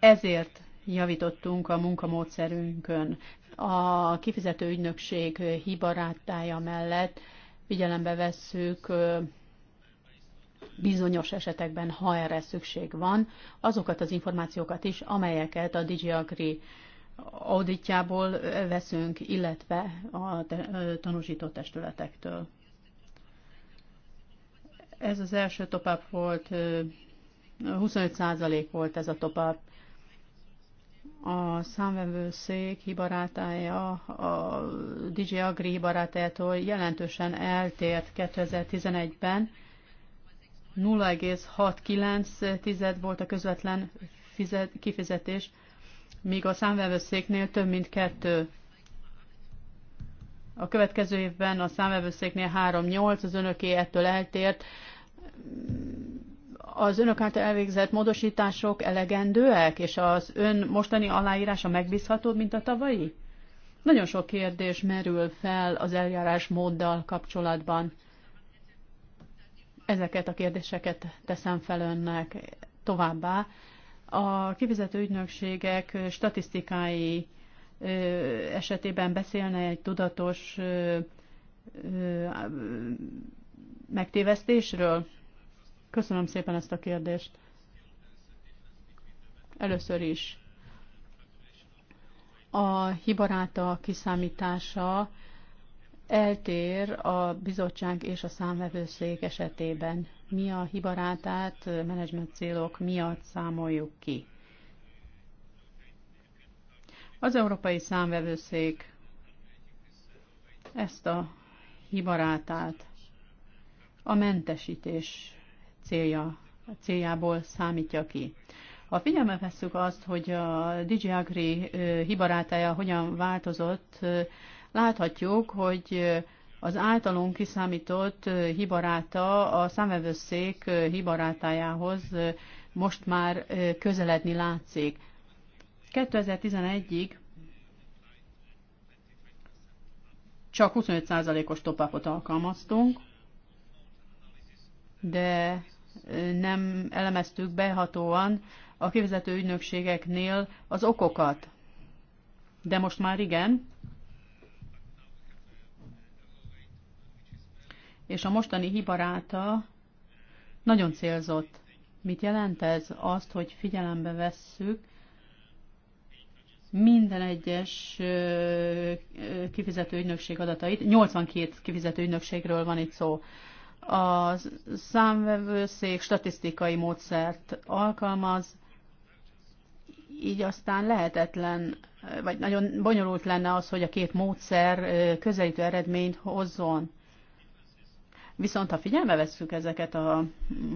S1: Ezért javítottunk a munkamódszerünkön. A kifizető ügynökség hibarátája mellett figyelembe vesszük bizonyos esetekben, ha erre szükség van, azokat az információkat is, amelyeket a DigiAgri auditjából veszünk, illetve a tanúsító testületektől. Ez az első top volt, 25% volt ez a top -up. A számvevőszék hibarátája a DJ Agri hibarátájától jelentősen eltért 2011-ben, 0,69 volt a közvetlen kifizetés, míg a számvevőszéknél több mint kettő. A következő évben a számvevőszéknél 3,8, az önöké ettől eltért. Az önök által elvégzett módosítások elegendőek, és az ön mostani aláírása megbízhatóbb, mint a tavalyi? Nagyon sok kérdés merül fel az eljárás móddal kapcsolatban. Ezeket a kérdéseket teszem fel önnek továbbá. A kifizető ügynökségek statisztikái esetében beszélne egy tudatos megtévesztésről? Köszönöm szépen ezt a kérdést. Először is. A hibaráta kiszámítása eltér a bizottság és a számvevőszék esetében. Mi a hibarátát menedzsment célok miatt számoljuk ki? Az Európai Számvevőszék ezt a hibarátát a mentesítés célja, céljából számítja ki. Ha figyelme veszük azt, hogy a DigiAgri hibarátája hogyan változott, láthatjuk, hogy az általunk kiszámított hibaráta a számvevőszék hibarátájához most már közeledni látszik. 2011-ig csak 25%-os topapot alkalmaztunk, de nem elemeztük behatóan a kivezető ügynökségeknél az okokat. De most már igen, és a mostani hibaráta nagyon célzott. Mit jelent ez? Azt, hogy figyelembe vesszük minden egyes kifizető ügynökség adatait. 82 kifizető ügynökségről van itt szó. A számvevőszék statisztikai módszert alkalmaz, így aztán lehetetlen, vagy nagyon bonyolult lenne az, hogy a két módszer közelítő eredményt hozzon. Viszont ha figyelme vesszük ezeket a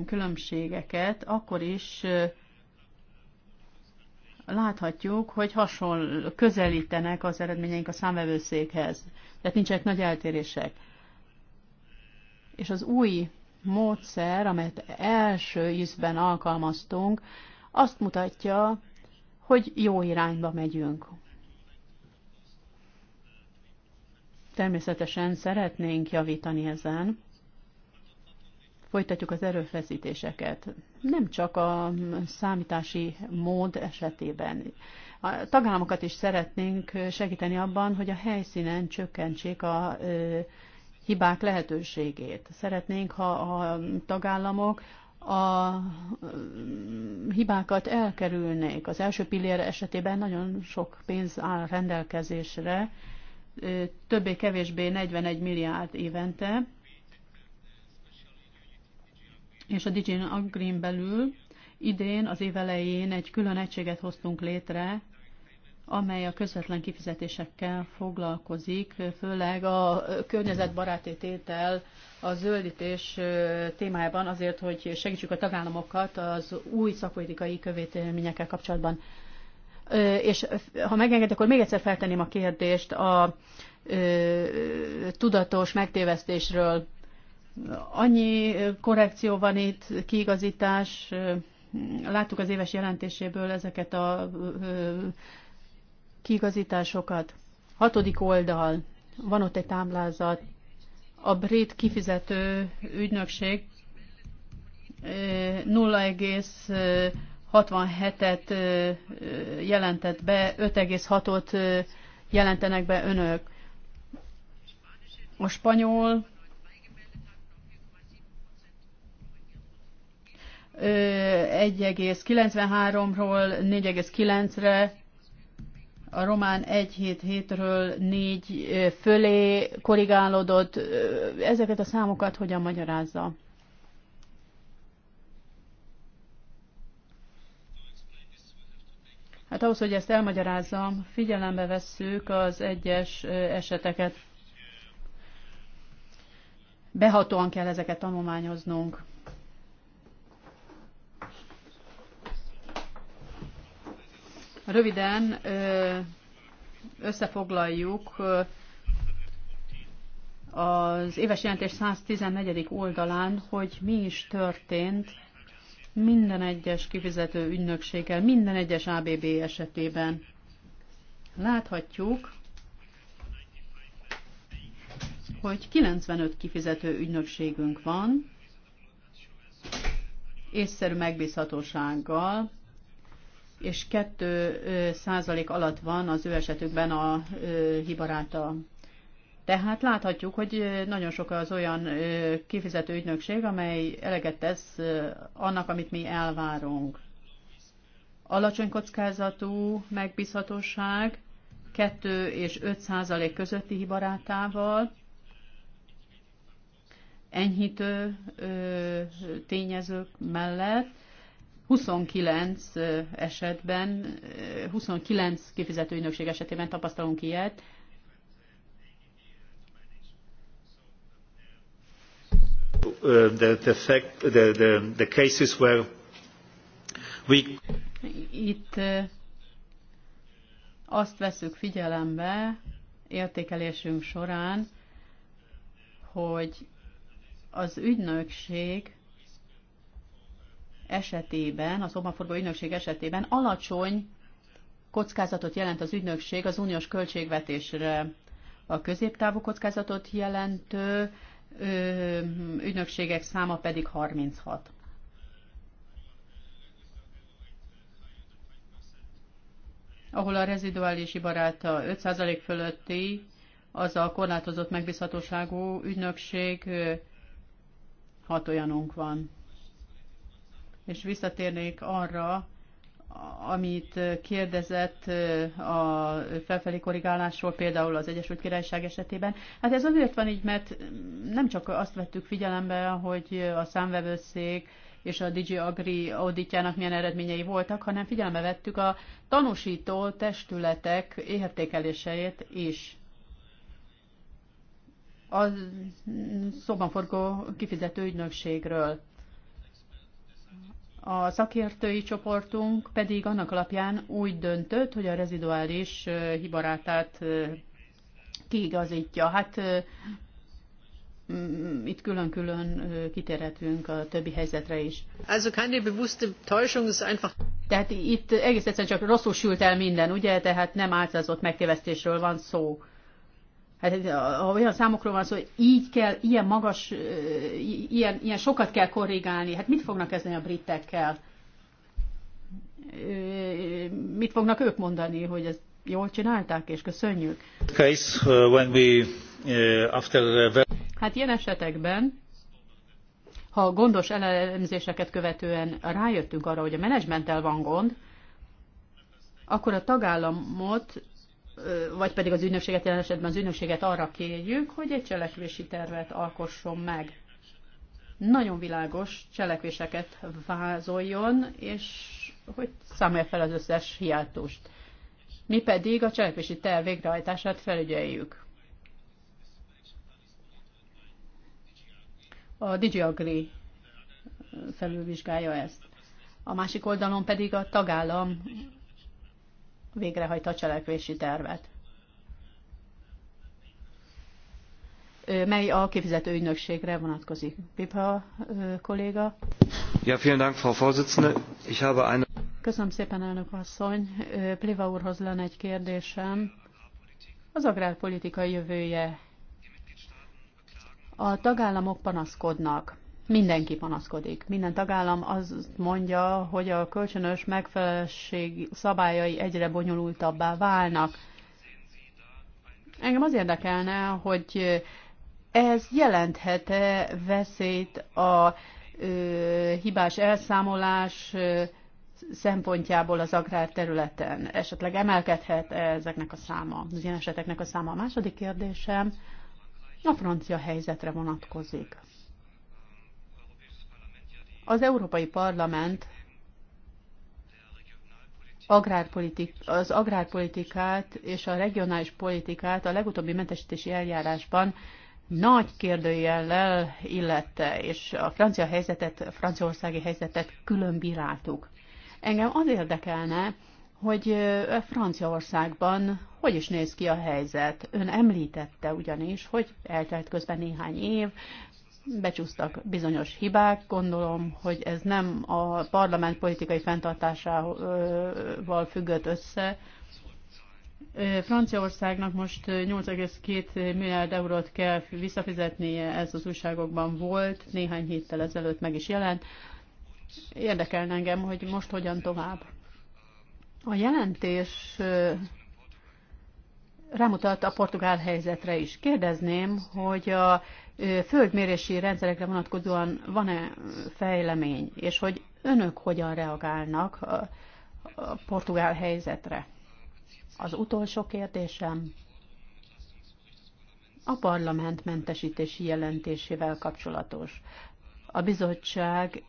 S1: különbségeket, akkor is láthatjuk, hogy hasonl közelítenek az eredményeink a számvevőszékhez. Tehát nincsenek nagy eltérések. És az új módszer, amelyet első ízben alkalmaztunk, azt mutatja, hogy jó irányba megyünk. Természetesen szeretnénk javítani ezen, folytatjuk az erőfeszítéseket. Nem csak a számítási mód esetében. A tagállamokat is szeretnénk segíteni abban, hogy a helyszínen csökkentsék a hibák lehetőségét. Szeretnénk, ha a tagállamok a hibákat elkerülnék. Az első pillér esetében nagyon sok pénz áll rendelkezésre, többé-kevésbé 41 milliárd évente, és a DJ Green belül idén az év elején egy külön egységet hoztunk létre, amely a közvetlen kifizetésekkel foglalkozik, főleg a környezetbaráti tétel a zöldítés témájában azért, hogy segítsük a tagállamokat az új szakpolitikai követelményekkel kapcsolatban. És ha megenged, akkor még egyszer feltenném a kérdést a tudatos megtévesztésről. Annyi korrekció van itt, kiigazítás, láttuk az éves jelentéséből ezeket a kiigazításokat. Hatodik oldal, van ott egy táblázat, a brit kifizető ügynökség 0,67-et jelentett be, 5,6-ot jelentenek be önök. A spanyol 1,93-ról 4,9-re, a román 1,77-ről 4 fölé korrigálódott. Ezeket a számokat hogyan magyarázza? Hát ahhoz, hogy ezt elmagyarázzam, figyelembe vesszük az egyes eseteket. Behatóan kell ezeket tanulmányoznunk. Röviden összefoglaljuk az éves jelentés 114. oldalán, hogy mi is történt minden egyes kifizető ügynökséggel, minden egyes ABB esetében. Láthatjuk, hogy 95 kifizető ügynökségünk van, észszerű megbízhatósággal, és 2 százalék alatt van az ő esetükben a hibaráta. Tehát láthatjuk, hogy nagyon sok az olyan kifizető ügynökség, amely eleget tesz annak, amit mi elvárunk. Alacsony kockázatú megbízhatóság 2 és 5 százalék közötti hibarátával, enyhítő tényezők mellett, 29 esetben, 29 kifizető ügynökség esetében tapasztalunk ilyet.
S9: The, the, fact, the, the, the cases where we...
S1: Itt azt veszük figyelembe értékelésünk során, hogy az ügynökség esetében, az omaforgó ügynökség esetében alacsony kockázatot jelent az ügynökség az uniós költségvetésre. A középtávú kockázatot jelentő ö, ügynökségek száma pedig 36. ahol a reziduális ibaráta 5% fölötti, az a korlátozott megbízhatóságú ügynökség, hat olyanunk van és visszatérnék arra, amit kérdezett a felfelé korrigálásról, például az Egyesült Királyság esetében. Hát ez azért van így, mert nem csak azt vettük figyelembe, hogy a számvevőszék és a DJ Agri auditjának milyen eredményei voltak, hanem figyelembe vettük a tanúsító testületek értékeléseit is. A szóban forgó kifizető ügynökségről. A szakértői csoportunk pedig annak alapján úgy döntött, hogy a reziduális hibarátát kiigazítja. Hát itt külön-külön kitérhetünk a többi helyzetre is. Also keine bewusste Täuschung ist einfach... Tehát itt egész egyszerűen csak rosszul sült el minden, ugye? Tehát nem álcázott megtévesztésről van szó ha hát, olyan számokról van szó, hogy így kell, ilyen magas, ilyen, ilyen sokat kell korrigálni, hát mit fognak kezdeni a britekkel? Mit fognak ők mondani, hogy ez jól csinálták, és köszönjük?
S9: Case, uh, when we, uh, after...
S1: Hát ilyen esetekben, ha gondos elemzéseket követően rájöttünk arra, hogy a menedzsmenttel van gond, akkor a tagállamot vagy pedig az ügynökséget, jelen esetben az ügynökséget arra kérjük, hogy egy cselekvési tervet alkosson meg. Nagyon világos cselekvéseket vázoljon, és hogy számolja fel az összes hiátust. Mi pedig a cselekvési terv végrehajtását felügyeljük. A DigiAgri felülvizsgálja ezt. A másik oldalon pedig a tagállam végrehajt a cselekvési tervet, mely a kifizető ügynökségre vonatkozik. Pipa kolléga.
S10: Ja, vielen Dank, Frau Vorsitzende. Ich habe eine...
S1: Köszönöm szépen, elnök asszony. Pliva úrhoz lenne egy kérdésem. Az agrárpolitika jövője. A tagállamok panaszkodnak Mindenki panaszkodik. Minden tagállam azt mondja, hogy a kölcsönös megfelelőség szabályai egyre bonyolultabbá válnak. Engem az érdekelne, hogy ez jelenthet-e veszélyt a ö, hibás elszámolás ö, szempontjából az agrárterületen? Esetleg emelkedhet -e ezeknek a száma, az ilyen eseteknek a száma? A második kérdésem a francia helyzetre vonatkozik. Az Európai Parlament agrárpolitik, az agrárpolitikát és a regionális politikát a legutóbbi mentesítési eljárásban nagy kérdőjellel illette, és a francia helyzetet, franciaországi helyzetet külön bíráltuk. Engem az érdekelne, hogy Franciaországban hogy is néz ki a helyzet. Ön említette ugyanis, hogy eltelt közben néhány év, becsúsztak bizonyos hibák. Gondolom, hogy ez nem a parlament politikai fenntartásával függött össze. Franciaországnak most 8,2 milliárd eurót kell visszafizetnie, ez az újságokban volt, néhány héttel ezelőtt meg is jelent. Érdekelne engem, hogy most hogyan tovább. A jelentés rámutat a portugál helyzetre is. Kérdezném, hogy a földmérési rendszerekre vonatkozóan van-e fejlemény, és hogy önök hogyan reagálnak a portugál helyzetre. Az utolsó kérdésem a parlament mentesítési jelentésével kapcsolatos. A bizottság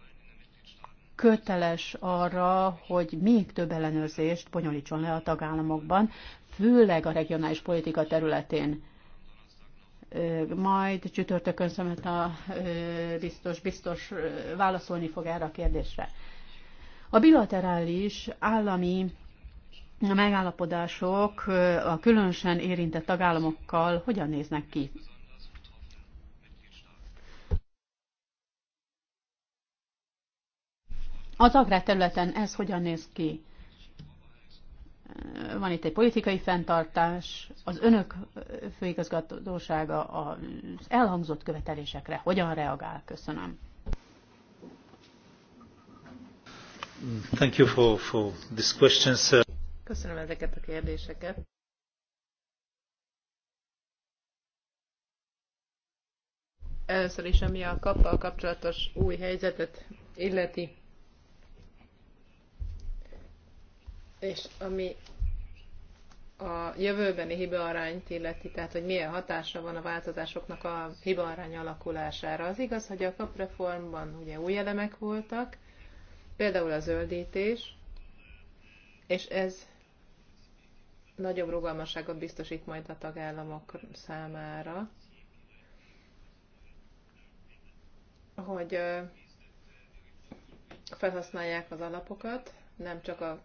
S1: köteles arra, hogy még több ellenőrzést bonyolítson le a tagállamokban, főleg a regionális politika területén majd csütörtökön szemet a biztos, biztos válaszolni fog erre a kérdésre. A bilaterális állami megállapodások a különösen érintett tagállamokkal hogyan néznek ki? Az területen ez hogyan néz ki? van itt egy politikai fenntartás, az önök főigazgatósága az elhangzott követelésekre hogyan reagál? Köszönöm.
S9: Thank you for, for this question, sir.
S3: Köszönöm ezeket a kérdéseket. Először is, ami a kappal kapcsolatos új helyzetet illeti, És ami a jövőbeni hibaarányt illeti, tehát hogy milyen hatása van a változásoknak a hibaarány alakulására. Az igaz, hogy a kapreformban ugye új elemek voltak, például a zöldítés, és ez nagyobb rugalmasságot biztosít majd a tagállamok számára, hogy felhasználják az alapokat, nem csak a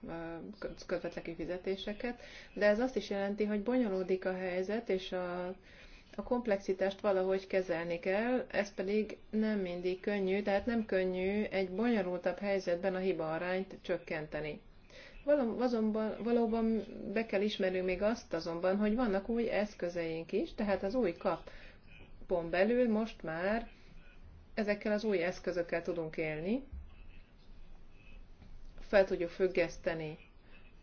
S3: közvetlen kifizetéseket, de ez azt is jelenti, hogy bonyolódik a helyzet, és a, a komplexitást valahogy kezelni kell, ez pedig nem mindig könnyű, tehát nem könnyű egy bonyolultabb helyzetben a hiba arányt csökkenteni. azonban, valóban be kell ismerünk még azt azonban, hogy vannak új eszközeink is, tehát az új kapon belül most már ezekkel az új eszközökkel tudunk élni, fel tudjuk függeszteni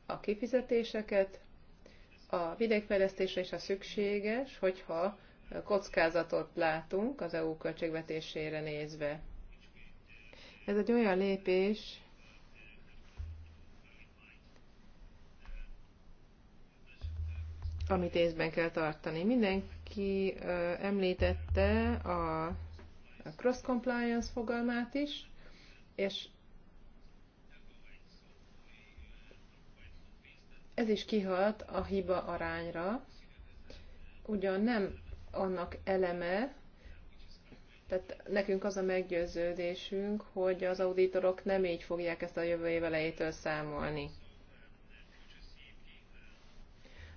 S3: a kifizetéseket, a vidékfejlesztésre is a szükséges, hogyha kockázatot látunk az EU költségvetésére nézve. Ez egy olyan lépés, amit észben kell tartani. Mindenki említette a cross compliance fogalmát is, és Ez is kihat a hiba arányra, ugyan nem annak eleme, tehát nekünk az a meggyőződésünk, hogy az auditorok nem így fogják ezt a jövő év elejétől számolni.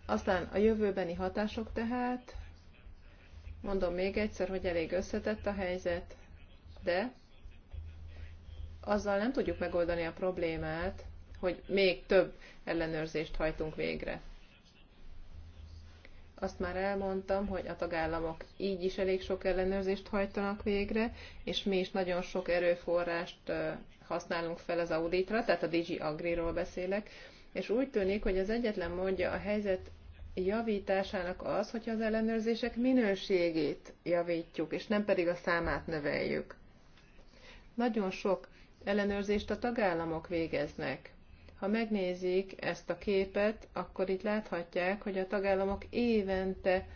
S3: Aztán a jövőbeni hatások tehát, mondom még egyszer, hogy elég összetett a helyzet, de azzal nem tudjuk megoldani a problémát, hogy még több ellenőrzést hajtunk végre. Azt már elmondtam, hogy a tagállamok így is elég sok ellenőrzést hajtanak végre, és mi is nagyon sok erőforrást használunk fel az auditra, tehát a Digi Agri-ról beszélek, és úgy tűnik, hogy az egyetlen módja a helyzet javításának az, hogy az ellenőrzések minőségét javítjuk, és nem pedig a számát növeljük. Nagyon sok ellenőrzést a tagállamok végeznek. Ha megnézik ezt a képet, akkor itt láthatják, hogy a tagállamok évente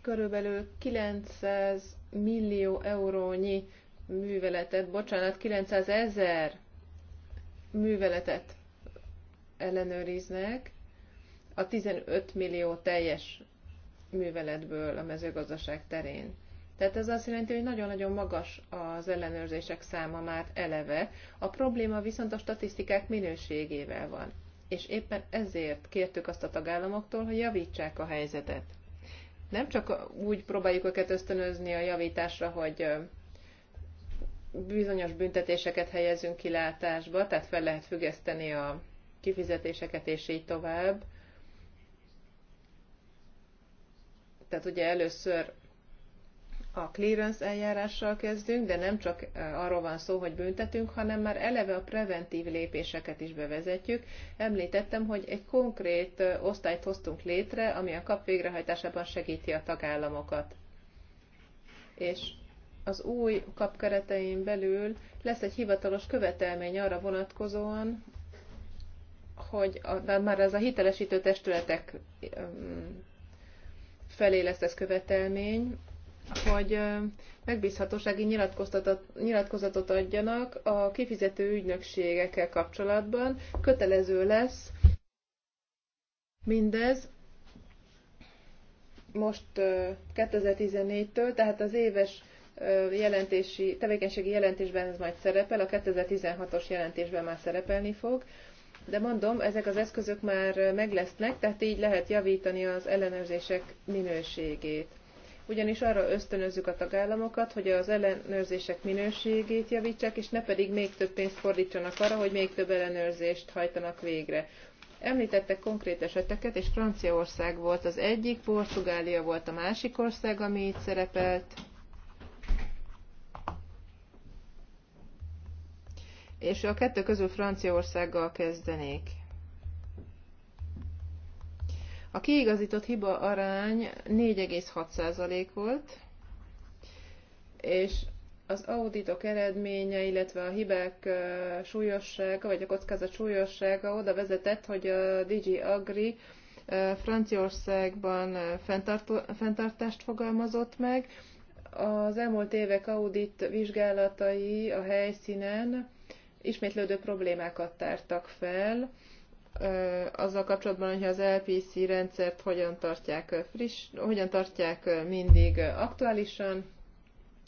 S3: körülbelül 900 millió eurónyi műveletet, bocsánat, 900 ezer műveletet ellenőriznek a 15 millió teljes műveletből a mezőgazdaság terén. Tehát ez azt jelenti, hogy nagyon-nagyon magas az ellenőrzések száma már eleve. A probléma viszont a statisztikák minőségével van. És éppen ezért kértük azt a tagállamoktól, hogy javítsák a helyzetet. Nem csak úgy próbáljuk őket ösztönözni a javításra, hogy bizonyos büntetéseket helyezünk kilátásba, tehát fel lehet függeszteni a kifizetéseket, és így tovább. Tehát ugye először a clearance eljárással kezdünk, de nem csak e, arról van szó, hogy büntetünk, hanem már eleve a preventív lépéseket is bevezetjük. Említettem, hogy egy konkrét e, osztályt hoztunk létre, ami a kap végrehajtásában segíti a tagállamokat. És az új kap keretein belül lesz egy hivatalos követelmény arra vonatkozóan, hogy a, de már ez a hitelesítő testületek felé lesz ez követelmény, hogy megbízhatósági nyilatkozatot, nyilatkozatot adjanak a kifizető ügynökségekkel kapcsolatban. Kötelező lesz mindez most 2014-től, tehát az éves jelentési, tevékenységi jelentésben ez majd szerepel, a 2016-os jelentésben már szerepelni fog, de mondom, ezek az eszközök már meglesznek, tehát így lehet javítani az ellenőrzések minőségét ugyanis arra ösztönözzük a tagállamokat, hogy az ellenőrzések minőségét javítsák, és ne pedig még több pénzt fordítsanak arra, hogy még több ellenőrzést hajtanak végre. Említettek konkrét eseteket, és Franciaország volt az egyik, Portugália volt a másik ország, ami itt szerepelt. És a kettő közül Franciaországgal kezdenék. A kiigazított hiba arány 4,6% volt, és az auditok eredménye, illetve a hibák súlyossága, vagy a kockázat súlyossága oda vezetett, hogy a DG Agri Franciaországban fenntartást fogalmazott meg. Az elmúlt évek audit vizsgálatai a helyszínen ismétlődő problémákat tártak fel, azzal kapcsolatban, hogy az LPC rendszert hogyan tartják, friss, hogyan tartják mindig aktuálisan,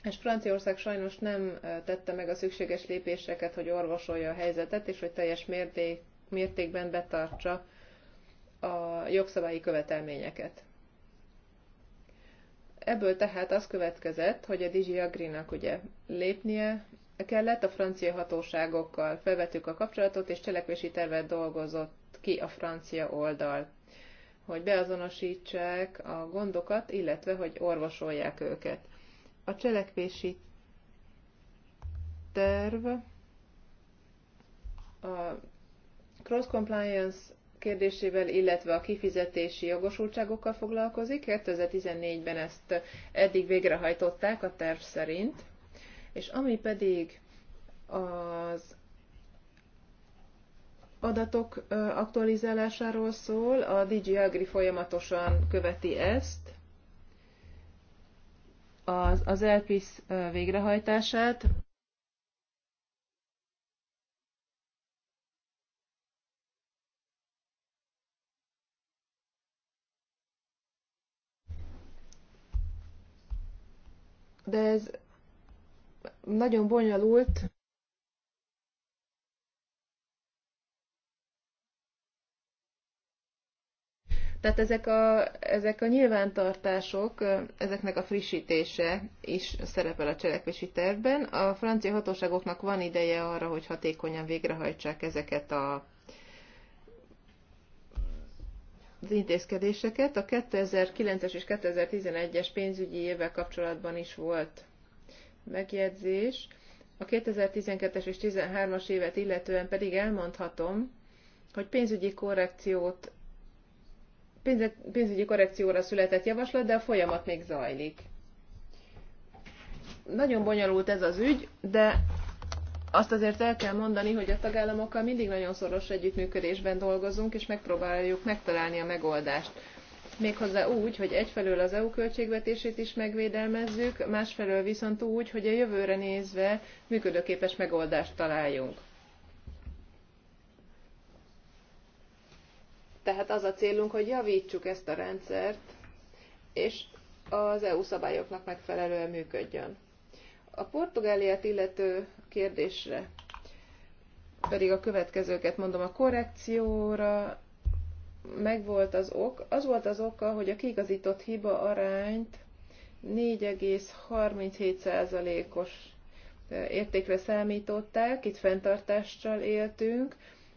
S3: és Franciaország sajnos nem tette meg a szükséges lépéseket, hogy orvosolja a helyzetet, és hogy teljes mérték, mértékben betartsa a jogszabályi követelményeket. Ebből tehát az következett, hogy a DG Agrinak ugye lépnie kellett a francia hatóságokkal. Felvettük a kapcsolatot, és cselekvési tervet dolgozott ki a francia oldal, hogy beazonosítsák a gondokat, illetve hogy orvosolják őket. A cselekvési terv a cross compliance kérdésével, illetve a kifizetési jogosultságokkal foglalkozik. 2014-ben ezt eddig végrehajtották a terv szerint. És ami pedig az adatok aktualizálásáról szól, a DG Agri folyamatosan követi ezt, az, az ELPIS végrehajtását. De ez nagyon bonyolult Tehát ezek a, ezek a nyilvántartások, ezeknek a frissítése is szerepel a cselekvési tervben. A francia hatóságoknak van ideje arra, hogy hatékonyan végrehajtsák ezeket a az intézkedéseket. A 2009-es és 2011-es pénzügyi évvel kapcsolatban is volt megjegyzés. A 2012-es és 2013-as évet illetően pedig elmondhatom, hogy pénzügyi korrekciót pénzügyi korrekcióra született javaslat, de a folyamat még zajlik. Nagyon bonyolult ez az ügy, de azt azért el kell mondani, hogy a tagállamokkal mindig nagyon szoros együttműködésben dolgozunk, és megpróbáljuk megtalálni a megoldást méghozzá úgy, hogy egyfelől az EU költségvetését is megvédelmezzük, másfelől viszont úgy, hogy a jövőre nézve működőképes megoldást találjunk. Tehát az a célunk, hogy javítsuk ezt a rendszert, és az EU szabályoknak megfelelően működjön. A Portugáliát illető kérdésre pedig a következőket mondom. A korrekcióra megvolt az ok. Az volt az oka, hogy a kiigazított hiba arányt 4,37%-os értékre számították, itt fenntartással éltünk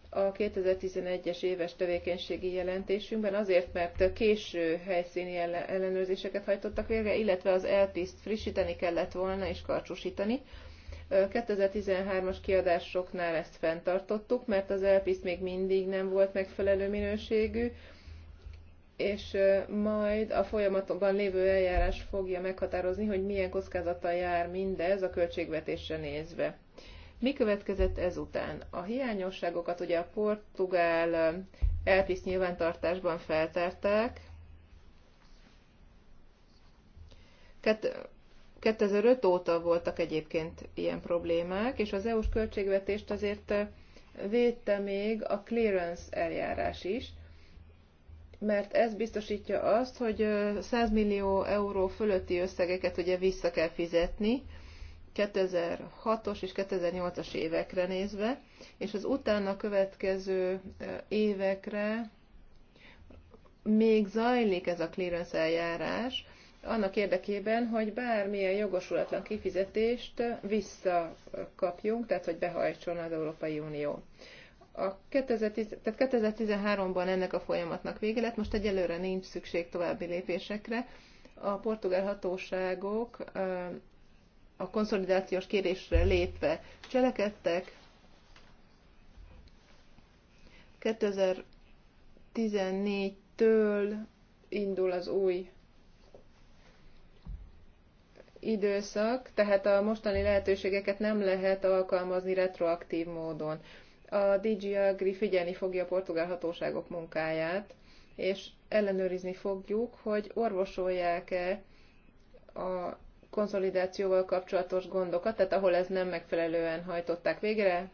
S3: a 2011-es éves tevékenységi jelentésünkben, azért, mert késő helyszíni ellenőrzéseket hajtottak végre, illetve az elpiszt frissíteni kellett volna és karcsúsítani. 2013-as kiadásoknál ezt fenntartottuk, mert az elpiszt még mindig nem volt megfelelő minőségű, és majd a folyamatban lévő eljárás fogja meghatározni, hogy milyen kockázattal jár mindez a költségvetésre nézve. Mi következett ezután? A hiányosságokat ugye a portugál elpisz nyilvántartásban feltárták, 2005 óta voltak egyébként ilyen problémák, és az EU-s költségvetést azért eh, védte még a clearance eljárás is, mert ez biztosítja azt, hogy 100 eh, millió euró fölötti összegeket ugye vissza kell fizetni, 2006-os és 2008-as évekre nézve, és az utána következő eh, évekre még zajlik ez a clearance eljárás, annak érdekében, hogy bármilyen jogosulatlan kifizetést visszakapjunk, tehát hogy behajtson az Európai Unió. A 2010, tehát 2013-ban ennek a folyamatnak vége lett, most egyelőre nincs szükség további lépésekre. A portugál hatóságok a konszolidációs kérésre lépve cselekedtek. 2014-től indul az új időszak, tehát a mostani lehetőségeket nem lehet alkalmazni retroaktív módon. A DG Agri figyelni fogja a portugál hatóságok munkáját, és ellenőrizni fogjuk, hogy orvosolják-e a konszolidációval kapcsolatos gondokat, tehát ahol ez nem megfelelően hajtották végre,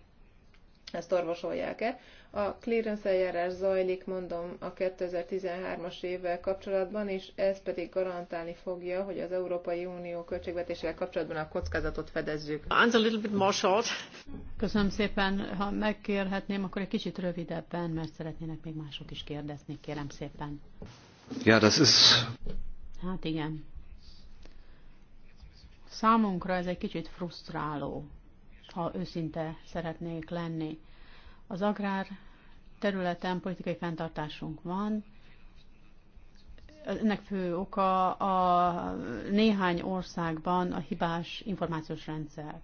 S3: ezt orvosolják-e. A clearance eljárás zajlik, mondom, a 2013-as évvel kapcsolatban, és ez pedig garantálni fogja, hogy az Európai Unió költségvetésével kapcsolatban a kockázatot fedezzük. a little bit more short.
S1: Köszönöm szépen, ha megkérhetném, akkor egy kicsit rövidebben, mert szeretnének még mások is kérdezni, kérem szépen.
S10: Ja, das ist...
S1: Hát igen. Számunkra ez egy kicsit frusztráló, ha őszinte szeretnék lenni. Az agrár területen politikai fenntartásunk van. Ennek fő oka a néhány országban a hibás információs rendszer.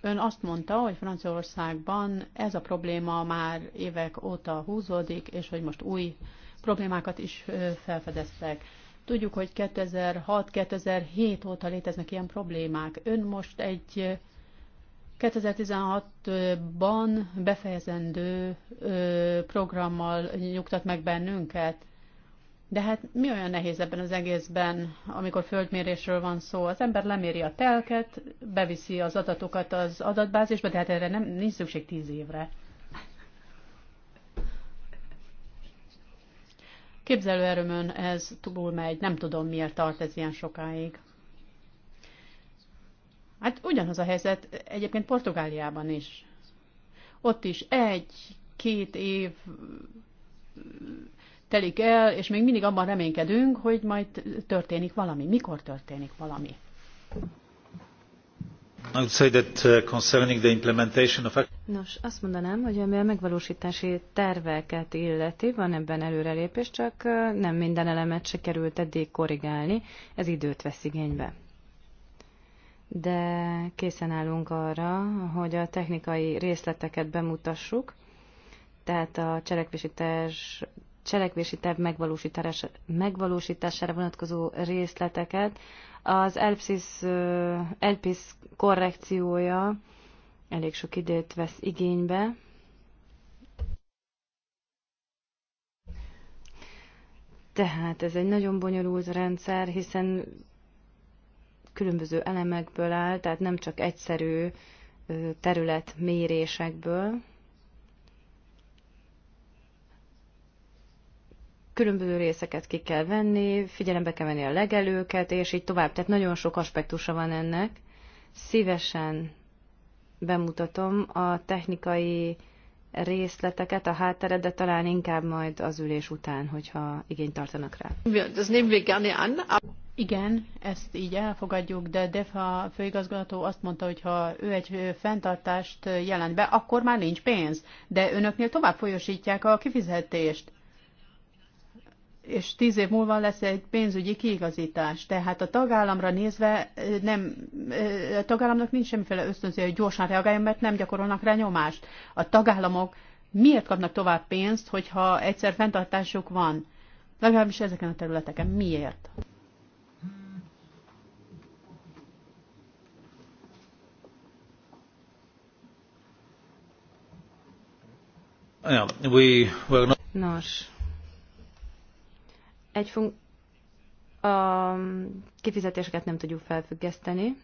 S1: Ön azt mondta, hogy Franciaországban ez a probléma már évek óta húzódik, és hogy most új problémákat is felfedeztek. Tudjuk, hogy 2006-2007 óta léteznek ilyen problémák. Ön most egy 2016-ban befejezendő programmal nyugtat meg bennünket. De hát mi olyan nehéz ebben az egészben, amikor földmérésről van szó? Az ember leméri a telket, beviszi az adatokat az adatbázisba, de hát erre nem, nincs szükség tíz évre. Képzelőerőmön ez túl megy, nem tudom miért tart ez ilyen sokáig. Hát ugyanaz a helyzet egyébként Portugáliában is. Ott is egy-két év telik el, és még mindig abban reménykedünk, hogy majd történik valami. Mikor történik valami?
S6: Nos, azt mondanám, hogy ami a megvalósítási terveket illeti, van ebben előrelépés, csak uh, nem minden elemet se került eddig korrigálni, ez időt vesz igénybe. De készen állunk arra, hogy a technikai részleteket bemutassuk, tehát a cselekvési cselekvési terv megvalósítására vonatkozó részleteket. Az ELPSIS, ELPIS korrekciója elég sok időt vesz igénybe. Tehát ez egy nagyon bonyolult rendszer, hiszen különböző elemekből áll, tehát nem csak egyszerű területmérésekből. különböző részeket ki kell venni, figyelembe kell venni a legelőket, és így tovább. Tehát nagyon sok aspektusa van ennek. Szívesen bemutatom a technikai részleteket, a hátteret, de talán inkább majd az ülés után, hogyha igényt tartanak rá.
S1: Igen, ezt így elfogadjuk, de DEFA főigazgató azt mondta, hogy ha ő egy fenntartást jelent be, akkor már nincs pénz, de önöknél tovább folyosítják a kifizetést és tíz év múlva lesz egy pénzügyi kiigazítás. Tehát a tagállamra nézve nem, a tagállamnak nincs semmiféle ösztönző, hogy gyorsan reagáljon, mert nem gyakorolnak rá nyomást. A tagállamok miért kapnak tovább pénzt, hogyha egyszer fenntartásuk van? Legalábbis ezeken a területeken. Miért?
S6: Nos, egy fun- a kifizetéseket nem tudjuk felfüggeszteni.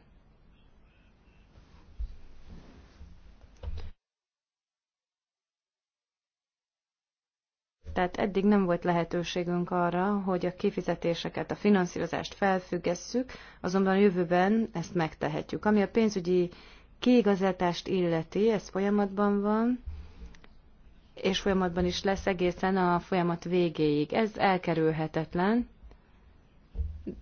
S6: Tehát eddig nem volt lehetőségünk arra, hogy a kifizetéseket, a finanszírozást felfüggesszük, azonban a jövőben ezt megtehetjük. Ami a pénzügyi kiigazítást illeti, ez folyamatban van, és folyamatban is lesz egészen a folyamat végéig. Ez elkerülhetetlen,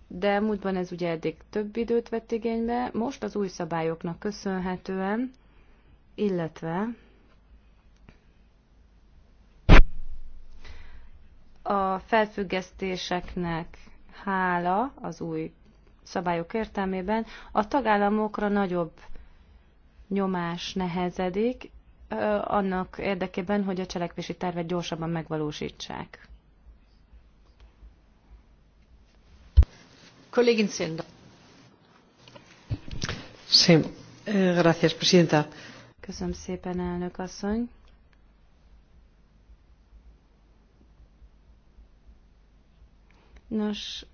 S6: de múltban ez ugye eddig több időt vett igénybe, most az új szabályoknak köszönhetően, illetve a felfüggesztéseknek hála az új szabályok értelmében a tagállamokra nagyobb nyomás nehezedik, annak érdekében, hogy a cselekvési tervet gyorsabban megvalósítsák. Kollégin Szenda. Sí, gracias, presidenta. Köszönöm szépen, elnök asszony. Nos,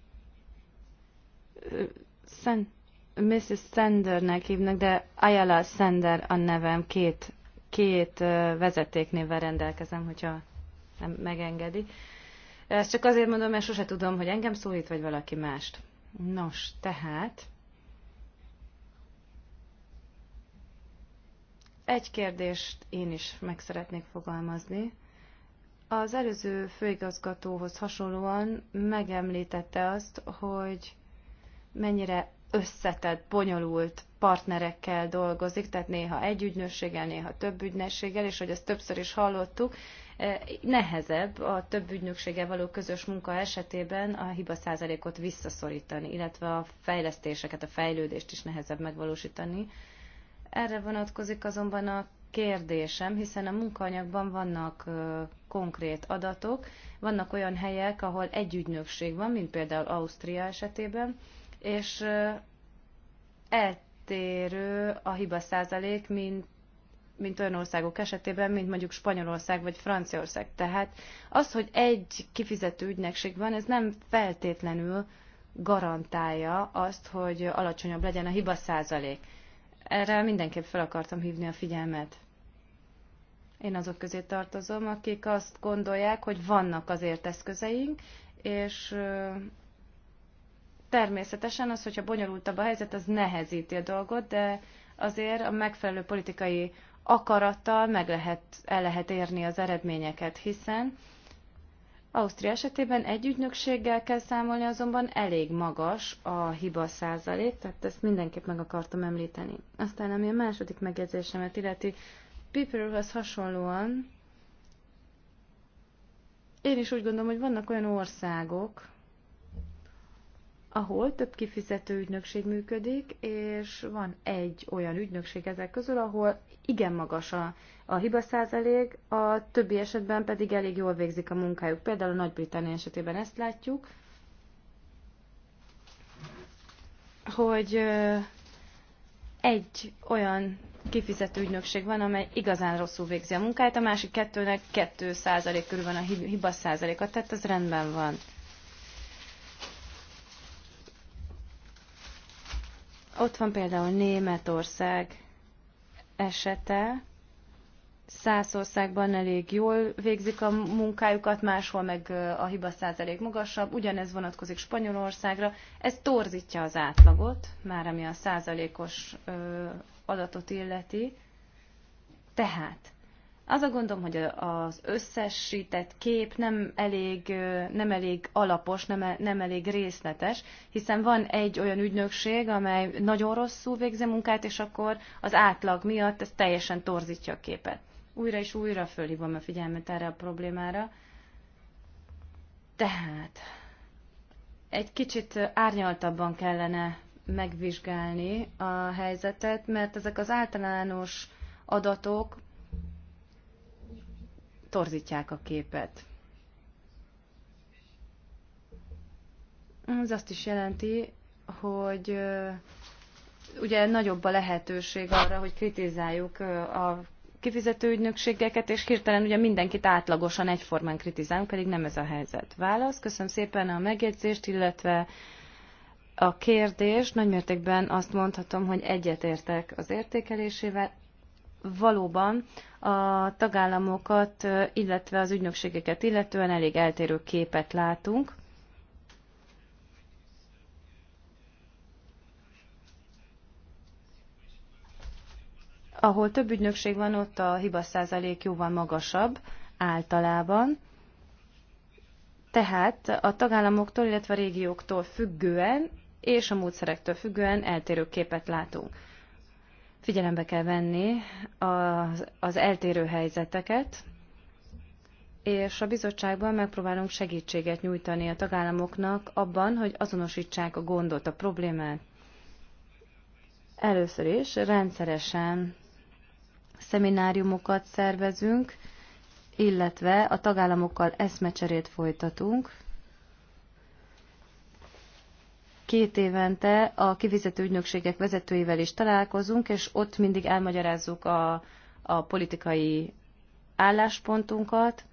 S6: Sen, Mrs. Sandernek hívnak, de Ayala Sander a nevem, két két vezetéknévvel rendelkezem, hogyha nem megengedi. Ezt csak azért mondom, mert sose tudom, hogy engem szólít, vagy valaki mást. Nos, tehát egy kérdést én is meg szeretnék fogalmazni. Az előző főigazgatóhoz hasonlóan megemlítette azt, hogy mennyire összetett, bonyolult partnerekkel dolgozik, tehát néha egy ügynökséggel, néha több ügynökséggel, és hogy ezt többször is hallottuk, eh, nehezebb a több ügynökséggel való közös munka esetében a hiba százalékot visszaszorítani, illetve a fejlesztéseket, a fejlődést is nehezebb megvalósítani. Erre vonatkozik azonban a kérdésem, hiszen a munkaanyagban vannak eh, konkrét adatok, vannak olyan helyek, ahol egy ügynökség van, mint például Ausztria esetében, és eh, el eltérő a hiba százalék, mint mint olyan országok esetében, mint mondjuk Spanyolország vagy Franciaország. Tehát az, hogy egy kifizető ügynökség van, ez nem feltétlenül garantálja azt, hogy alacsonyabb legyen a hiba százalék. Erre mindenképp fel akartam hívni a figyelmet. Én azok közé tartozom, akik azt gondolják, hogy vannak azért eszközeink, és Természetesen az, hogyha bonyolultabb a helyzet, az nehezíti a dolgot, de azért a megfelelő politikai akarattal meg lehet, el lehet érni az eredményeket, hiszen Ausztria esetében egy ügynökséggel kell számolni, azonban elég magas a hiba százalék, tehát ezt mindenképp meg akartam említeni. Aztán ami a második megjegyzésemet illeti, Piperhoz hasonlóan én is úgy gondolom, hogy vannak olyan országok, ahol több kifizető ügynökség működik, és van egy olyan ügynökség ezek közül, ahol igen magas a, a hiba százalék, a többi esetben pedig elég jól végzik a munkájuk. Például a Nagy-Britannia esetében ezt látjuk, hogy egy olyan kifizető ügynökség van, amely igazán rosszul végzi a munkáját, a másik kettőnek 2 százalék körül van a hiba százaléka, tehát ez rendben van. Ott van például Németország esete. Száz országban elég jól végzik a munkájukat, máshol meg a hiba százalék magasabb. Ugyanez vonatkozik Spanyolországra. Ez torzítja az átlagot, már ami a százalékos adatot illeti. Tehát az a gondom, hogy az összesített kép nem elég, nem elég alapos, nem, nem elég részletes, hiszen van egy olyan ügynökség, amely nagyon rosszul végzi munkát, és akkor az átlag miatt ez teljesen torzítja a képet. Újra és újra fölhívom a figyelmet erre a problémára. Tehát egy kicsit árnyaltabban kellene megvizsgálni a helyzetet, mert ezek az általános adatok torzítják a képet. Ez azt is jelenti, hogy ugye nagyobb a lehetőség arra, hogy kritizáljuk a kifizető ügynökségeket, és hirtelen ugye mindenkit átlagosan egyformán kritizálunk, pedig nem ez a helyzet. Válasz, köszönöm szépen a megjegyzést, illetve a kérdést. Nagymértékben azt mondhatom, hogy egyetértek az értékelésével, valóban a tagállamokat, illetve az ügynökségeket illetően elég eltérő képet látunk. Ahol több ügynökség van, ott a hiba százalék jóval magasabb általában. Tehát a tagállamoktól, illetve a régióktól függően és a módszerektől függően eltérő képet látunk. Figyelembe kell venni az, az eltérő helyzeteket, és a bizottságban megpróbálunk segítséget nyújtani a tagállamoknak abban, hogy azonosítsák a gondot, a problémát. Először is rendszeresen szemináriumokat szervezünk, illetve a tagállamokkal eszmecserét folytatunk, két évente a kivizető ügynökségek vezetőivel is találkozunk, és ott mindig elmagyarázzuk a, a politikai álláspontunkat,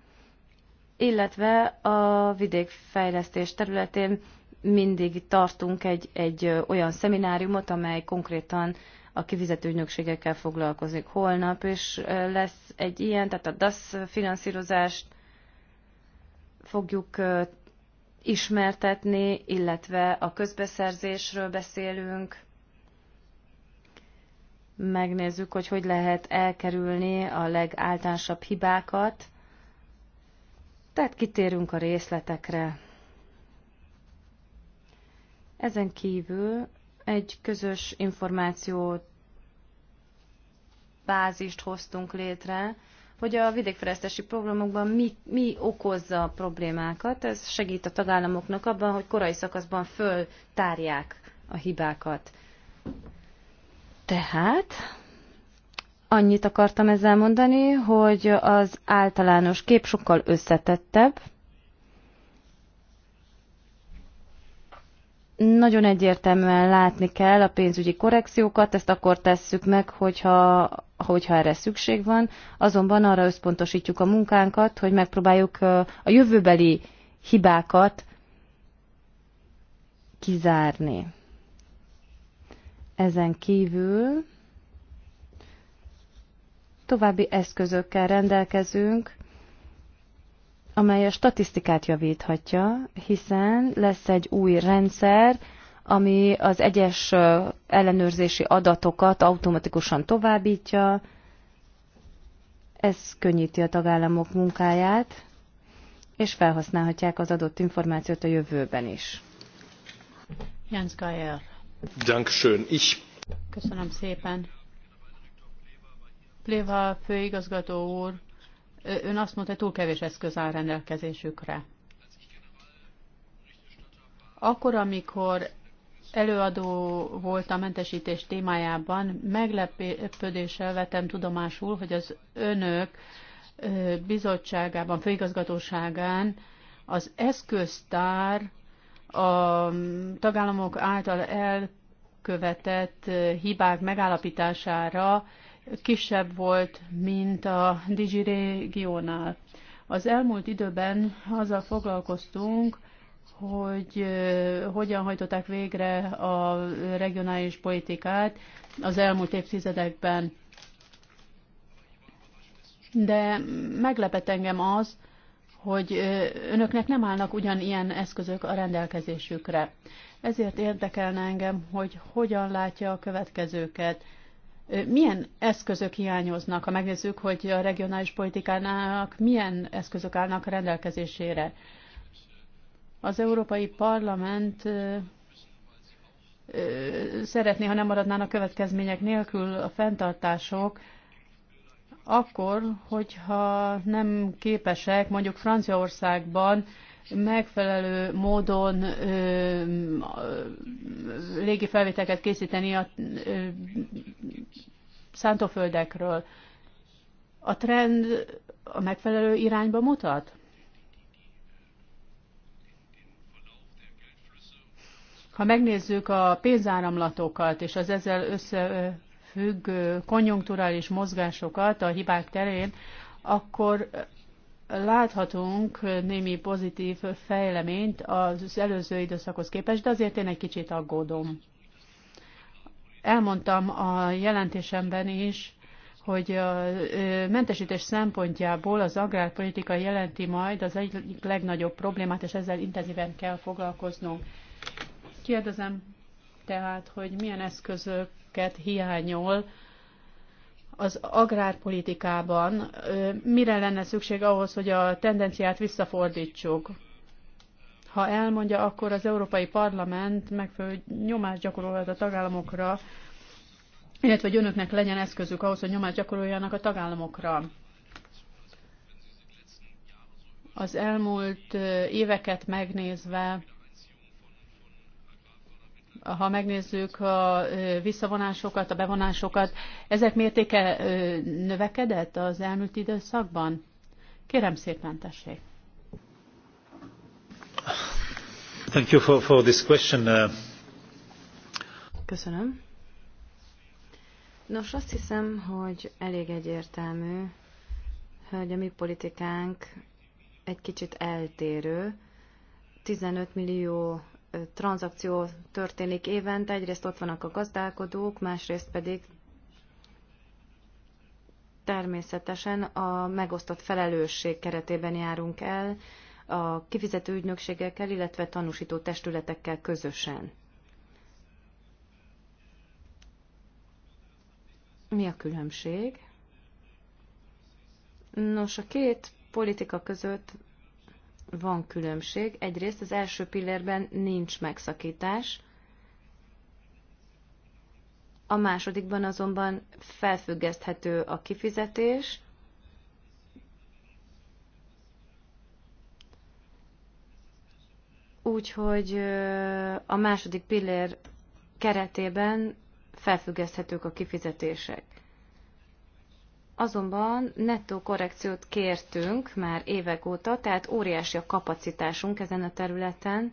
S6: illetve a vidékfejlesztés területén mindig tartunk egy, egy olyan szemináriumot, amely konkrétan a kivizető ügynökségekkel foglalkozik. Holnap és lesz egy ilyen, tehát a DASZ finanszírozást fogjuk ismertetni, illetve a közbeszerzésről beszélünk. Megnézzük, hogy hogy lehet elkerülni a legáltalánosabb hibákat. Tehát kitérünk a részletekre. Ezen kívül egy közös információ bázist hoztunk létre, hogy a vidékfejlesztési programokban mi, mi okozza a problémákat. Ez segít a tagállamoknak abban, hogy korai szakaszban föltárják a hibákat. Tehát annyit akartam ezzel mondani, hogy az általános kép sokkal összetettebb, Nagyon egyértelműen látni kell a pénzügyi korrekciókat, ezt akkor tesszük meg, hogyha, hogyha erre szükség van, azonban arra összpontosítjuk a munkánkat, hogy megpróbáljuk a jövőbeli hibákat kizárni. Ezen kívül további eszközökkel rendelkezünk, amely a statisztikát javíthatja, hiszen lesz egy új rendszer, ami az egyes ellenőrzési adatokat automatikusan továbbítja. Ez könnyíti a tagállamok munkáját, és felhasználhatják az adott információt a jövőben is. Jens Geier.
S8: Dankeschön. Ich.
S6: Köszönöm szépen.
S1: Pléva főigazgató úr Ön azt mondta, hogy túl kevés eszköz áll rendelkezésükre. Akkor, amikor előadó volt a mentesítés témájában, meglepődéssel vettem tudomásul, hogy az önök bizottságában, főigazgatóságán az eszköztár a tagállamok által elkövetett hibák megállapítására kisebb volt, mint a Digi régiónál. Az elmúlt időben azzal foglalkoztunk, hogy hogyan hajtották végre a regionális politikát az elmúlt évtizedekben. De meglepett engem az, hogy önöknek nem állnak ugyanilyen eszközök a rendelkezésükre. Ezért érdekelne engem, hogy hogyan látja a következőket. Milyen eszközök hiányoznak, ha megnézzük, hogy a regionális politikának milyen eszközök állnak a rendelkezésére? Az Európai Parlament szeretné, ha nem maradnának következmények nélkül a fenntartások, akkor, hogyha nem képesek mondjuk Franciaországban megfelelő módon légi felvételeket készíteni a ö, szántóföldekről. A trend a megfelelő irányba mutat? Ha megnézzük a pénzáramlatokat és az ezzel összefüggő konjunkturális mozgásokat a hibák terén, akkor láthatunk némi pozitív fejleményt az előző időszakhoz képest, de azért én egy kicsit aggódom. Elmondtam a jelentésemben is, hogy a mentesítés szempontjából az agrárpolitika jelenti majd az egyik legnagyobb problémát, és ezzel intenzíven kell foglalkoznunk. Kérdezem tehát, hogy milyen eszközöket hiányol az agrárpolitikában mire lenne szükség ahhoz, hogy a tendenciát visszafordítsuk? Ha elmondja, akkor az Európai Parlament megfelelő nyomást gyakorolhat a tagállamokra, illetve hogy önöknek legyen eszközük ahhoz, hogy nyomást gyakoroljanak a tagállamokra. Az elmúlt éveket megnézve ha megnézzük a visszavonásokat, a bevonásokat, ezek mértéke növekedett az elmúlt időszakban? Kérem szépen, tessék.
S9: Thank you for, for this question. Uh,
S6: Köszönöm. Nos, azt hiszem, hogy elég egyértelmű, hogy a mi politikánk egy kicsit eltérő. 15 millió tranzakció történik évente, egyrészt ott vannak a gazdálkodók, másrészt pedig természetesen a megosztott felelősség keretében járunk el a kifizető ügynökségekkel, illetve tanúsító testületekkel közösen. Mi a különbség? Nos, a két politika között van különbség. Egyrészt az első pillérben nincs megszakítás, a másodikban azonban felfüggeszthető a kifizetés, úgyhogy a második pillér keretében felfüggeszthetők a kifizetések. Azonban nettó korrekciót kértünk már évek óta, tehát óriási a kapacitásunk ezen a területen,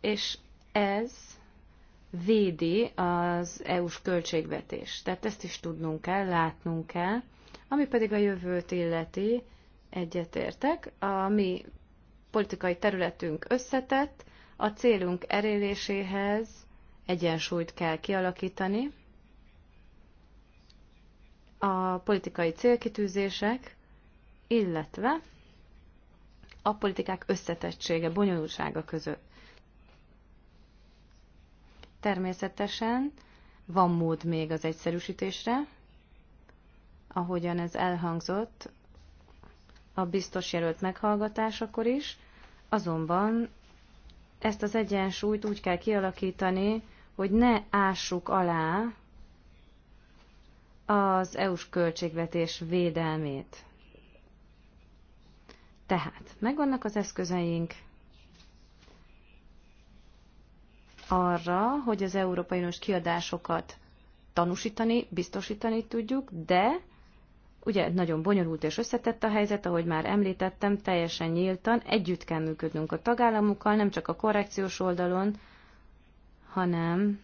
S6: és ez védi az EU-s költségvetés. Tehát ezt is tudnunk kell, látnunk kell. Ami pedig a jövőt illeti, egyetértek. A mi politikai területünk összetett, a célunk eréléséhez egyensúlyt kell kialakítani, a politikai célkitűzések, illetve a politikák összetettsége, bonyolultsága között. Természetesen van mód még az egyszerűsítésre, ahogyan ez elhangzott a biztos jelölt meghallgatásakor is, azonban ezt az egyensúlyt úgy kell kialakítani, hogy ne ássuk alá az EU-s költségvetés védelmét. Tehát megvannak az eszközeink arra, hogy az Európai Uniós kiadásokat tanúsítani, biztosítani tudjuk, de ugye nagyon bonyolult és összetett a helyzet, ahogy már említettem, teljesen nyíltan együtt kell működnünk a tagállamokkal, nem csak a korrekciós oldalon, hanem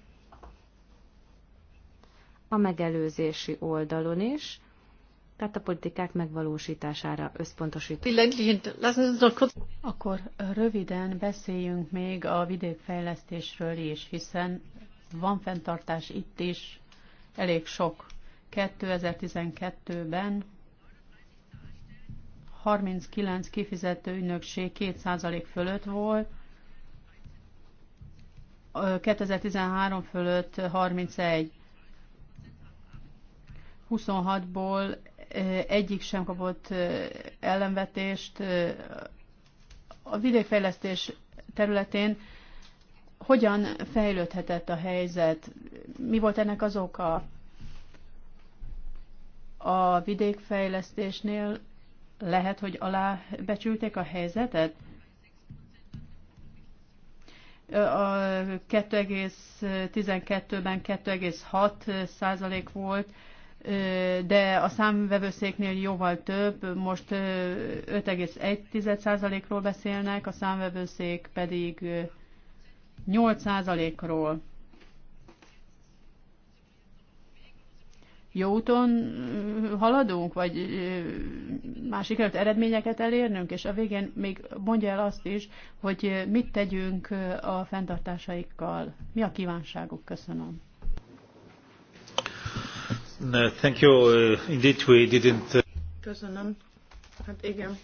S6: a megelőzési oldalon is, tehát a politikák megvalósítására összpontosít.
S1: Akkor röviden beszéljünk még a vidékfejlesztésről is, hiszen van fenntartás itt is, elég sok. 2012-ben 39 kifizető ügynökség 2% fölött volt, 2013 fölött 31. 26-ból egyik sem kapott ellenvetést. A vidékfejlesztés területén hogyan fejlődhetett a helyzet? Mi volt ennek az oka? A vidékfejlesztésnél lehet, hogy alábecsülték a helyzetet? A 2,12-ben 2,6 százalék volt, de a számvevőszéknél jóval több, most 5,1%-ról beszélnek, a számvevőszék pedig 8%-ról. Jó úton haladunk, vagy már sikerült eredményeket elérnünk, és a végén még mondja el azt is, hogy mit tegyünk a fenntartásaikkal. Mi a kívánságuk? Köszönöm.
S9: Uh, uh,
S3: Köszönöm. Hát igen,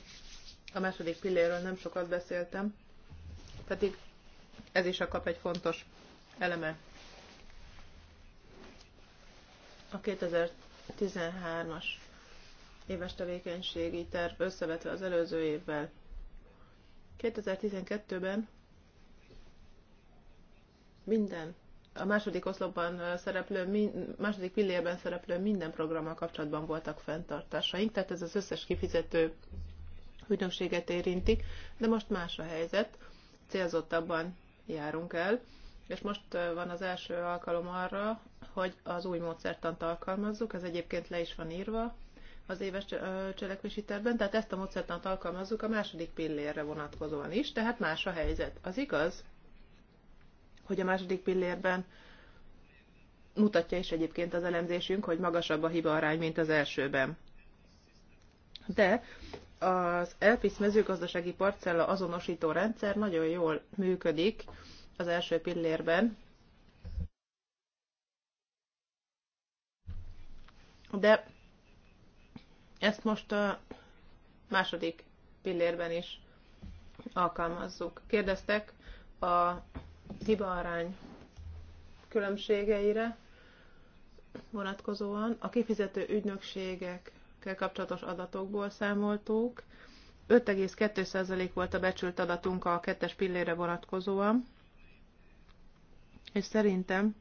S3: a második pilléről nem sokat beszéltem, pedig ez is a kap egy fontos eleme. A 2013-as éves tevékenységi terv összevetve az előző évvel. 2012-ben minden a második oszlopban szereplő, második pillérben szereplő minden programmal kapcsolatban voltak fenntartásaink, tehát ez az összes kifizető ügynökséget érinti. de most más a helyzet, célzottabban járunk el, és most van az első alkalom arra, hogy az új módszertant alkalmazzuk, ez egyébként le is van írva az éves cselekvési tervben, tehát ezt a módszertant alkalmazzuk a második pillérre vonatkozóan is, tehát más a helyzet. Az igaz, hogy a második pillérben mutatja is egyébként az elemzésünk, hogy magasabb a hiba arány, mint az elsőben. De az ELPIS mezőgazdasági parcella azonosító rendszer nagyon jól működik az első pillérben, de ezt most a második pillérben is alkalmazzuk. Kérdeztek a hibaarány különbségeire vonatkozóan a kifizető ügynökségekkel kapcsolatos adatokból számoltuk. 5,2% volt a becsült adatunk a kettes pillére vonatkozóan, és szerintem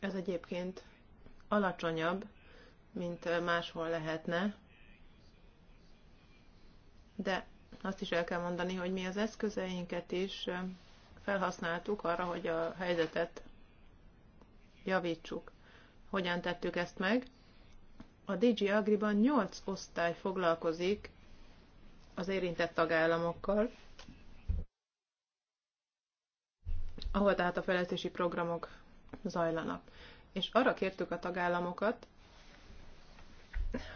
S3: ez egyébként alacsonyabb, mint máshol lehetne, de azt is el kell mondani, hogy mi az eszközeinket is felhasználtuk arra, hogy a helyzetet javítsuk. Hogyan tettük ezt meg? A DG Agriban 8 osztály foglalkozik az érintett tagállamokkal, ahol tehát a fejlesztési programok zajlanak. És arra kértük a tagállamokat,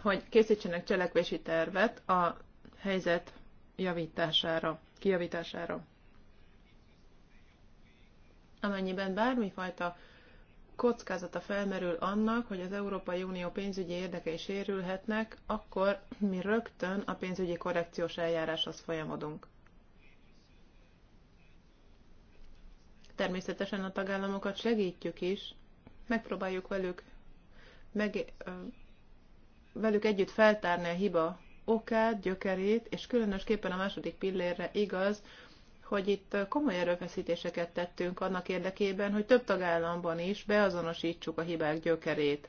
S3: hogy készítsenek cselekvési tervet a helyzet javítására, kijavítására. Amennyiben bármifajta kockázata felmerül annak, hogy az Európai Unió pénzügyi érdekei sérülhetnek, akkor mi rögtön a pénzügyi korrekciós eljáráshoz folyamodunk. Természetesen a tagállamokat segítjük is, megpróbáljuk velük, meg, velük együtt feltárni a hiba okát, gyökerét, és különösképpen a második pillérre igaz, hogy itt komoly erőfeszítéseket tettünk annak érdekében, hogy több tagállamban is beazonosítsuk a hibák gyökerét.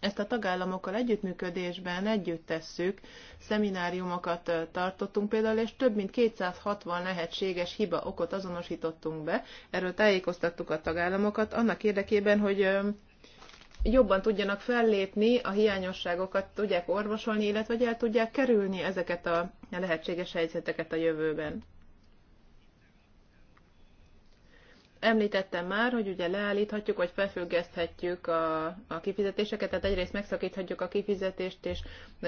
S3: Ezt a tagállamokkal együttműködésben együtt tesszük, szemináriumokat tartottunk például, és több mint 260 lehetséges hiba okot azonosítottunk be. Erről tájékoztattuk a tagállamokat annak érdekében, hogy jobban tudjanak fellépni, a hiányosságokat tudják orvosolni, illetve hogy el tudják kerülni ezeket a lehetséges helyzeteket a jövőben. Említettem már, hogy ugye leállíthatjuk, vagy felfüggeszthetjük a, a kifizetéseket, tehát egyrészt megszakíthatjuk a kifizetést, és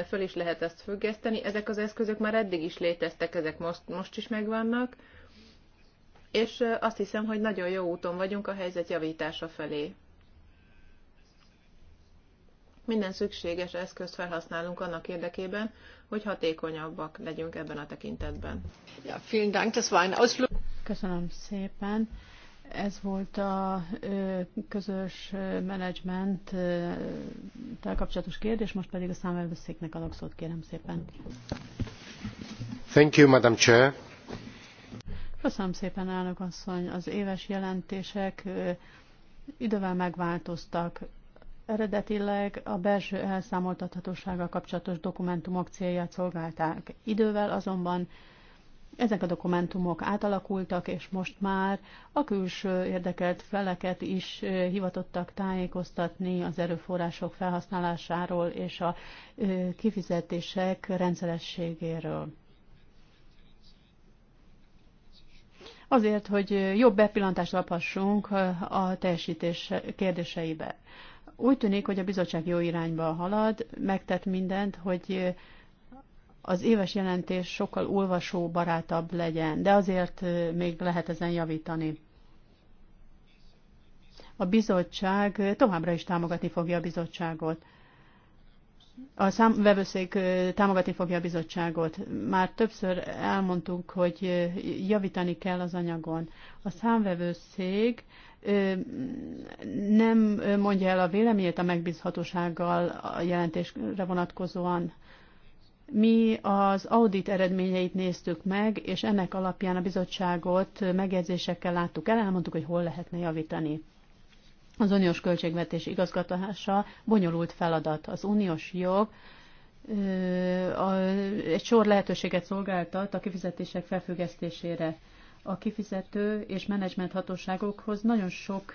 S3: föl is lehet ezt függeszteni. Ezek az eszközök már eddig is léteztek, ezek most, most is megvannak, és azt hiszem, hogy nagyon jó úton vagyunk a helyzet javítása felé. Minden szükséges eszközt felhasználunk annak érdekében, hogy hatékonyabbak legyünk ebben a tekintetben.
S1: Ja, vielen Dank, das war ein Ausflug. Köszönöm szépen. Ez volt a közös menedzsment kapcsolatos kérdés, most pedig a számelőszéknek a szót, kérem szépen.
S9: Thank you, Madam Chair.
S1: Köszönöm szépen, elnök asszony. Az éves jelentések idővel megváltoztak. Eredetileg a belső elszámoltathatósággal kapcsolatos dokumentumok célját szolgálták. Idővel azonban ezek a dokumentumok átalakultak, és most már a külső érdekelt feleket is eh, hivatottak tájékoztatni az erőforrások felhasználásáról és a eh, kifizetések rendszerességéről. Azért, hogy jobb bepillantást kaphassunk eh, a teljesítés kérdéseibe. Úgy tűnik, hogy a bizottság jó irányba halad, megtett mindent, hogy az éves jelentés sokkal olvasóbarátabb legyen, de azért még lehet ezen javítani. A bizottság továbbra is támogatni fogja a bizottságot. A vevőszék támogatni fogja a bizottságot. Már többször elmondtuk, hogy javítani kell az anyagon. A számvevőszék nem mondja el a véleményét a megbízhatósággal a jelentésre vonatkozóan. Mi az audit eredményeit néztük meg, és ennek alapján a bizottságot megjegyzésekkel láttuk el, elmondtuk, hogy hol lehetne javítani. Az uniós költségvetés igazgatása bonyolult feladat. Az uniós jog egy sor lehetőséget szolgáltat a kifizetések felfüggesztésére a kifizető és menedzsment hatóságokhoz nagyon sok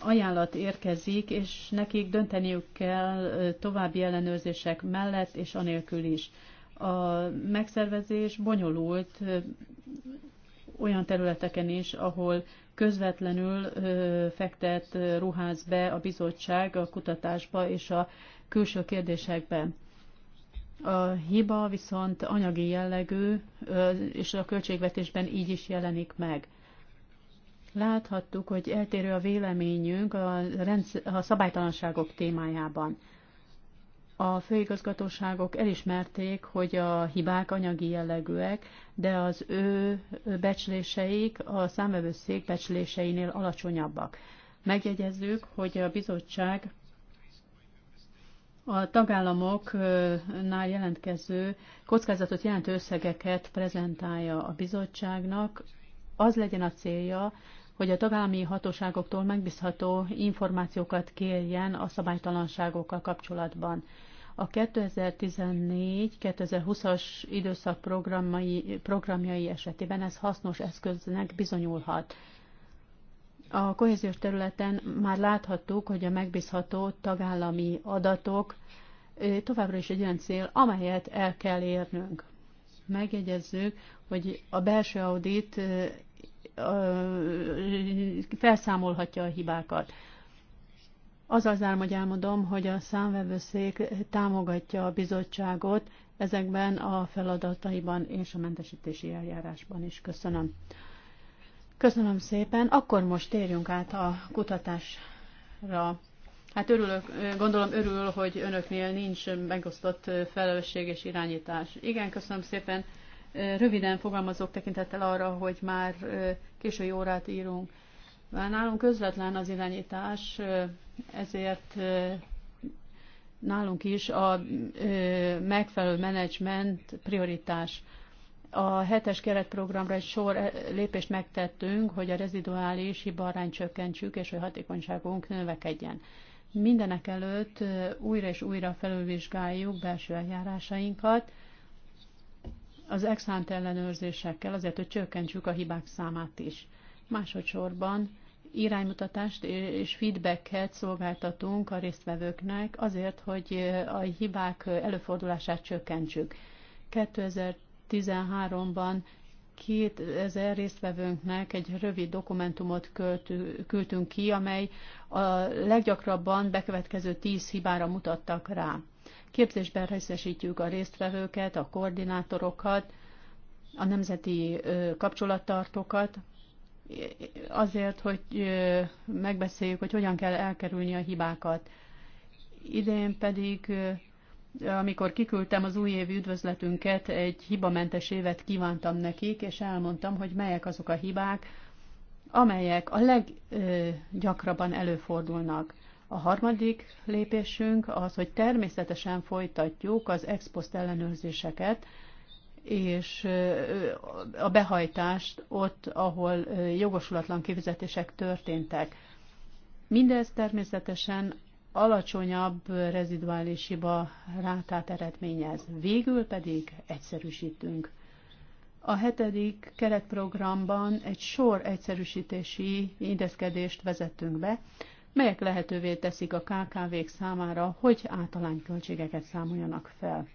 S1: ajánlat érkezik, és nekik dönteniük kell további ellenőrzések mellett és anélkül is. A megszervezés bonyolult olyan területeken is, ahol közvetlenül fektet, ruház be a bizottság a kutatásba és a külső kérdésekbe. A hiba viszont anyagi jellegű, és a költségvetésben így is jelenik meg. Láthattuk, hogy eltérő a véleményünk a, rendsz- a szabálytalanságok témájában. A főigazgatóságok elismerték, hogy a hibák anyagi jellegűek, de az ő becsléseik a számvevőszék becsléseinél alacsonyabbak. Megjegyezzük, hogy a bizottság a tagállamoknál jelentkező kockázatot jelentő összegeket prezentálja a bizottságnak. Az legyen a célja, hogy a tagállami hatóságoktól megbízható információkat kérjen a szabálytalanságokkal kapcsolatban. A 2014-2020-as időszak programjai esetében ez hasznos eszköznek bizonyulhat. A kohéziós területen már láthattuk, hogy a megbízható tagállami adatok továbbra is egy olyan cél, amelyet el kell érnünk. Megjegyezzük, hogy a belső audit felszámolhatja a hibákat. Az zárom, hogy elmondom, hogy a számvevőszék támogatja a bizottságot ezekben a feladataiban és a mentesítési eljárásban is. Köszönöm. Köszönöm szépen. Akkor most térjünk át a kutatásra. Hát örülök, gondolom örül, hogy önöknél nincs megosztott felelősség és irányítás. Igen, köszönöm szépen. Röviden fogalmazok tekintettel arra, hogy már késői órát írunk. Már nálunk közvetlen az irányítás, ezért nálunk is a megfelelő menedzsment prioritás. A hetes keretprogramra egy sor eh, lépést megtettünk, hogy a reziduális hibarány csökkentsük, és hogy hatékonyságunk növekedjen. Mindenek előtt eh, újra és újra felülvizsgáljuk belső eljárásainkat, az exánt ellenőrzésekkel, azért, hogy csökkentsük a hibák számát is. Másodszorban iránymutatást és feedbacket szolgáltatunk a résztvevőknek azért, hogy eh, a hibák előfordulását csökkentsük. 2000 2013-ban 2000 résztvevőnknek egy rövid dokumentumot küldtünk ki, amely a leggyakrabban bekövetkező 10 hibára mutattak rá. Képzésben részesítjük a résztvevőket, a koordinátorokat, a nemzeti kapcsolattartókat, azért, hogy megbeszéljük, hogy hogyan kell elkerülni a hibákat. Idén pedig amikor kiküldtem az újévi üdvözletünket, egy hibamentes évet kívántam nekik, és elmondtam, hogy melyek azok a hibák, amelyek a leggyakrabban előfordulnak. A harmadik lépésünk az, hogy természetesen folytatjuk az expost ellenőrzéseket, és a behajtást ott, ahol jogosulatlan kifizetések történtek. Mindez természetesen alacsonyabb reziduális hiba rátát eredményez. Végül pedig egyszerűsítünk. A hetedik keretprogramban egy sor egyszerűsítési intézkedést vezettünk be, melyek lehetővé teszik a KKV-k számára, hogy költségeket számoljanak fel.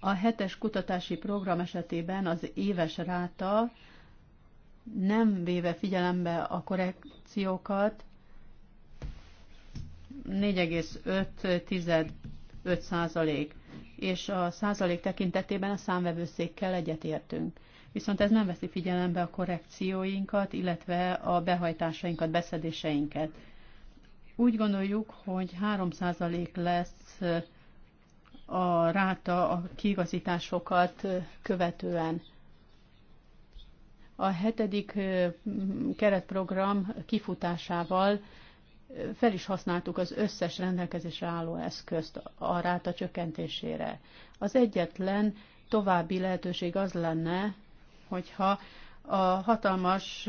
S1: A hetes kutatási program esetében az éves ráta nem véve figyelembe a korrekciókat 4,5 százalék, és a százalék tekintetében a számvevőszékkel egyetértünk. Viszont ez nem veszi figyelembe a korrekcióinkat, illetve a behajtásainkat, beszedéseinket. Úgy gondoljuk, hogy 3 százalék lesz a ráta a kiigazításokat követően. A hetedik keretprogram kifutásával fel is használtuk az összes rendelkezésre álló eszközt a ráta csökkentésére. Az egyetlen további lehetőség az lenne, hogyha a hatalmas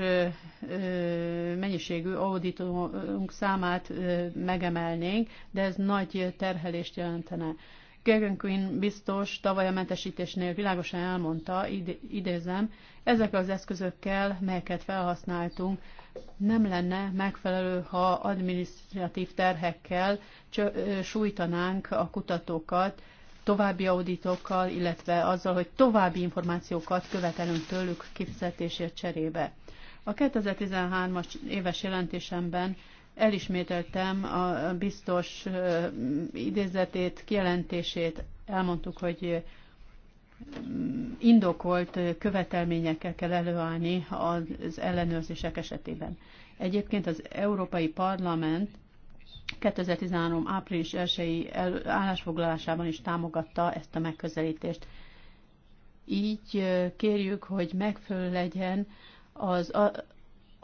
S1: mennyiségű auditunk számát megemelnénk, de ez nagy terhelést jelentene. Gergen Quinn biztos tavaly a mentesítésnél világosan elmondta, idézem, ezek az eszközökkel, melyeket felhasználtunk, nem lenne megfelelő, ha administratív terhekkel sújtanánk a kutatókat, további auditokkal, illetve azzal, hogy további információkat követelünk tőlük kifizetésért cserébe. A 2013-as éves jelentésemben Elismételtem a biztos idézetét, kielentését, elmondtuk, hogy indokolt követelményekkel kell előállni az ellenőrzések esetében. Egyébként az Európai Parlament 2013. április 1 állásfoglalásában is támogatta ezt a megközelítést. Így kérjük, hogy megfelelő legyen az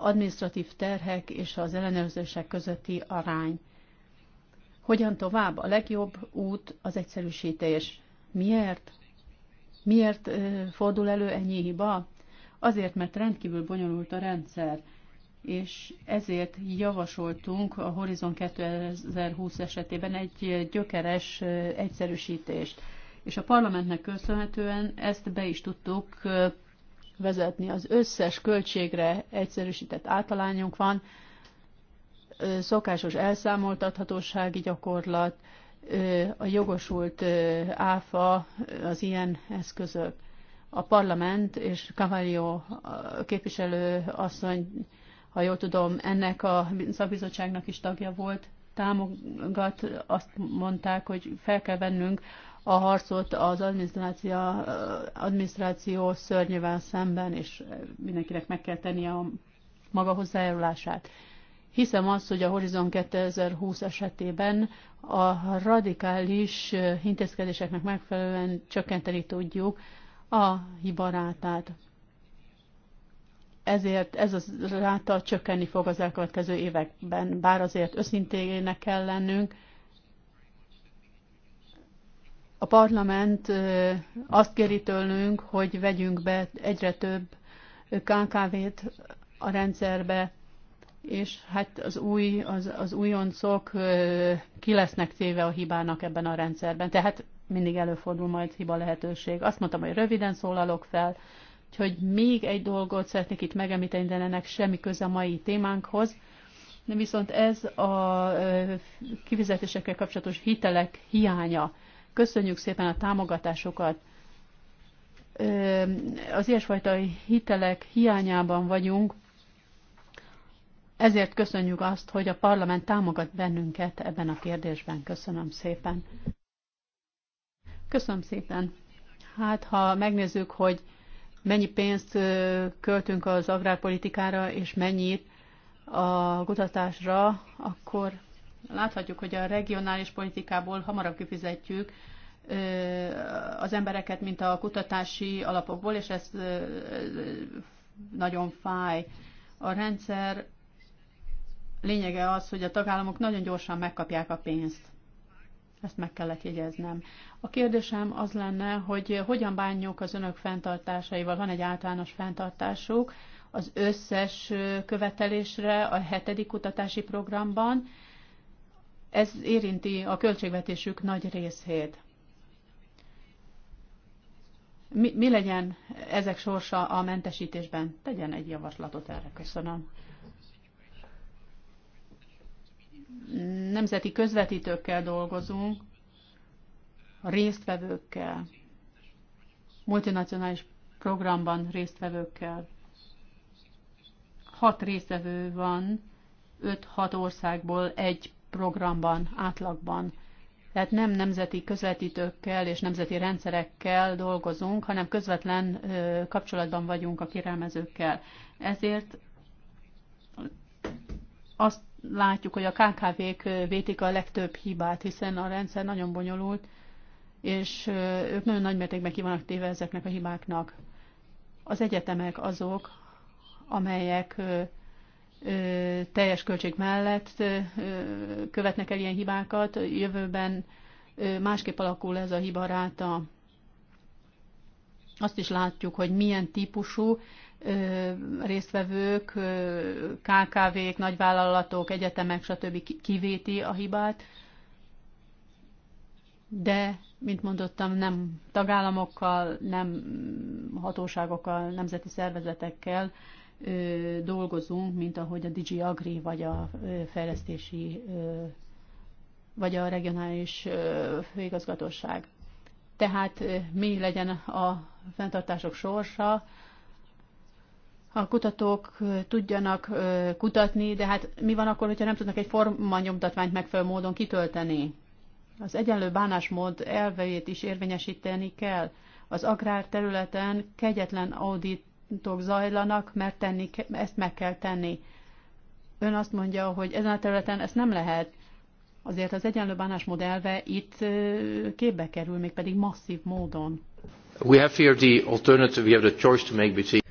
S1: administratív terhek és az ellenőrzések közötti arány. Hogyan tovább? A legjobb út az egyszerűsítés. Miért? Miért fordul elő ennyi hiba? Azért, mert rendkívül bonyolult a rendszer, és ezért javasoltunk a Horizon 2020 esetében egy gyökeres egyszerűsítést. És a parlamentnek köszönhetően ezt be is tudtuk vezetni. Az összes költségre egyszerűsített általányunk van, szokásos elszámoltathatósági gyakorlat, a jogosult áfa, az ilyen eszközök. A parlament és Cavalio képviselő asszony, ha jól tudom, ennek a szakbizottságnak is tagja volt, támogat, azt mondták, hogy fel kell vennünk a harcot az adminisztráció, adminisztráció szörnyével szemben, és mindenkinek meg kell tennie a maga hozzájárulását. Hiszem azt, hogy a Horizon 2020 esetében a radikális intézkedéseknek megfelelően csökkenteni tudjuk a hibarátát. Ezért ez a ráta csökkenni fog az elkövetkező években, bár azért őszintének kell lennünk, a parlament azt kéri tőlünk, hogy vegyünk be egyre több KKV-t a rendszerbe, és hát az új, az, az újoncok ki lesznek téve a hibának ebben a rendszerben. Tehát mindig előfordul majd hiba lehetőség. Azt mondtam, hogy röviden szólalok fel, úgyhogy még egy dolgot szeretnék itt megemlíteni, de ennek semmi köze a mai témánkhoz. Viszont ez a kifizetésekkel kapcsolatos hitelek hiánya. Köszönjük szépen a támogatásokat. Az ilyesfajta hitelek hiányában vagyunk, ezért köszönjük azt, hogy a parlament támogat bennünket ebben a kérdésben. Köszönöm szépen. Köszönöm szépen. Hát, ha megnézzük, hogy mennyi pénzt költünk az agrárpolitikára, és mennyit a kutatásra, akkor Láthatjuk, hogy a regionális politikából hamarabb kifizetjük az embereket, mint a kutatási alapokból, és ez nagyon fáj. A rendszer lényege az, hogy a tagállamok nagyon gyorsan megkapják a pénzt. Ezt meg kellett jegyeznem. A kérdésem az lenne, hogy hogyan bánjuk az önök fenntartásaival. Van egy általános fenntartásuk az összes követelésre a hetedik kutatási programban, ez érinti a költségvetésük nagy részét. Mi, mi legyen ezek sorsa a mentesítésben? Tegyen egy javaslatot erre, köszönöm. Nemzeti közvetítőkkel dolgozunk, résztvevőkkel, multinacionális programban résztvevőkkel. Hat résztvevő van, Öt hat országból egy programban, átlagban. Tehát nem nemzeti közvetítőkkel és nemzeti rendszerekkel dolgozunk, hanem közvetlen kapcsolatban vagyunk a kérelmezőkkel. Ezért azt látjuk, hogy a KKV-k vétik a legtöbb hibát, hiszen a rendszer nagyon bonyolult, és ők nagyon nagy mértékben ki vannak téve ezeknek a hibáknak. Az egyetemek azok, amelyek teljes költség mellett követnek el ilyen hibákat, jövőben másképp alakul ez a hibaráta. Azt is látjuk, hogy milyen típusú résztvevők, KKV-k, nagyvállalatok, egyetemek, stb. kivéti a hibát, de, mint mondottam, nem tagállamokkal, nem hatóságokkal, nemzeti szervezetekkel, dolgozunk, mint ahogy a Digi Agri vagy a fejlesztési vagy a regionális főigazgatóság. Tehát mi legyen a fenntartások sorsa, a kutatók tudjanak kutatni, de hát mi van akkor, hogyha nem tudnak egy formanyomtatványt megfelelő módon kitölteni? Az egyenlő bánásmód elvejét is érvényesíteni kell. Az agrárterületen kegyetlen audit folyamatok zajlanak, mert tenni, ezt meg kell tenni. Ön azt mondja, hogy ezen a területen ezt nem lehet. Azért az egyenlő bánásmód elve itt képbe kerül, mégpedig masszív módon.
S9: We have here the alternative, we have the choice to make between...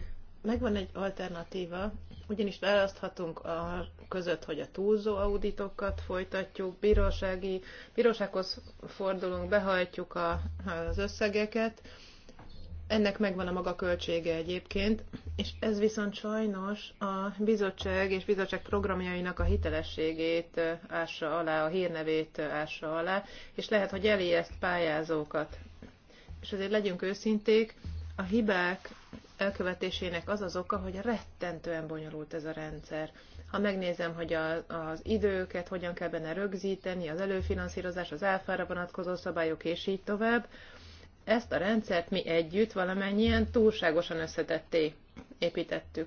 S3: Megvan egy alternatíva, ugyanis választhatunk a között, hogy a túlzó auditokat folytatjuk, bírósági, bírósághoz fordulunk, behajtjuk a, az összegeket, ennek megvan a maga költsége egyébként, és ez viszont sajnos a bizottság és bizottság programjainak a hitelességét ássa alá, a hírnevét ássa alá, és lehet, hogy eléjeszt pályázókat. És azért legyünk őszinték, a hibák elkövetésének az az oka, hogy rettentően bonyolult ez a rendszer. Ha megnézem, hogy a, az időket hogyan kell benne rögzíteni, az előfinanszírozás, az áfára vonatkozó szabályok, és így tovább, ezt a rendszert mi együtt valamennyien túlságosan összetetté építettük.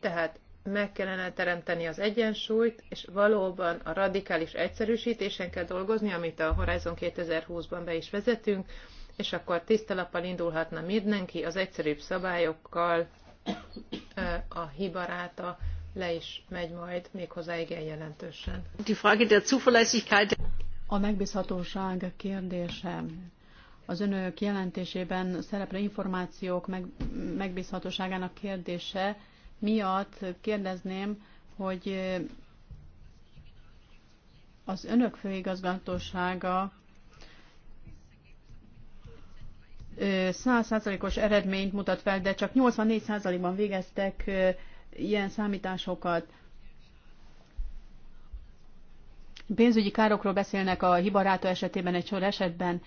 S3: Tehát meg kellene teremteni az egyensúlyt, és valóban a radikális egyszerűsítésen kell dolgozni, amit a Horizon 2020-ban be is vezetünk, és akkor tisztalappal indulhatna mindenki, az egyszerűbb szabályokkal a hibaráta le is megy majd méghozzá igen jelentősen.
S1: A megbízhatóság kérdése az önök jelentésében szereplő információk meg, megbízhatóságának kérdése miatt kérdezném, hogy eh, az önök főigazgatósága 100%-os eh, eredményt mutat fel, de csak 84%-ban végeztek eh, ilyen számításokat. Pénzügyi károkról beszélnek a hibaráta esetében egy sor esetben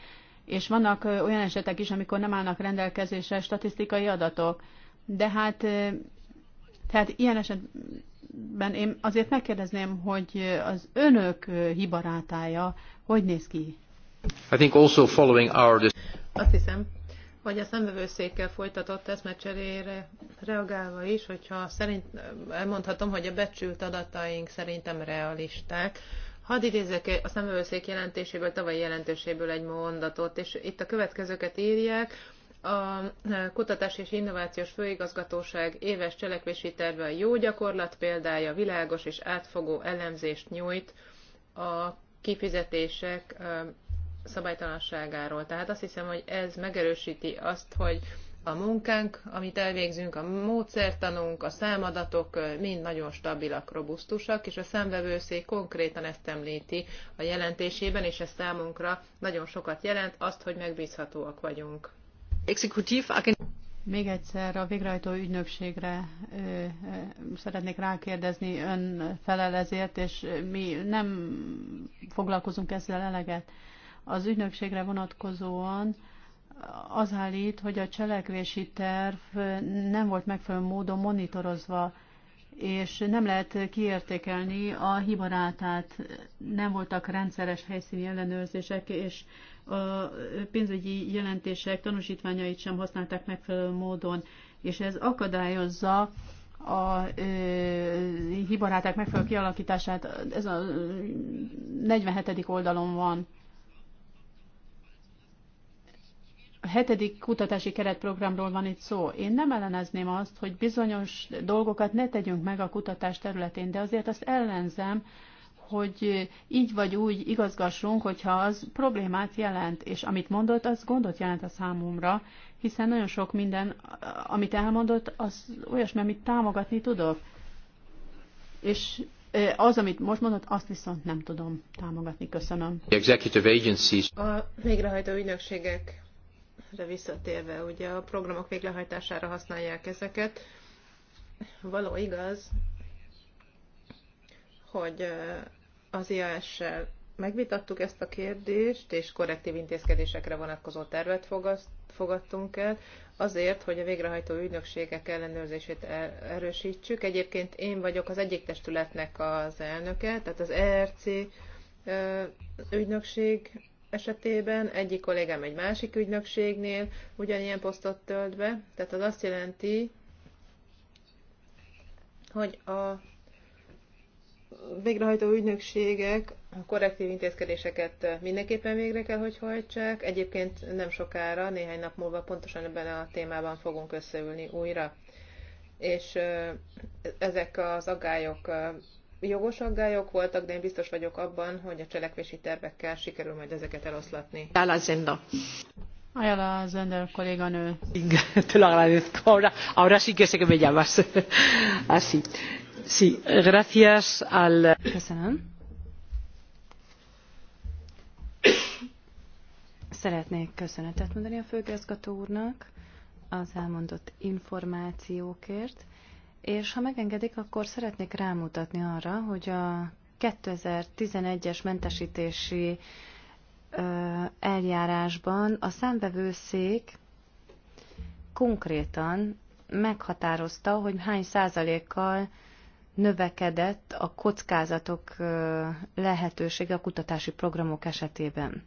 S1: és vannak olyan esetek is, amikor nem állnak rendelkezésre statisztikai adatok. De hát, tehát ilyen esetben én azért megkérdezném, hogy az önök hibarátája hogy néz ki?
S9: I think also following our...
S3: Azt hiszem, vagy a szemvevőszékkel folytatott eszmecserére reagálva is, hogyha szerint, elmondhatom, hogy a becsült adataink szerintem realisták. Hadd idézek a szemövőszék jelentéséből, tavalyi jelentéséből egy mondatot, és itt a következőket írják. A e, Kutatás és Innovációs Főigazgatóság éves cselekvési terve a jó gyakorlat példája, világos és átfogó elemzést nyújt a kifizetések e, szabálytalanságáról. Tehát azt hiszem, hogy ez megerősíti azt, hogy a munkánk, amit elvégzünk, a módszertanunk, a számadatok mind nagyon stabilak, robusztusak, és a számvevőszék konkrétan ezt említi a jelentésében, és ez számunkra nagyon sokat jelent, azt, hogy megbízhatóak vagyunk.
S1: még egyszer a végrehajtó ügynökségre ö, ö, szeretnék rákérdezni, ön felel ezért, és mi nem foglalkozunk ezzel eleget. Az ügynökségre vonatkozóan az állít, hogy a cselekvési terv nem volt megfelelő módon monitorozva, és nem lehet kiértékelni a hibarátát, nem voltak rendszeres helyszíni ellenőrzések, és a pénzügyi jelentések tanúsítványait sem használták megfelelő módon, és ez akadályozza a ö, hibaráták megfelelő kialakítását. Ez a 47. oldalon van. a hetedik kutatási keretprogramról van itt szó. Én nem ellenezném azt, hogy bizonyos dolgokat ne tegyünk meg a kutatás területén, de azért azt ellenzem, hogy így vagy úgy igazgassunk, hogyha az problémát jelent, és amit mondott, az gondot jelent a számomra, hiszen nagyon sok minden, amit elmondott, az olyasmi, amit támogatni tudok. És az, amit most mondott, azt viszont nem tudom támogatni. Köszönöm.
S3: A végrehajtó ügynökségek ezekre visszatérve, ugye a programok végrehajtására használják ezeket. Való igaz, hogy az IAS-sel megvitattuk ezt a kérdést, és korrektív intézkedésekre vonatkozó tervet fogadtunk el, azért, hogy a végrehajtó ügynökségek ellenőrzését e-, erősítsük. Egyébként én vagyok az egyik testületnek az elnöke, tehát az ERC ügynökség esetében, egyik kollégám egy másik ügynökségnél ugyanilyen posztot tölt be, tehát az azt jelenti, hogy a végrehajtó ügynökségek a korrektív intézkedéseket mindenképpen végre kell, hogy hajtsák. Egyébként nem sokára, néhány nap múlva pontosan ebben a témában fogunk összeülni újra. És ezek az agályok jogos aggályok voltak, de én biztos vagyok abban, hogy a cselekvési tervekkel sikerül majd ezeket eloszlatni.
S1: Zenda. Ayala Zenda kolléganő.
S5: Te lo agradezco. Ahora, ahora sí que sé que me llamas.
S6: Así. Sí, gracias al... Köszönöm. Szeretnék köszönetet mondani a főgazgató úrnak az elmondott információkért és ha megengedik, akkor szeretnék rámutatni arra, hogy a 2011-es mentesítési eljárásban a számbevőszék konkrétan meghatározta, hogy hány százalékkal növekedett a kockázatok lehetősége a kutatási programok esetében.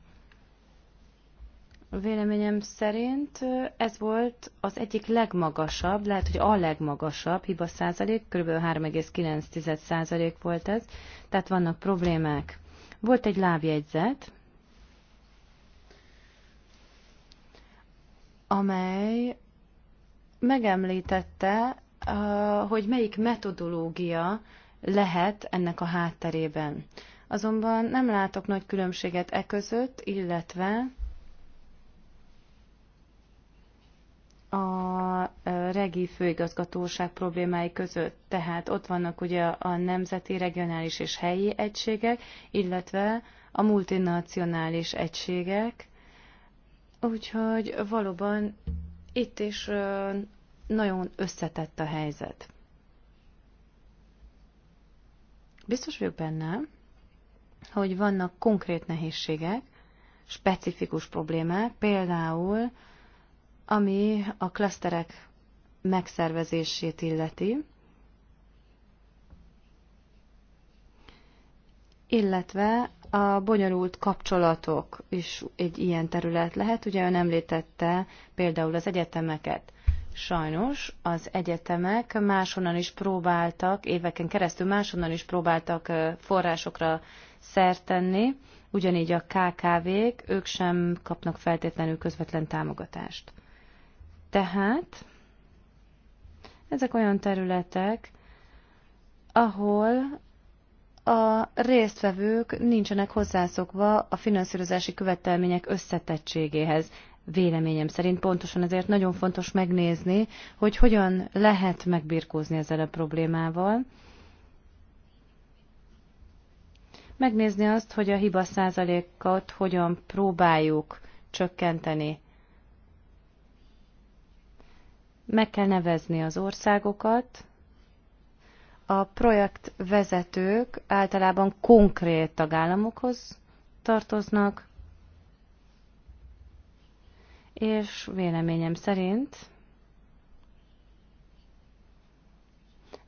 S6: Véleményem szerint ez volt az egyik legmagasabb, lehet, hogy a legmagasabb hiba százalék, kb. 3,9 százalék volt ez, tehát vannak problémák. Volt egy lábjegyzet, amely megemlítette, hogy melyik metodológia lehet ennek a hátterében. Azonban nem látok nagy különbséget e között, illetve a regi főigazgatóság problémái között. Tehát ott vannak ugye a nemzeti, regionális és helyi egységek, illetve a multinacionális egységek. Úgyhogy valóban itt is nagyon összetett a helyzet. Biztos vagyok benne, hogy vannak konkrét nehézségek, specifikus problémák, például ami a klaszterek megszervezését illeti, illetve a bonyolult kapcsolatok is egy ilyen terület lehet. Ugye ön említette például az egyetemeket. Sajnos az egyetemek máshonnan is próbáltak, éveken keresztül máshonnan is próbáltak forrásokra szert tenni, ugyanígy a KKV-k, ők sem kapnak feltétlenül közvetlen támogatást. Tehát ezek olyan területek, ahol a résztvevők nincsenek hozzászokva a finanszírozási követelmények összetettségéhez. Véleményem szerint pontosan ezért nagyon fontos megnézni, hogy hogyan lehet megbirkózni ezzel a problémával. Megnézni azt, hogy a hiba százalékot hogyan próbáljuk csökkenteni. Meg kell nevezni az országokat. A projektvezetők általában konkrét tagállamokhoz tartoznak, és véleményem szerint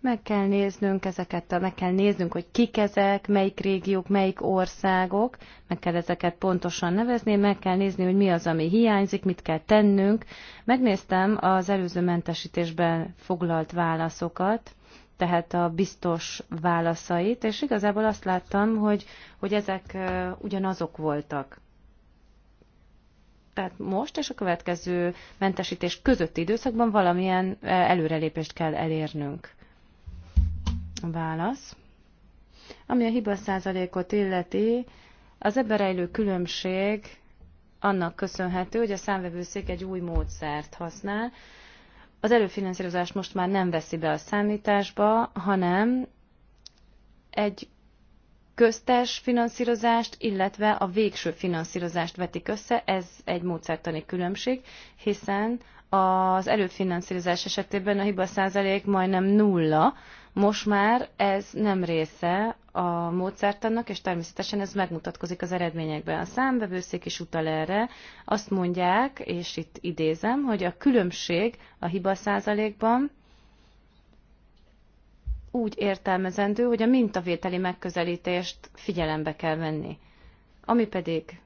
S6: Meg kell néznünk ezeket, meg kell néznünk, hogy kik ezek, melyik régiók, melyik országok, meg kell ezeket pontosan nevezni, meg kell nézni, hogy mi az, ami hiányzik, mit kell tennünk. Megnéztem az előző mentesítésben foglalt válaszokat, tehát a biztos válaszait, és igazából azt láttam, hogy, hogy ezek ugyanazok voltak. Tehát most és a következő mentesítés közötti időszakban valamilyen előrelépést kell elérnünk. Válasz. Ami a hiba százalékot illeti, az ebben rejlő különbség annak köszönhető, hogy a számvevőszék egy új módszert használ. Az előfinanszírozást most már nem veszi be a számításba, hanem egy köztes finanszírozást, illetve a végső finanszírozást vetik össze, ez egy módszertani különbség, hiszen az előfinanszírozás esetében a hiba százalék majdnem nulla, most már ez nem része a módszertannak, és természetesen ez megmutatkozik az eredményekben. A számbevőszék is utal erre. Azt mondják, és itt idézem, hogy a különbség a hiba százalékban úgy értelmezendő, hogy a mintavételi megközelítést figyelembe kell venni. Ami pedig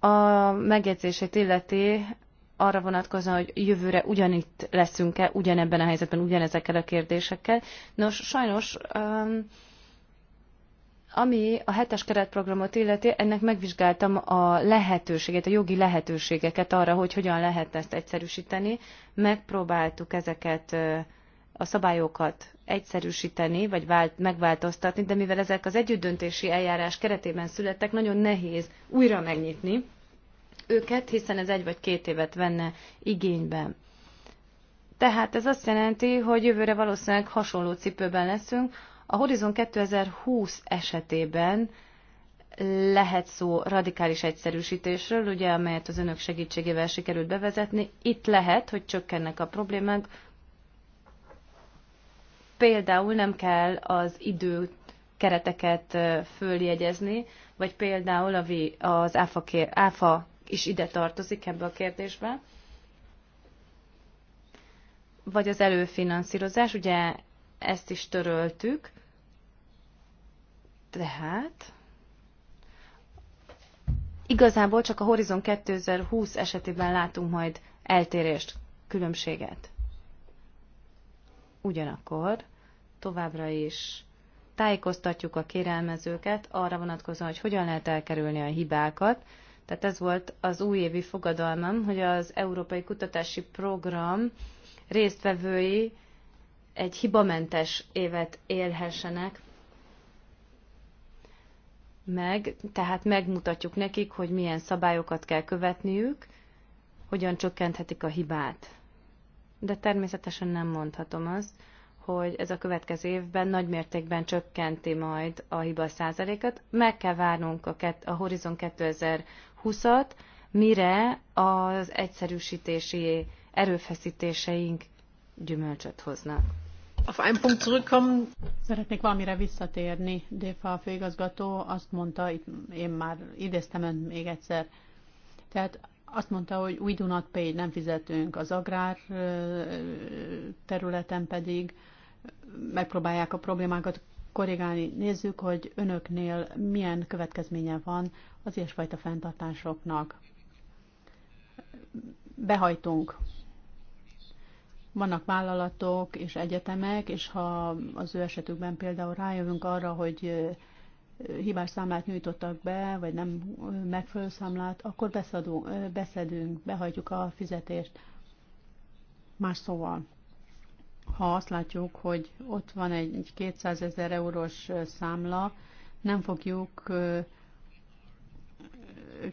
S6: a megjegyzését illeti arra vonatkozna, hogy jövőre ugyanitt leszünk-e, ugyanebben a helyzetben, ugyanezekkel a kérdésekkel. Nos, sajnos, ami a hetes keretprogramot illeti, ennek megvizsgáltam a lehetőséget, a jogi lehetőségeket arra, hogy hogyan lehet ezt egyszerűsíteni. Megpróbáltuk ezeket a szabályokat egyszerűsíteni, vagy vált, megváltoztatni, de mivel ezek az együttdöntési eljárás keretében születtek, nagyon nehéz újra megnyitni őket, hiszen ez egy vagy két évet venne igénybe. Tehát ez azt jelenti, hogy jövőre valószínűleg hasonló cipőben leszünk. A Horizon 2020 esetében lehet szó radikális egyszerűsítésről, ugye, amelyet az önök segítségével sikerült bevezetni. Itt lehet, hogy csökkennek a problémák. Például nem kell az idő kereteket följegyezni, vagy például az áfa, kér, áfa is ide tartozik ebbe a kérdésbe. Vagy az előfinanszírozás, ugye ezt is töröltük. Tehát igazából csak a Horizon 2020 esetében látunk majd eltérést, különbséget. Ugyanakkor továbbra is tájékoztatjuk a kérelmezőket arra vonatkozóan, hogy hogyan lehet elkerülni a hibákat, tehát ez volt az újévi fogadalmam, hogy az Európai Kutatási Program résztvevői egy hibamentes évet élhessenek, meg, tehát megmutatjuk nekik, hogy milyen szabályokat kell követniük, hogyan csökkenthetik a hibát. De természetesen nem mondhatom azt, hogy ez a következő évben nagymértékben csökkenti majd a hiba százalékat. Meg kell várnunk a, ket, a Horizon cop mire az egyszerűsítési erőfeszítéseink gyümölcsöt hoznak. A einen
S1: Szeretnék valamire visszatérni. a főigazgató azt mondta, én már idéztem önt még egyszer, tehát azt mondta, hogy we do not pay, nem fizetünk. Az agrár területen pedig megpróbálják a problémákat korrigálni. Nézzük, hogy önöknél milyen következménye van az ilyesfajta fenntartásoknak. Behajtunk. Vannak vállalatok és egyetemek, és ha az ő esetükben például rájövünk arra, hogy hibás számlát nyújtottak be, vagy nem megfelelő számlát, akkor beszedünk, beszedünk behajtjuk a fizetést. Más szóval, ha azt látjuk, hogy ott van egy 200 ezer eurós számla, nem fogjuk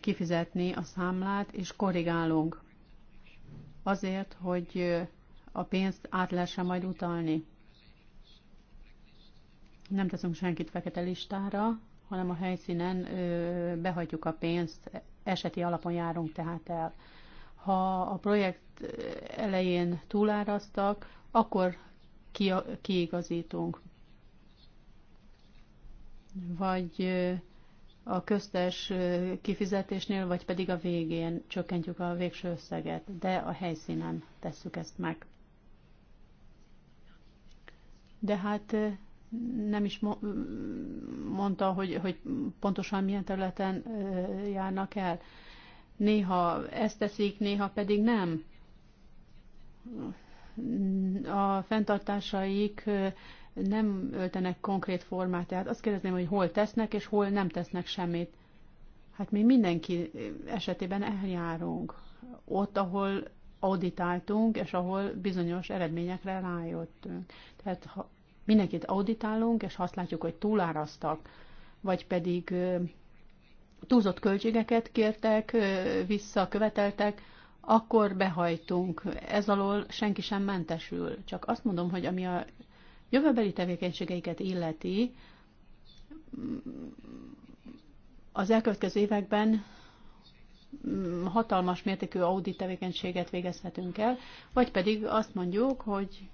S1: kifizetni a számlát, és korrigálunk azért, hogy a pénzt át lehessen majd utalni. Nem teszünk senkit fekete listára, hanem a helyszínen behagyjuk a pénzt, eseti alapon járunk tehát el. Ha a projekt elején túláraztak, akkor ki, kiigazítunk. Vagy a köztes kifizetésnél, vagy pedig a végén csökkentjük a végső összeget, de a helyszínen tesszük ezt meg. De hát nem is mondta, hogy, hogy pontosan milyen területen járnak el. Néha ezt teszik, néha pedig nem a fenntartásaik nem öltenek konkrét formát, tehát azt kérdezném, hogy hol tesznek, és hol nem tesznek semmit. Hát mi mindenki esetében eljárunk. Ott, ahol auditáltunk, és ahol bizonyos eredményekre rájöttünk. Tehát ha mindenkit auditálunk, és azt látjuk, hogy túláraztak, vagy pedig túlzott költségeket kértek, visszaköveteltek, akkor behajtunk. Ez alól senki sem mentesül. Csak azt mondom, hogy ami a jövőbeli tevékenységeiket illeti, az elkövetkező években mm, hatalmas mértékű audit tevékenységet végezhetünk el, vagy pedig azt mondjuk, hogy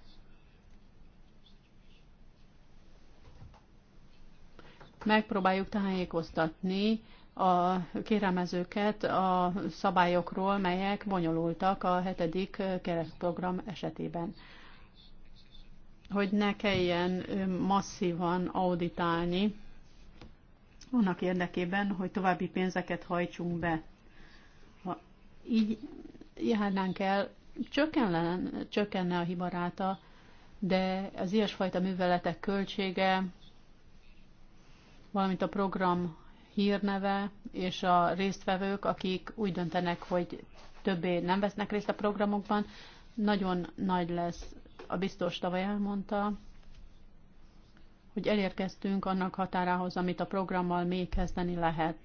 S1: megpróbáljuk tájékoztatni a kérelmezőket a szabályokról, melyek bonyolultak a hetedik keresztprogram esetében. Hogy ne kelljen masszívan auditálni annak érdekében, hogy további pénzeket hajtsunk be. Ha így járnánk el, csökkenne, csökkenne a hibaráta, de az ilyesfajta műveletek költsége, valamint a program hírneve, és a résztvevők, akik úgy döntenek, hogy többé nem vesznek részt a programokban, nagyon nagy lesz. A biztos tavaly elmondta, hogy elérkeztünk annak határához, amit a programmal még kezdeni lehet.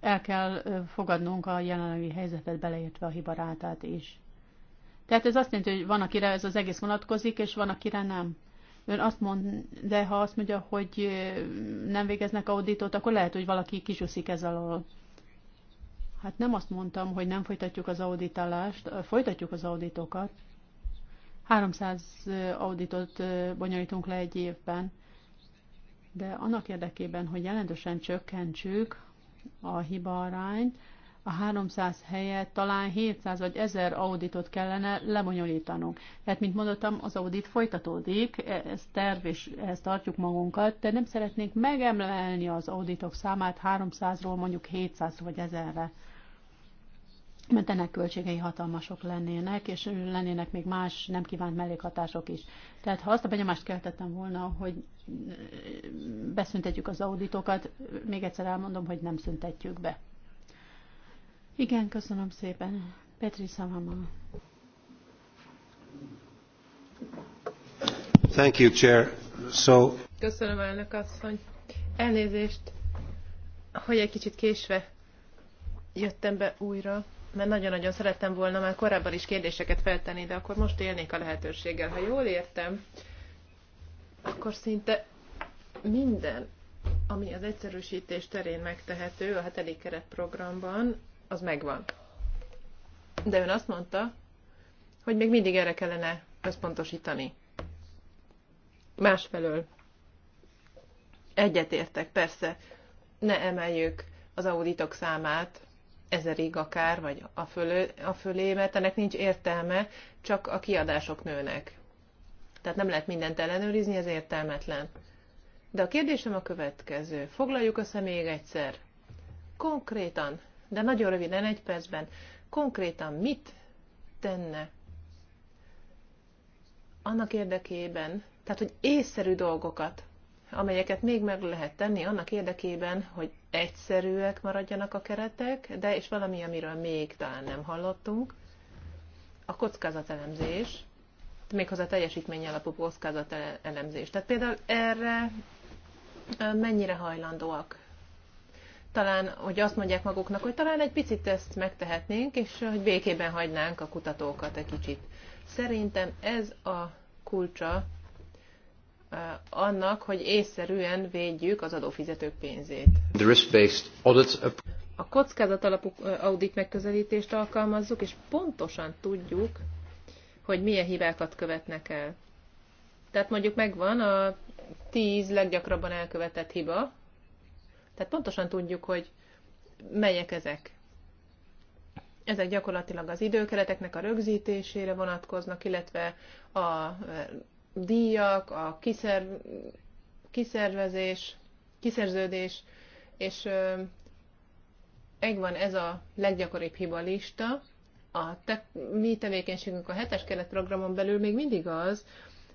S1: El kell fogadnunk a jelenlegi helyzetet, beleértve a hibarátát is. Tehát ez azt jelenti, hogy van, akire ez az egész vonatkozik, és van, akire nem. Ön azt mond, de ha azt mondja, hogy nem végeznek auditot, akkor lehet, hogy valaki kisúszik ez alól. Hát nem azt mondtam, hogy nem folytatjuk az auditálást, folytatjuk az auditokat. 300 auditot bonyolítunk le egy évben, de annak érdekében, hogy jelentősen csökkentsük a hiba arányt, a 300 helyet talán 700 vagy 1000 auditot kellene lebonyolítanunk. Tehát, mint mondottam, az audit folytatódik, ez terv, és ehhez tartjuk magunkat, de nem szeretnénk megemelni az auditok számát 300-ról mondjuk 700 vagy 1000-re mert ennek költségei hatalmasok lennének, és lennének még más nem kívánt mellékhatások is. Tehát ha azt a benyomást keltettem volna, hogy beszüntetjük az auditokat, még egyszer elmondom, hogy nem szüntetjük be. Igen, köszönöm szépen. Petri Szavama.
S4: Thank you, Chair. So...
S3: Köszönöm, elnök asszony. Elnézést, hogy egy kicsit késve jöttem be újra, mert nagyon-nagyon szerettem volna már korábban is kérdéseket feltenni, de akkor most élnék a lehetőséggel. Ha jól értem, akkor szinte minden, ami az egyszerűsítés terén megtehető a hetedik keretprogramban, az megvan. De ön azt mondta, hogy még mindig erre kellene összpontosítani. Másfelől egyetértek, persze, ne emeljük az auditok számát ezerig akár, vagy a, fölő, a fölé, mert ennek nincs értelme, csak a kiadások nőnek. Tehát nem lehet mindent ellenőrizni, ez értelmetlen. De a kérdésem a következő. Foglaljuk össze még egyszer. Konkrétan de nagyon röviden, egy percben, konkrétan mit tenne annak érdekében, tehát hogy észszerű dolgokat, amelyeket még meg lehet tenni annak érdekében, hogy egyszerűek maradjanak a keretek, de és valami, amiről még talán nem hallottunk, a kockázatelemzés, méghozzá teljesítmény alapú kockázatelemzés. Tehát például erre mennyire hajlandóak talán, hogy azt mondják maguknak, hogy talán egy picit ezt megtehetnénk, és eh, hogy békében hagynánk a kutatókat egy kicsit. Szerintem ez a kulcsa eh, annak, hogy észszerűen védjük az adófizetők pénzét. A kockázat alapú eh, audit megközelítést alkalmazzuk, és pontosan tudjuk, hogy milyen hibákat követnek el. Tehát mondjuk megvan a tíz leggyakrabban elkövetett hiba, tehát pontosan tudjuk, hogy melyek ezek. Ezek gyakorlatilag az időkereteknek a rögzítésére vonatkoznak, illetve a e, díjak, a kiszer, kiszervezés, kiszerződés, és e, egy van ez a leggyakoribb hiba lista. A te, mi tevékenységünk a hetes programon belül még mindig az,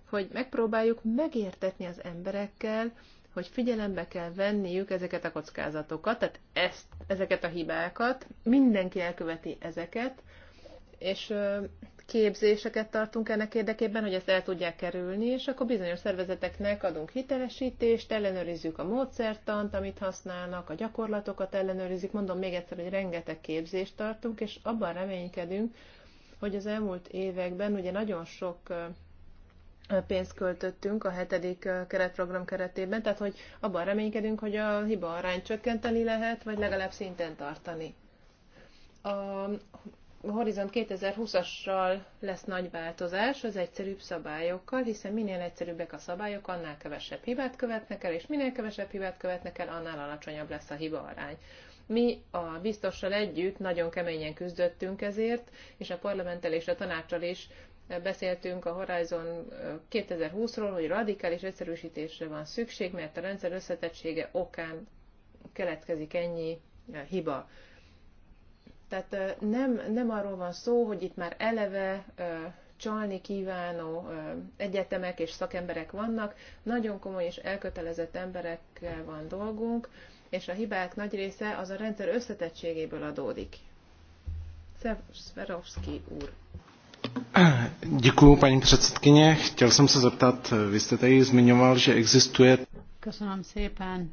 S3: hogy megpróbáljuk megértetni az emberekkel, hogy figyelembe kell venniük ezeket a kockázatokat, tehát ezt, ezeket a hibákat, mindenki elköveti ezeket, és képzéseket tartunk ennek érdekében, hogy ezt el tudják kerülni, és akkor bizonyos szervezeteknek adunk hitelesítést, ellenőrizzük a módszertant, amit használnak, a gyakorlatokat ellenőrizzük. Mondom még egyszer, hogy rengeteg képzést tartunk, és abban reménykedünk, hogy az elmúlt években ugye nagyon sok pénzt költöttünk a hetedik keretprogram keretében, tehát hogy abban reménykedünk, hogy a hiba arány csökkenteni lehet, vagy legalább szinten tartani. A Horizont 2020-assal lesz nagy változás az egyszerűbb szabályokkal, hiszen minél egyszerűbbek a szabályok, annál kevesebb hibát követnek el, és minél kevesebb hibát követnek el, annál alacsonyabb lesz a hiba arány. Mi a biztossal együtt nagyon keményen küzdöttünk ezért, és a parlamenttel és a tanácsal is beszéltünk a Horizon 2020-ról, hogy radikális egyszerűsítésre van szükség, mert a rendszer összetettsége okán keletkezik ennyi hiba. Tehát nem, nem arról van szó, hogy itt már eleve csalni kívánó egyetemek és szakemberek vannak, nagyon komoly és elkötelezett emberekkel van dolgunk, és a hibák nagy része az a rendszer összetettségéből adódik. Szervusz, úr!
S2: Děkuji, paní předsedkyně. Chtěl jsem se zeptat, vy jste tady zmiňoval, že existuje...
S1: Köszönöm szépen.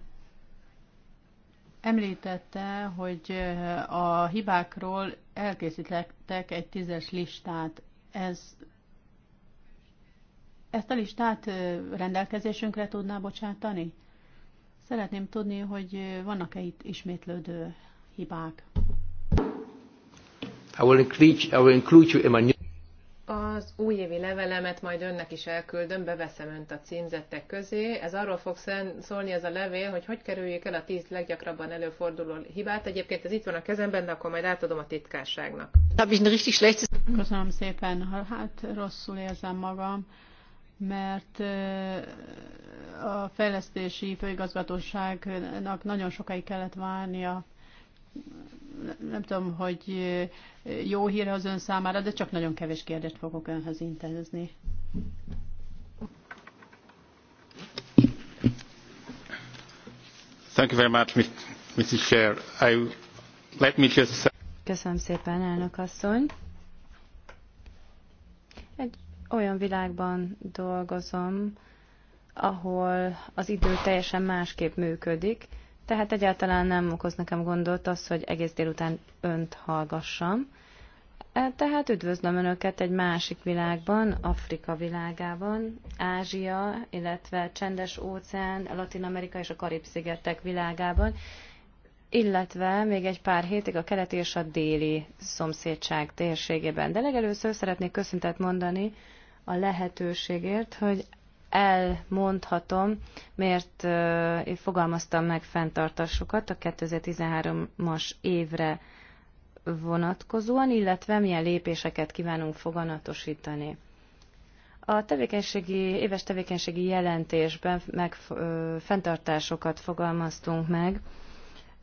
S1: Említette, hogy eh, a hibákról elkészítettek egy tízes listát. Ez, ezt a listát eh, rendelkezésünkre tudná bocsátani? Szeretném tudni, hogy eh, vannak-e itt ismétlődő hibák.
S9: I will include, I will include you in my
S3: az újévi levelemet majd önnek is elküldöm, beveszem önt a címzettek közé. Ez arról fog szólni ez a levél, hogy hogy kerüljük el a tíz leggyakrabban előforduló hibát. Egyébként ez itt van a kezemben, de akkor majd átadom a titkárságnak.
S1: Köszönöm szépen. Hát rosszul érzem magam, mert a fejlesztési főigazgatóságnak nagyon sokáig kellett várnia nem tudom, hogy eh, jó hír az ön számára, de csak nagyon kevés kérdést fogok önhez intézni.
S9: Thank you very much, Mrs. Chair. I, let me just...
S6: Köszönöm szépen, elnök asszony. Egy olyan világban dolgozom, ahol az idő teljesen másképp működik, tehát egyáltalán nem okoz nekem gondot az, hogy egész délután önt hallgassam. E, tehát üdvözlöm Önöket egy másik világban, Afrika világában, Ázsia, illetve Csendes óceán, Latin Amerika és a Karib-szigetek világában, illetve még egy pár hétig a keleti és a déli szomszédság térségében. De legelőször szeretnék köszöntet mondani a lehetőségért, hogy elmondhatom, miért én fogalmaztam meg fenntartásokat a 2013-as évre vonatkozóan, illetve milyen lépéseket kívánunk foganatosítani. A tevékenységi, éves tevékenységi jelentésben meg, fenntartásokat fogalmaztunk meg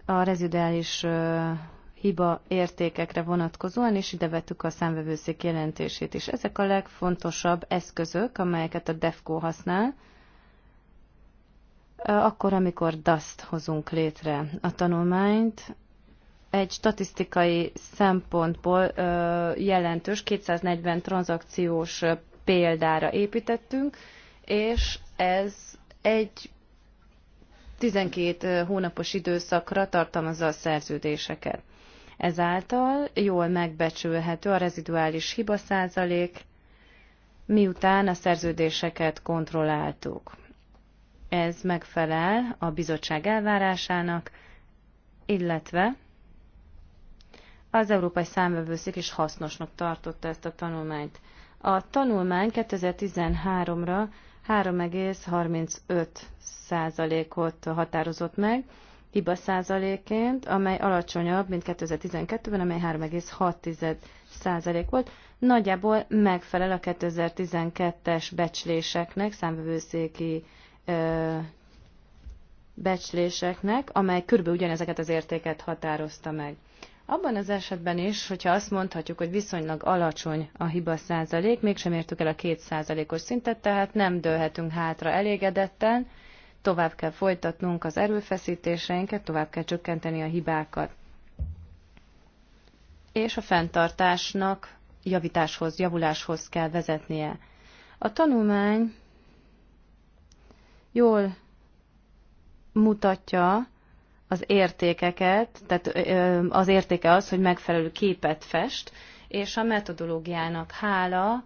S6: a rezidális hiba értékekre vonatkozóan, és ide vettük a számvevőszék jelentését is. Ezek a legfontosabb eszközök, amelyeket a DEFCO használ, akkor, amikor DAST hozunk létre. A tanulmányt egy statisztikai szempontból jelentős 240 tranzakciós példára építettünk, és ez egy 12 hónapos időszakra tartalmazza a szerződéseket. Ezáltal jól megbecsülhető a reziduális hiba százalék, miután a szerződéseket kontrolláltuk. Ez megfelel a bizottság elvárásának, illetve az Európai Számvevőszék is hasznosnak tartotta ezt a tanulmányt. A tanulmány 2013-ra 3,35 százalékot határozott meg, hiba százaléként, amely alacsonyabb, mint 2012-ben, amely 3,6 százalék volt. Nagyjából megfelel a 2012-es becsléseknek, számvevőszéki ö, becsléseknek, amely kb. ugyanezeket az értéket határozta meg. Abban az esetben is, hogyha azt mondhatjuk, hogy viszonylag alacsony a hiba százalék, mégsem értük el a két százalékos szintet, tehát nem dőlhetünk hátra elégedetten, tovább kell folytatnunk az erőfeszítéseinket, tovább kell csökkenteni a hibákat. És a fenntartásnak javításhoz, javuláshoz kell vezetnie. A tanulmány jól mutatja az értékeket, tehát az értéke az, hogy megfelelő képet fest, és a metodológiának hála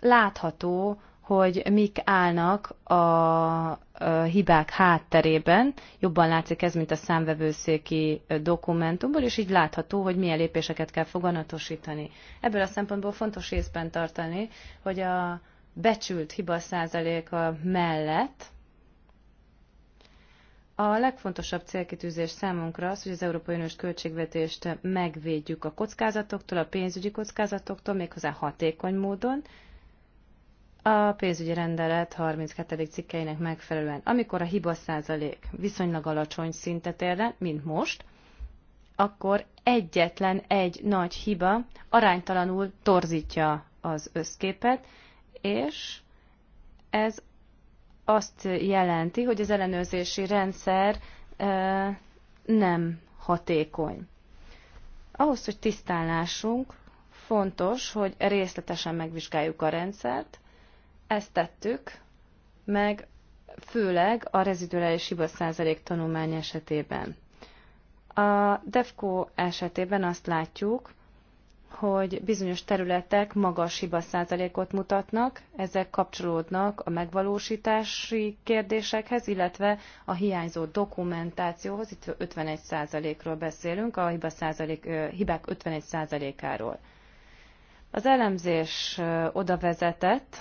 S6: látható, hogy mik állnak a hibák hátterében. Jobban látszik ez, mint a számvevőszéki dokumentumból, és így látható, hogy milyen lépéseket kell foganatosítani. Ebből a szempontból fontos észben tartani, hogy a becsült hiba százaléka mellett a legfontosabb célkitűzés számunkra az, hogy az Európai Uniós költségvetést megvédjük a kockázatoktól, a pénzügyi kockázatoktól, méghozzá hatékony módon, a pénzügyi rendelet 32. cikkeinek megfelelően, amikor a hiba százalék viszonylag alacsony szintet érde, mint most, akkor egyetlen egy nagy hiba aránytalanul torzítja az összképet, és ez azt jelenti, hogy az ellenőrzési rendszer nem hatékony. Ahhoz, hogy tisztán lássunk, fontos, hogy részletesen megvizsgáljuk a rendszert, ezt tettük, meg főleg a reziduális hiba százalék tanulmány esetében. A DEFCO esetében azt látjuk, hogy bizonyos területek magas hiba százalékot mutatnak, ezek kapcsolódnak a megvalósítási kérdésekhez, illetve a hiányzó dokumentációhoz, itt 51 százalékról beszélünk, a hiba százalék, hibák 51 százalékáról. Az elemzés oda vezetett,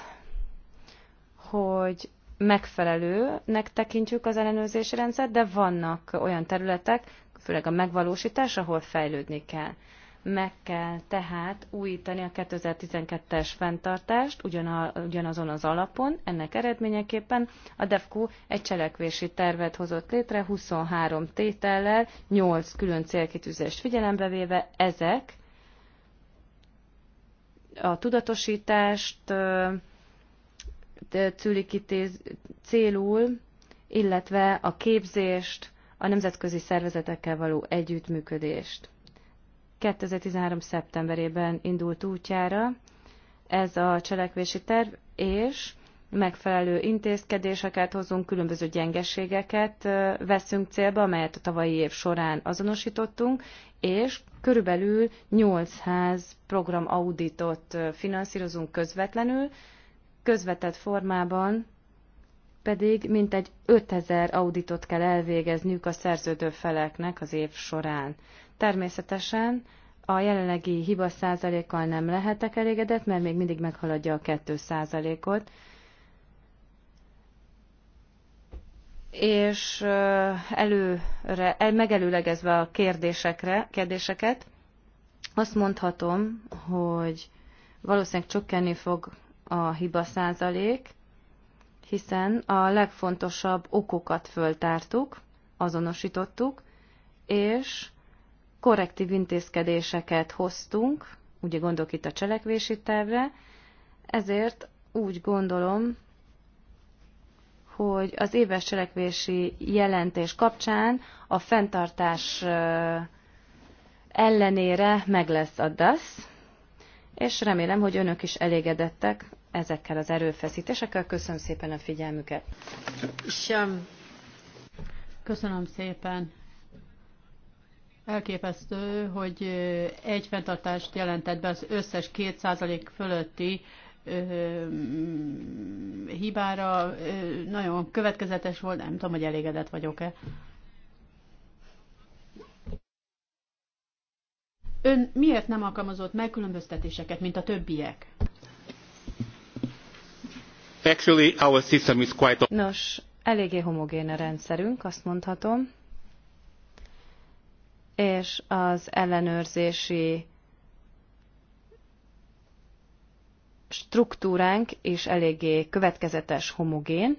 S6: hogy megfelelőnek tekintjük az ellenőrzési rendszert, de vannak olyan területek, főleg a megvalósítás, ahol fejlődni kell. Meg kell tehát újítani a 2012-es fenntartást ugyanazon az alapon. Ennek eredményeképpen a DEFCO egy cselekvési tervet hozott létre 23 tétellel, 8 külön célkitűzést figyelembe véve. Ezek a tudatosítást, Cüliki célul, illetve a képzést, a nemzetközi szervezetekkel való együttműködést. 2013. szeptemberében indult útjára ez a cselekvési terv, és megfelelő intézkedéseket hozunk, különböző gyengeségeket veszünk célba, amelyet a tavalyi év során azonosítottunk, és körülbelül 800 program auditot finanszírozunk közvetlenül, közvetett formában pedig mintegy 5000 auditot kell elvégezniük a szerződő feleknek az év során. Természetesen a jelenlegi hiba százalékkal nem lehetek elégedett, mert még mindig meghaladja a 2 százalékot. És előre, e, megelőlegezve a kérdésekre, kérdéseket, azt mondhatom, hogy valószínűleg csökkenni fog a hiba százalék, hiszen a legfontosabb okokat föltártuk, azonosítottuk, és korrektív intézkedéseket hoztunk, ugye gondolok itt a cselekvési tervre, ezért úgy gondolom, hogy az éves cselekvési jelentés kapcsán a fenntartás ellenére meg lesz a DASZ, és remélem, hogy önök is elégedettek ezekkel az erőfeszítésekkel. Köszönöm szépen a figyelmüket. Sem. Köszönöm
S1: szépen. Elképesztő, hogy egy fenntartást jelentett be az összes 2% fölötti mm, hibára. Nagyon következetes volt, nem tudom, hogy elégedett vagyok-e. Ön miért nem alkalmazott megkülönböztetéseket, mint a többiek?
S6: Nos, eléggé homogén a rendszerünk, azt mondhatom, és az ellenőrzési struktúránk is eléggé következetes, homogén.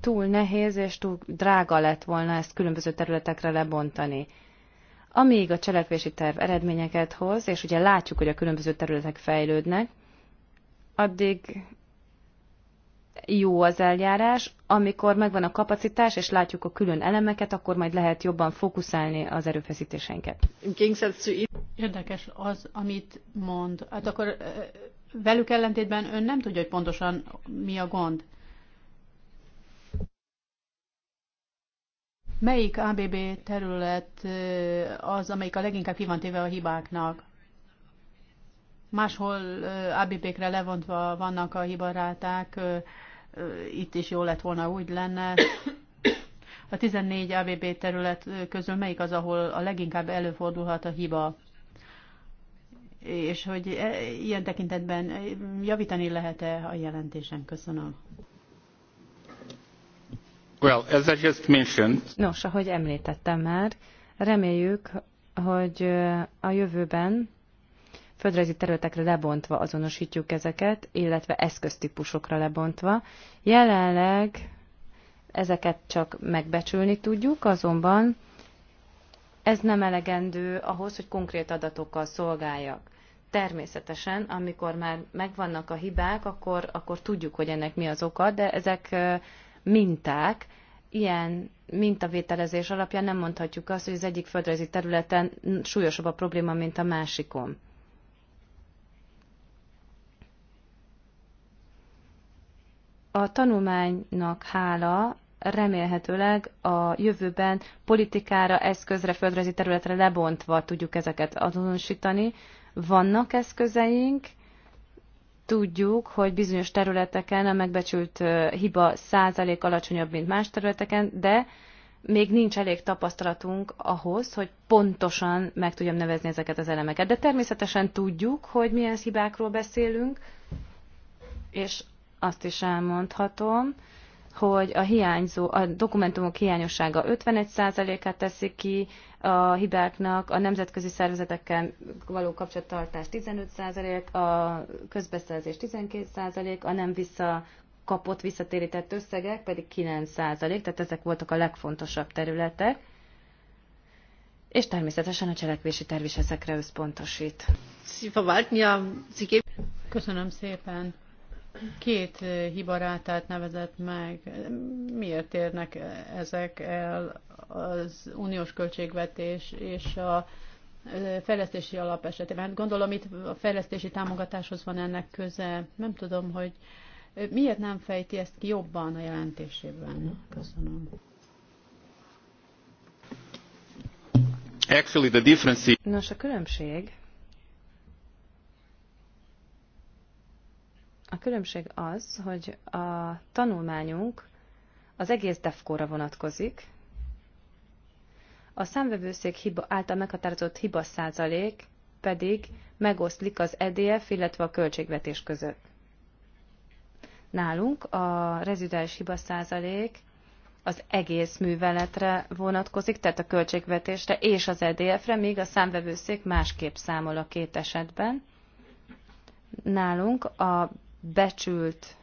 S6: Túl nehéz és túl drága lett volna ezt különböző területekre lebontani. Amíg a cselekvési terv eredményeket hoz, és ugye látjuk, hogy a különböző területek fejlődnek, addig jó az eljárás, amikor megvan a kapacitás, és látjuk a külön elemeket, akkor majd lehet jobban fókuszálni az erőfeszítéseinket.
S1: Érdekes az, amit mond. Hát akkor velük ellentétben ön nem tudja, hogy pontosan mi a gond. Melyik ABB terület eh, az, amelyik a leginkább ki van téve a hibáknak? Máshol eh, ABB-kre levontva vannak a hibaráták, eh, itt is jó lett volna, úgy lenne. A 14 ABB terület közül melyik az, ahol a leginkább előfordulhat a hiba? És hogy ilyen tekintetben javítani lehet-e a jelentésen? Köszönöm.
S2: Well, as I just mentioned...
S6: Nos, ahogy említettem már, reméljük, hogy a jövőben földrajzi területekre lebontva azonosítjuk ezeket, illetve eszköztípusokra lebontva. Jelenleg ezeket csak megbecsülni tudjuk, azonban ez nem elegendő ahhoz, hogy konkrét adatokkal szolgáljak. Természetesen, amikor már megvannak a hibák, akkor, akkor tudjuk, hogy ennek mi az oka, de ezek minták. Ilyen mintavételezés alapján nem mondhatjuk azt, hogy az egyik földrajzi területen súlyosabb a probléma, mint a másikon. A tanulmánynak hála remélhetőleg a jövőben politikára, eszközre, földrajzi területre lebontva tudjuk ezeket azonosítani. Vannak eszközeink, Tudjuk, hogy bizonyos területeken a megbecsült hiba százalék alacsonyabb, mint más területeken, de még nincs elég tapasztalatunk ahhoz, hogy pontosan meg tudjam nevezni ezeket az elemeket. De természetesen tudjuk, hogy milyen hibákról beszélünk, és azt is elmondhatom, hogy a hiányzó, a dokumentumok hiányossága 51%-át teszi ki a hibáknak, a nemzetközi szervezetekkel való kapcsolattartás 15%, a közbeszerzés 12%, a nem vissza kapott visszatérített összegek pedig 9%, tehát ezek voltak a legfontosabb területek, és természetesen a cselekvési terv is ezekre összpontosít.
S1: Köszönöm szépen. Két eh, hibarátát nevezett meg. Miért érnek ezek el az uniós költségvetés és a eh, fejlesztési alap esetében? Hát gondolom itt a fejlesztési támogatáshoz van ennek köze. Nem tudom, hogy eh, miért nem fejti ezt ki jobban a jelentésében.
S6: Köszönöm.
S9: Actually, the difference...
S6: Nos, a különbség A különbség az, hogy a tanulmányunk az egész defkóra vonatkozik. A számvevőszék hiba, által meghatározott hiba százalék pedig megoszlik az EDF, illetve a költségvetés között. Nálunk a reziduális hiba százalék az egész műveletre vonatkozik, tehát a költségvetésre és az EDF-re, míg a számvevőszék másképp számol a két esetben. Nálunk a becsült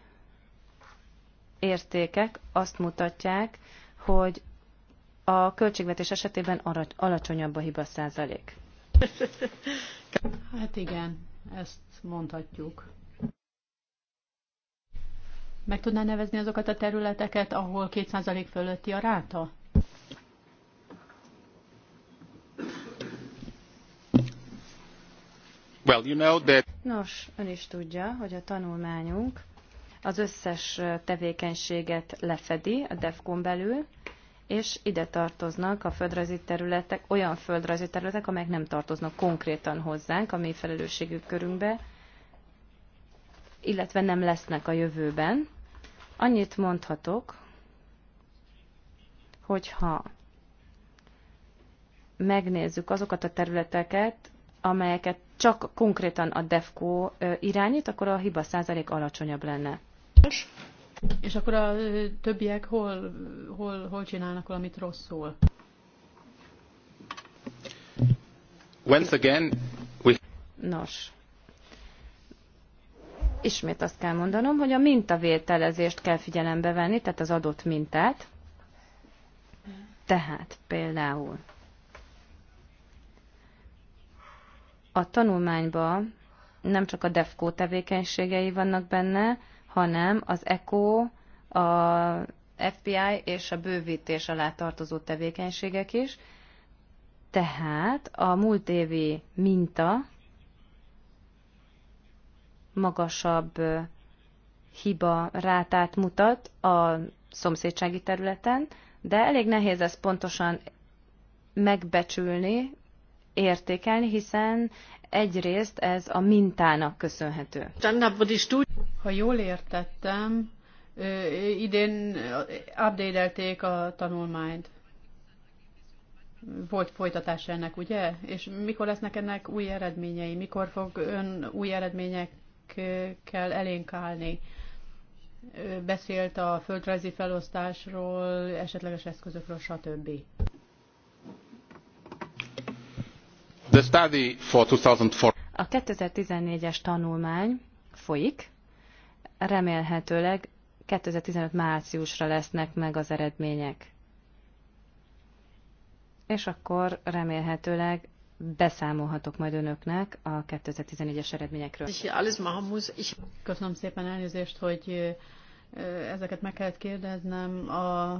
S6: értékek azt mutatják, hogy a költségvetés esetében alacsonyabb a hiba százalék.
S1: Hát igen, ezt mondhatjuk. Meg tudná nevezni azokat a területeket, ahol 2% fölötti a ráta?
S9: Well, you know that...
S6: Nos, ön is tudja, hogy a tanulmányunk az összes tevékenységet lefedi a DEFCON belül, és ide tartoznak a földrajzi területek, olyan földrajzi területek, amelyek nem tartoznak konkrétan hozzánk, a mi felelősségük körünkbe, illetve nem lesznek a jövőben. Annyit mondhatok, hogyha megnézzük azokat a területeket, amelyeket csak konkrétan a DEFCO irányít, akkor a hiba százalék alacsonyabb lenne.
S1: És akkor a többiek hol, hol, hol csinálnak valamit rosszul?
S2: Once again, we...
S6: Nos, ismét azt kell mondanom, hogy a mintavételezést kell figyelembe venni, tehát az adott mintát. Tehát például A tanulmányban nem csak a DEFCO tevékenységei vannak benne, hanem az ECO, a FBI és a bővítés alá tartozó tevékenységek is. Tehát a múlt évi minta magasabb hiba rátát mutat a szomszédsági területen, de elég nehéz ezt pontosan megbecsülni, értékelni, hiszen egyrészt ez a mintának köszönhető.
S1: Ha jól értettem, idén updatelték a tanulmányt. Volt folytatás ennek, ugye? És mikor lesznek ennek új eredményei? Mikor fog ön új eredményekkel elénk állni? Beszélt a földrajzi felosztásról, esetleges eszközökről, stb.
S2: The study for
S6: A 2014-es tanulmány folyik, remélhetőleg 2015 márciusra lesznek meg az eredmények. És akkor remélhetőleg beszámolhatok majd önöknek a 2014-es eredményekről.
S1: Köszönöm szépen elnézést, hogy ezeket meg kellett kérdeznem. A,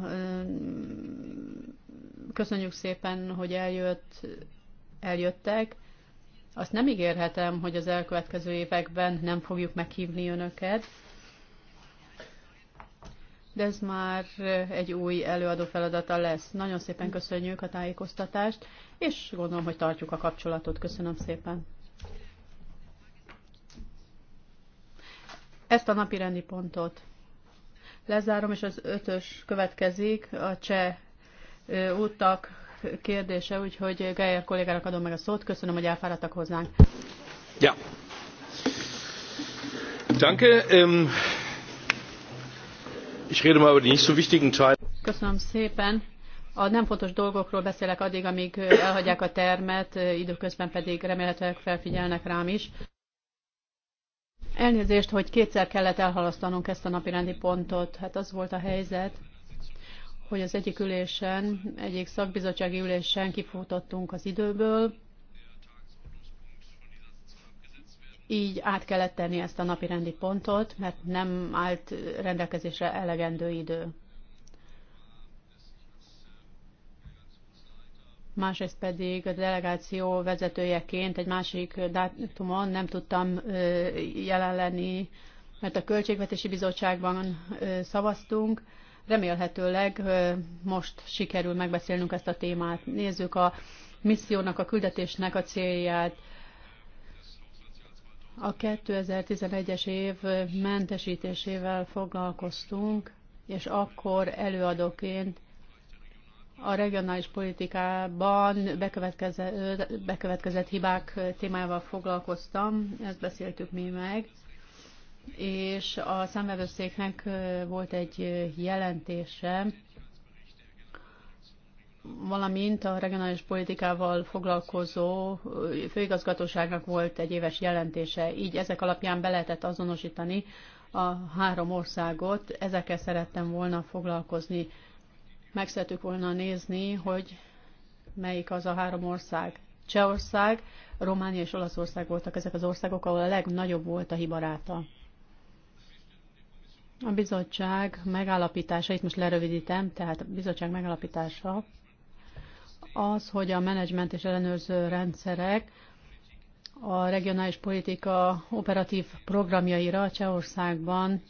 S1: köszönjük szépen, hogy eljött eljöttek. Azt nem ígérhetem, hogy az elkövetkező években nem fogjuk meghívni önöket, de ez már egy új előadó feladata lesz. Nagyon szépen köszönjük a tájékoztatást, és gondolom, hogy tartjuk a kapcsolatot. Köszönöm szépen. Ezt a napi rendi pontot lezárom, és az ötös következik, a cseh utak kérdése, úgyhogy Geyer kollégának adom meg a szót. Köszönöm, hogy elfáradtak hozzánk.
S8: Ja. Danke. Um, ich rede mal über die nicht so wichtigen Teile.
S1: Köszönöm szépen. A nem fontos dolgokról beszélek addig, amíg elhagyják a termet, időközben pedig remélhetőleg felfigyelnek rám is. Elnézést, hogy kétszer kellett elhalasztanunk ezt a napirendi pontot. Hát az volt a helyzet, hogy az egyik ülésen, egyik szakbizottsági ülésen kifutottunk az időből, így át kellett tenni ezt a napi rendi pontot, mert nem állt rendelkezésre elegendő idő. másrészt pedig a delegáció vezetőjeként egy másik dátumon nem tudtam jelen lenni, mert a Költségvetési Bizottságban szavaztunk, Remélhetőleg most sikerül megbeszélnünk ezt a témát. Nézzük a missziónak, a küldetésnek a célját. A 2011-es év mentesítésével foglalkoztunk, és akkor előadóként a regionális politikában bekövetkezett, bekövetkezett hibák témájával foglalkoztam, ezt beszéltük mi meg és a számvevőszéknek volt egy jelentése, valamint a regionális politikával foglalkozó főigazgatóságnak volt egy éves jelentése, így ezek alapján be lehetett azonosítani a három országot. Ezekkel szerettem volna foglalkozni. Meg szeretük volna nézni, hogy melyik az a három ország. Csehország, Románia és Olaszország voltak ezek az országok, ahol a legnagyobb volt a hibaráta. A bizottság megállapítása, itt most lerövidítem, tehát a bizottság megállapítása az, hogy a menedzsment és ellenőrző rendszerek a regionális politika operatív programjaira Csehországban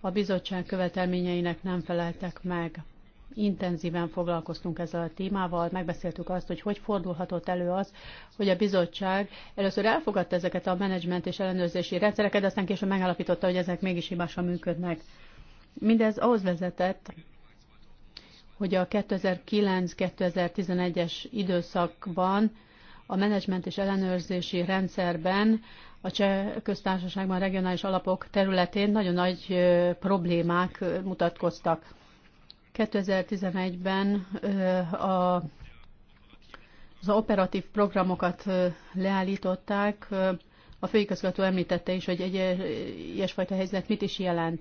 S1: a bizottság követelményeinek nem feleltek meg intenzíven foglalkoztunk ezzel a témával, megbeszéltük azt, hogy hogy fordulhatott elő az, hogy a bizottság először elfogadta ezeket a menedzsment és ellenőrzési rendszereket, de aztán később megállapította, hogy ezek mégis hibásan működnek. Mindez ahhoz vezetett, hogy a 2009-2011-es időszakban a menedzsment és ellenőrzési rendszerben a cseh köztársaságban a regionális alapok területén nagyon nagy problémák mutatkoztak. 2011-ben a, az operatív programokat leállították. A főigazgató említette is, hogy egy ilyesfajta helyzet mit is jelent.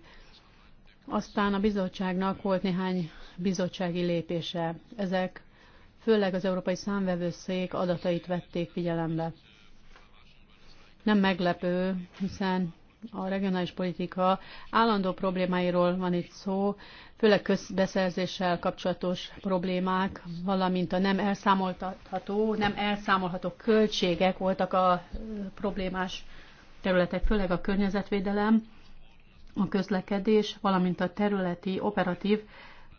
S1: Aztán a bizottságnak volt néhány bizottsági lépése. Ezek főleg az Európai Számvevőszék adatait vették figyelembe. Nem meglepő, hiszen a regionális politika állandó problémáiról van itt szó, főleg közbeszerzéssel kapcsolatos problémák, valamint a nem elszámoltatható, nem elszámolható költségek voltak a problémás területek, főleg a környezetvédelem, a közlekedés, valamint a területi operatív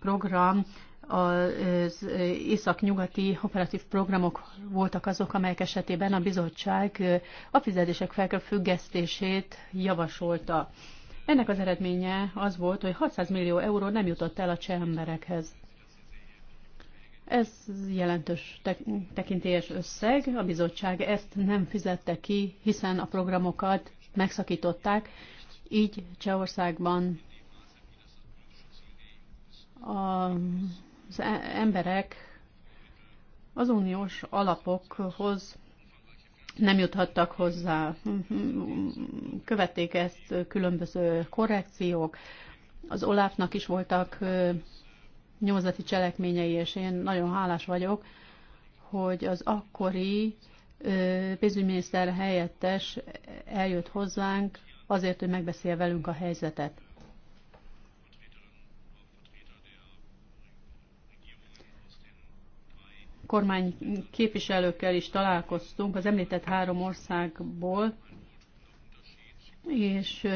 S1: program az észak-nyugati operatív programok voltak azok, amelyek esetében a bizottság a fizetések függesztését javasolta. Ennek az eredménye az volt, hogy 600 millió euró nem jutott el a cseh emberekhez. Ez jelentős tekintélyes összeg, a bizottság ezt nem fizette ki, hiszen a programokat megszakították, így Csehországban a az e- emberek az uniós alapokhoz nem juthattak hozzá. Követték ezt különböző korrekciók. Az Olafnak is voltak nyomozati cselekményei, és én nagyon hálás vagyok, hogy az akkori pénzügyminiszter helyettes eljött hozzánk azért, hogy megbeszélje velünk a helyzetet. kormány képviselőkkel is találkoztunk az említett három országból, és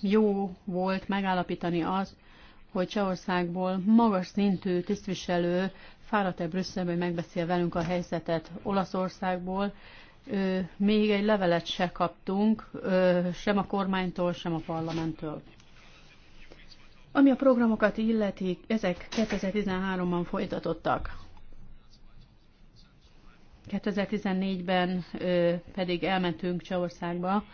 S1: jó volt megállapítani azt, hogy Csehországból magas szintű tisztviselő fáradt-e Brüsszelbe, hogy megbeszél velünk a helyzetet Olaszországból. Még egy levelet se kaptunk, sem a kormánytól, sem a parlamenttől. Ami a programokat illeti, ezek 2013-ban folytatottak. 2014-ben pedig elmentünk Csehországba,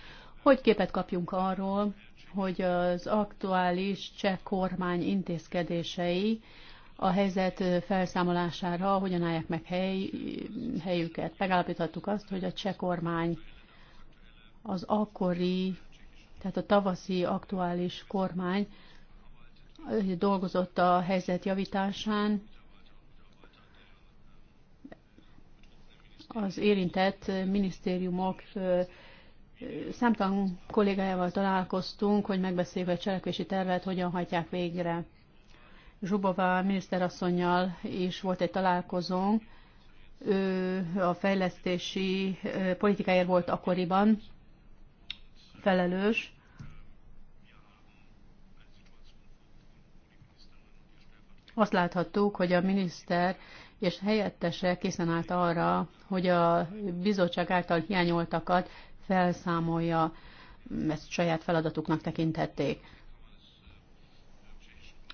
S1: hogy képet kapjunk arról, hogy az aktuális cseh kormány intézkedései a helyzet felszámolására hogyan állják meg hely, helyüket. Megállapítottuk azt, hogy a cseh kormány az akkori, tehát a tavaszi aktuális kormány dolgozott a helyzet javításán, az érintett minisztériumok számtalan kollégájával találkoztunk, hogy megbeszéljük a cselekvési tervet, hogyan hajtják végre. Zsubová miniszterasszonynal is volt egy találkozónk, ő a fejlesztési politikáért volt akkoriban felelős. Azt láthattuk, hogy a miniszter és helyettese készen állt arra, hogy a bizottság által hiányoltakat felszámolja, ezt saját feladatuknak tekintették.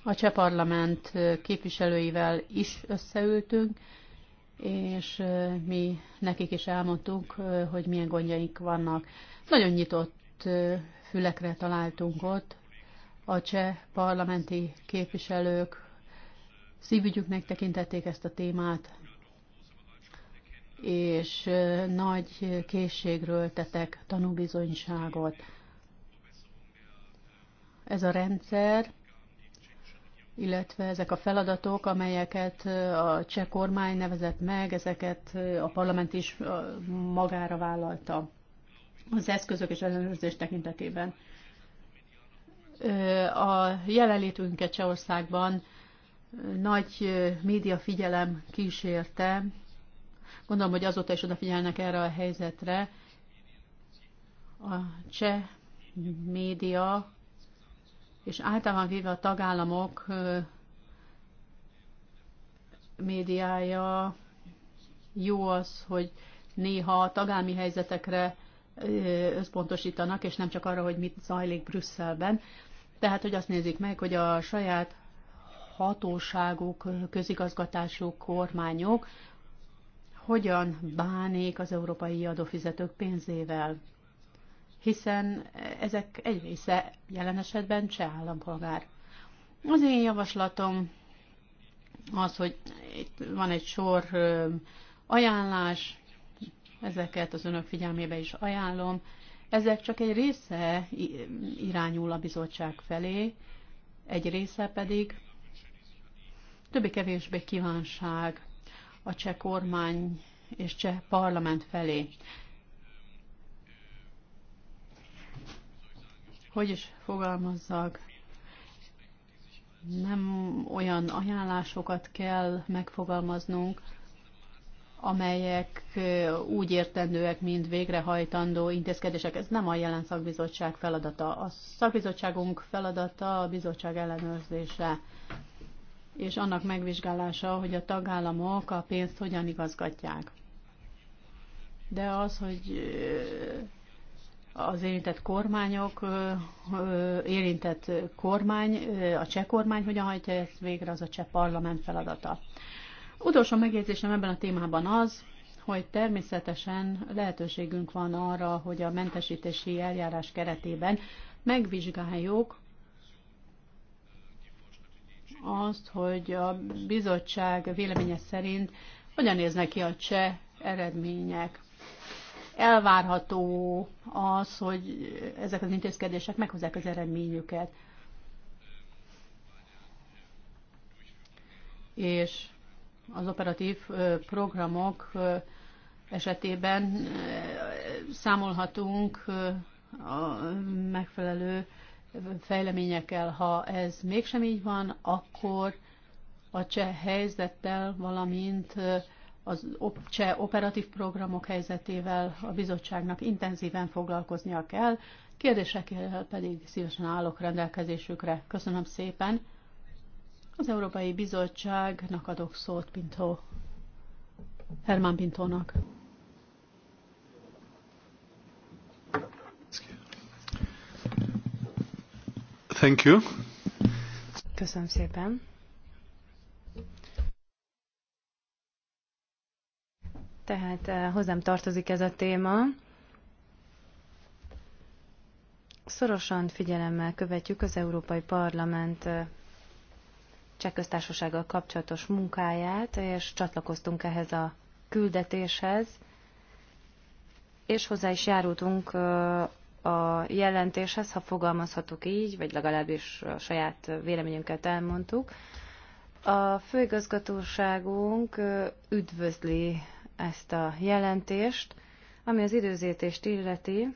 S1: A cseh parlament képviselőivel is összeültünk, és mi nekik is elmondtuk, hogy milyen gondjaink vannak. Nagyon nyitott fülekre találtunk ott, a cseh parlamenti képviselők szívügyüknek tekintették ezt a témát, és nagy készségről tettek tanúbizonyságot. Ez a rendszer, illetve ezek a feladatok, amelyeket a cseh kormány nevezett meg, ezeket a parlament is magára vállalta az eszközök és ellenőrzés tekintetében. A jelenlétünket Csehországban nagy média figyelem kísérte. Gondolom, hogy azóta is odafigyelnek erre a helyzetre. A cseh média és általában véve a tagállamok médiája jó az, hogy néha a tagállami helyzetekre összpontosítanak, és nem csak arra, hogy mit zajlik Brüsszelben. Tehát, hogy azt nézik meg, hogy a saját hatóságok, közigazgatások, kormányok hogyan bánik az európai adófizetők pénzével, hiszen ezek egy része jelen esetben cseh állampolgár. Az én javaslatom az, hogy itt van egy sor ajánlás, ezeket az önök figyelmébe is ajánlom. Ezek csak egy része irányul a bizottság felé, egy része pedig többé-kevésbé kívánság a cseh kormány és cseh parlament felé. Hogy is fogalmazzak? Nem olyan ajánlásokat kell megfogalmaznunk, amelyek úgy értendőek, mint végrehajtandó intézkedések. Ez nem a jelen szakbizottság feladata. A szakbizottságunk feladata a bizottság ellenőrzése és annak megvizsgálása, hogy a tagállamok a pénzt hogyan igazgatják. De az, hogy az érintett kormányok, érintett kormány, a cseh kormány hogyan hajtja ezt végre, az a cseh parlament feladata. Utolsó megjegyzésem ebben a témában az, hogy természetesen lehetőségünk van arra, hogy a mentesítési eljárás keretében megvizsgáljuk azt, hogy a bizottság véleménye szerint hogyan néznek ki a cseh eredmények. Elvárható az, hogy ezek az intézkedések meghozzák az eredményüket. És az operatív programok esetében számolhatunk a megfelelő fejleményekkel. Ha ez mégsem így van, akkor a cseh helyzettel, valamint az cseh operatív programok helyzetével a bizottságnak intenzíven foglalkoznia kell, kérdésekkel pedig szívesen állok rendelkezésükre. Köszönöm szépen. Az Európai Bizottságnak adok szót Pintó, Hermán Pintónak.
S11: Thank you.
S6: Köszönöm szépen. Tehát eh, hozzám tartozik ez a téma. Szorosan figyelemmel követjük az Európai Parlament eh, Csehköztársasággal kapcsolatos munkáját, és csatlakoztunk ehhez a küldetéshez, és hozzá is járultunk eh, a jelentéshez, ha fogalmazhatok így, vagy legalábbis a saját véleményünket elmondtuk. A főigazgatóságunk üdvözli ezt a jelentést, ami az időzítést illeti.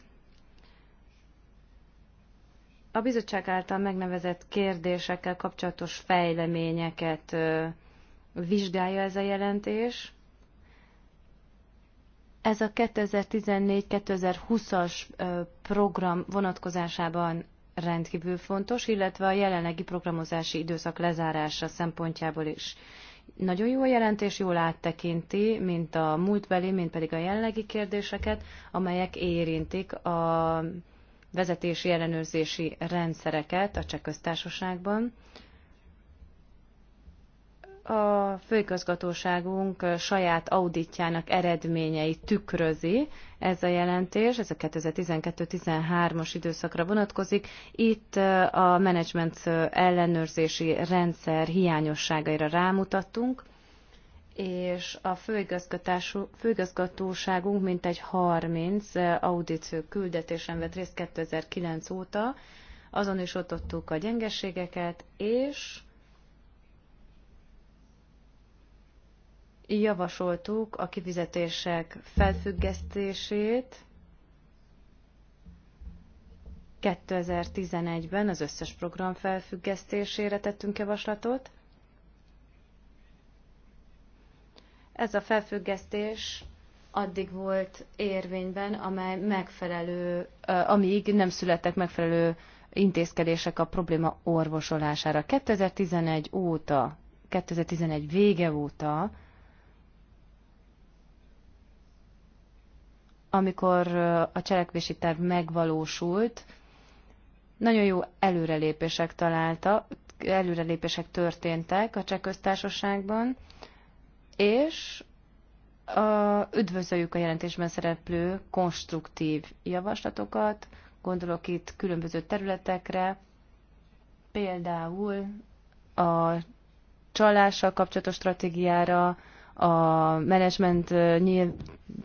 S6: A bizottság által megnevezett kérdésekkel kapcsolatos fejleményeket vizsgálja ez a jelentés ez a 2014-2020-as program vonatkozásában rendkívül fontos, illetve a jelenlegi programozási időszak lezárása szempontjából is. Nagyon jó a jelentés, jól áttekinti, mint a múltbeli, mint pedig a jelenlegi kérdéseket, amelyek érintik a vezetési ellenőrzési rendszereket a cseh köztársaságban, a főigazgatóságunk saját auditjának eredményei tükrözi ez a jelentés, ez a 2012-13-as időszakra vonatkozik. Itt a menedzsment ellenőrzési rendszer hiányosságaira rámutattunk, és a főigazgatóságunk mintegy 30 audit küldetésen vett részt 2009 óta, azon is ott a gyengeségeket, és javasoltuk a kifizetések felfüggesztését 2011-ben az összes program felfüggesztésére tettünk javaslatot. Ez a felfüggesztés addig volt érvényben, amely megfelelő, amíg nem születtek megfelelő intézkedések a probléma orvosolására. 2011 óta, 2011 vége óta amikor a cselekvési terv megvalósult, nagyon jó előrelépések találta, előrelépések történtek a cseh köztársaságban, és a, üdvözöljük a jelentésben szereplő konstruktív javaslatokat, gondolok itt különböző területekre, például a csalással kapcsolatos stratégiára, a menedzsment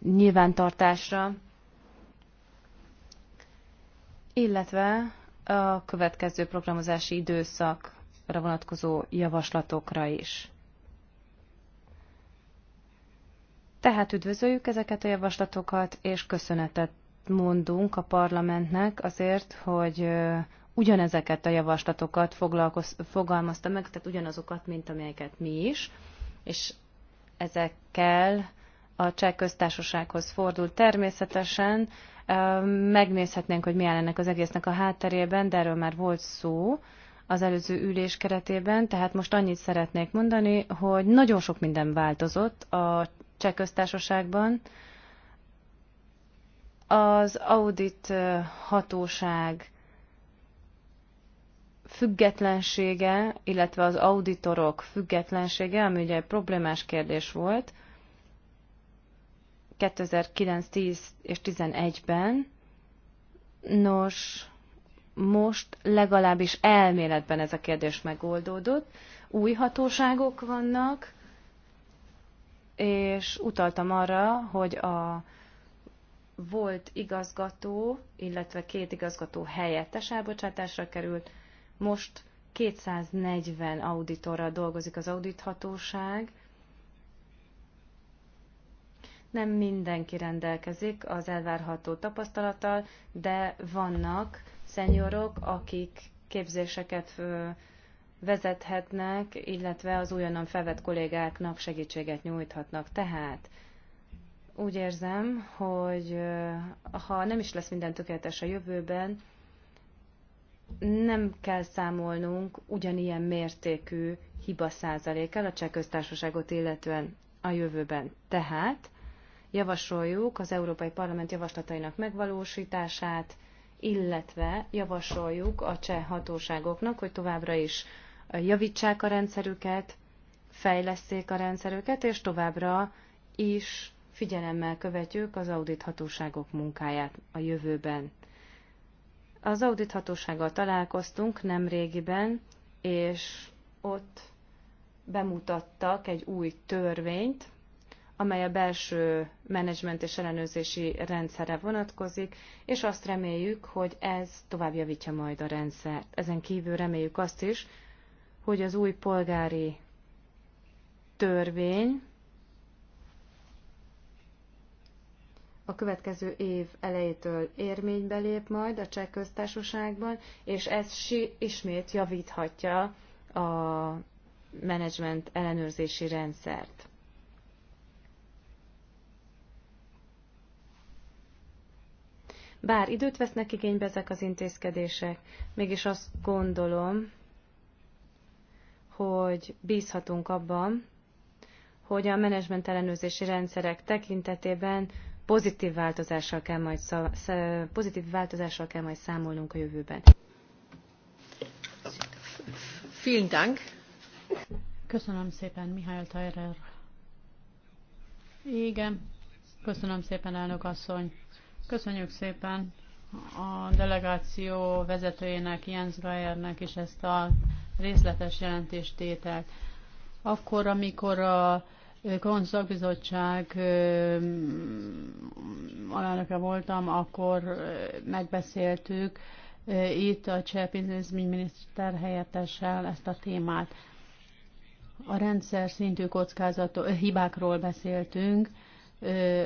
S6: nyilvántartásra, illetve a következő programozási időszakra vonatkozó javaslatokra is. Tehát üdvözöljük ezeket a javaslatokat, és köszönetet mondunk a parlamentnek azért, hogy ugyanezeket a javaslatokat fogalmazta meg, tehát ugyanazokat, mint amelyeket mi is, és ezekkel a cseh köztársasághoz fordult. Természetesen megnézhetnénk, hogy mi áll ennek az egésznek a hátterében, de erről már volt szó az előző ülés keretében, tehát most annyit szeretnék mondani, hogy nagyon sok minden változott a cseh köztársaságban. Az audit hatóság függetlensége, illetve az auditorok függetlensége, ami ugye egy problémás kérdés volt 2009, 10 és 11-ben. Nos, most legalábbis elméletben ez a kérdés megoldódott. Új hatóságok vannak, és utaltam arra, hogy a volt igazgató, illetve két igazgató helyettes elbocsátásra került, most 240 auditorral dolgozik az audithatóság. Nem mindenki rendelkezik az elvárható tapasztalattal, de vannak szenyorok, akik képzéseket vezethetnek, illetve az újonnan felvett kollégáknak segítséget nyújthatnak. Tehát úgy érzem, hogy ha nem is lesz minden tökéletes a jövőben, nem kell számolnunk ugyanilyen mértékű hiba százalékkal a cseh köztársaságot illetően a jövőben. Tehát javasoljuk az Európai Parlament javaslatainak megvalósítását, illetve javasoljuk a cseh hatóságoknak, hogy továbbra is javítsák a rendszerüket, fejleszték a rendszerüket, és továbbra is figyelemmel követjük az audit hatóságok munkáját a jövőben. Az audithatósággal találkoztunk nem régiben, és ott bemutattak egy új törvényt, amely a belső menedzsment és ellenőrzési rendszerre vonatkozik, és azt reméljük, hogy ez tovább javítja majd a rendszert. Ezen kívül reméljük azt is, hogy az új polgári törvény a következő év elejétől érménybe lép majd a cseh köztársaságban, és ez si ismét javíthatja a menedzsment ellenőrzési rendszert. Bár időt vesznek igénybe ezek az intézkedések, mégis azt gondolom, hogy bízhatunk abban, hogy a menedzsment ellenőrzési rendszerek tekintetében pozitív változással kell majd, pozitív változással kell majd számolnunk a jövőben.
S1: Vielen Dank. Köszönöm szépen, Mihály Tajrer. Igen, köszönöm szépen, elnök asszony. Köszönjük szépen a delegáció vezetőjének, Jens Gajernek is ezt a részletes jelentéstételt. Akkor, amikor a Kron szakbizottság alelnöke voltam, akkor megbeszéltük itt a cseh pénzügyminiszter helyettessel ezt a témát. A rendszer szintű kockázató hibákról beszéltünk,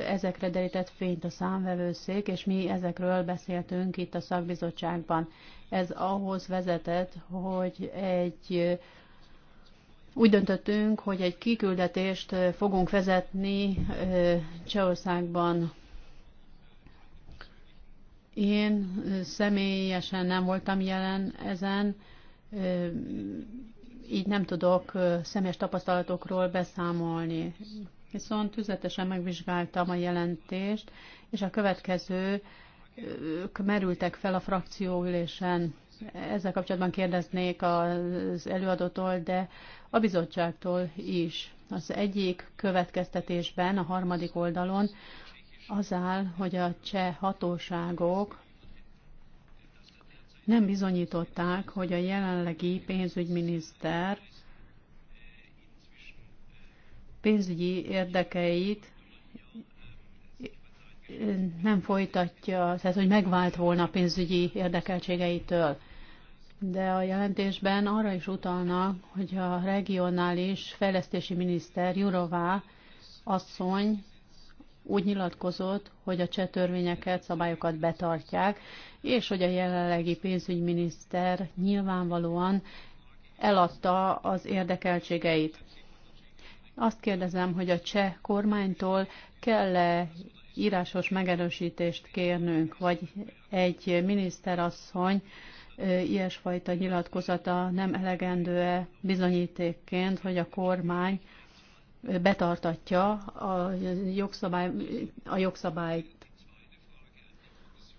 S1: ezekre derített fényt a számvevőszék, és mi ezekről beszéltünk itt a szakbizottságban. Ez ahhoz vezetett, hogy egy úgy döntöttünk, hogy egy kiküldetést fogunk vezetni Csehországban. Én személyesen nem voltam jelen ezen, így nem tudok személyes tapasztalatokról beszámolni. Viszont tüzetesen megvizsgáltam a jelentést, és a következő merültek fel a frakcióülésen ezzel kapcsolatban kérdeznék az előadótól, de a bizottságtól is. Az egyik következtetésben, a harmadik oldalon az áll, hogy a cseh hatóságok nem bizonyították, hogy a jelenlegi pénzügyminiszter pénzügyi érdekeit nem folytatja, tehát hogy megvált volna a pénzügyi érdekeltségeitől de a jelentésben arra is utalnak, hogy a regionális fejlesztési miniszter Jurová asszony úgy nyilatkozott, hogy a cseh törvényeket, szabályokat betartják, és hogy a jelenlegi pénzügyminiszter nyilvánvalóan eladta az érdekeltségeit. Azt kérdezem, hogy a cseh kormánytól kell-e írásos megerősítést kérnünk, vagy egy miniszterasszony, ilyesfajta nyilatkozata nem elegendő-e bizonyítékként, hogy a kormány betartatja a, jogszabály, a jogszabályt.